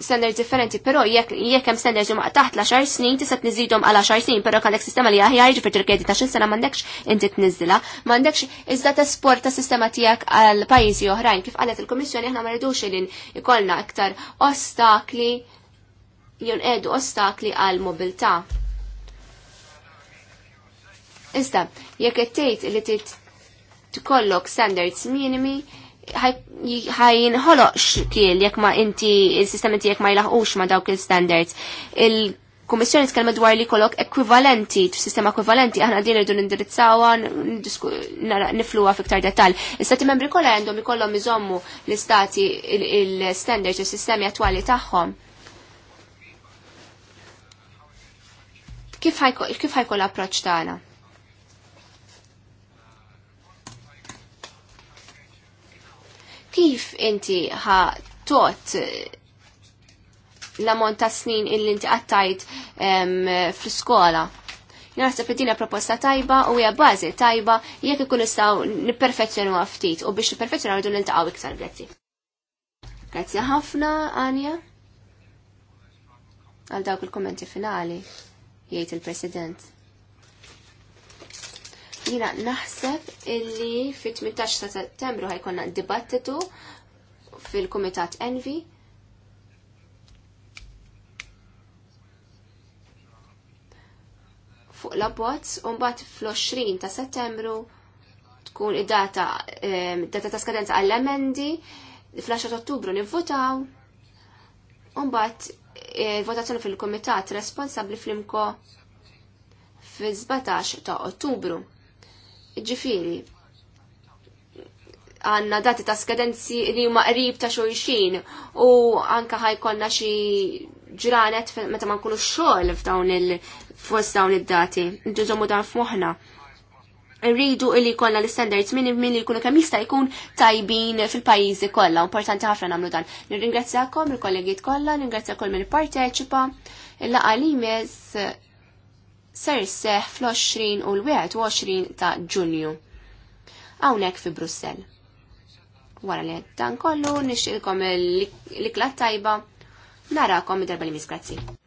standards differenti, pero jekk jekk hemm standards huma taħt l-10 snin tista' tniżidhom għal 10 snin, però għandek sistema li aħjar ġifier tirkedi ta' xil sena m'għandekx inti tniżilha, m'għandekx iżda tesport ta' sistema tiegħek għal pajjiżi oħrajn. Kif qalet il-Kummissjoni aħna ma rridux li ikollna iktar ostakli jonqedu ostakli għal mobilità. Iżda, jekk qed tgħid li tit tkollok standards minimi, ħajinħoloq xkiel jekk ma inti il-sistema inti jekk ma jilaħqux ma dawk il-standards. Il-Kummissjoni tkellmet dwar li kollok ekwivalenti, sistema ekwivalenti, aħna din irridu nindirizzawa, nifluwa fiktar detal. Istati membri kollha għandhom ikollhom iżommu l-istati il-standards u s-sistemi attwali tagħhom Kif ħajkol l-approċ tagħna? Kif inti ħa tot l-ammont ta' snin illi inti għattajt fl-skola? naħseb li proposta tajba u hija bażi tajba jekk ikun nistgħu nipperfezzjonuha ftit u biex nipperfezzjonaw rridu niltaqgħu iktar grazzi. Grazzi ħafna Anja għal dawk il-kommenti finali jgħid il-President. Jina naħseb illi fit-18 ta' settembru ħajkonna dibattitu fil-Kumitat Envi fuq la abbozz u mbagħad fl-20 ta' settembru tkun id-data ehm, data ta' skadenza għall-emendi fl-10 ta' ottubru nivvotaw u il-votazzjoni fil-Komitat responsabli fl-imko fil-17 ta' Ottubru. Ġifiri, għanna dati ta' skadenzi li huma qrib ta' xulxin u anka ħajkonna xi ġranet meta ma nkunu xogħol f'dawn il fost dawn id-dati. Intu dan f'moħħna rridu illi kollha l-standards minn minn li jkunu kemm jista' jkun tajbin fil-pajjiżi kollha. Importanti ħafna nagħmlu dan. Nirringrazzjakom il kollegiet kollha, ningrazzjakom min ipparteċipa. Il-laqgħa li ser seħ fl-20 u l-21 ta' Ġunju. Hawnhekk fi Brussell. Wara li dan kollu nixtilkom l-iklat tajba narakom id-darba li misgrazzi.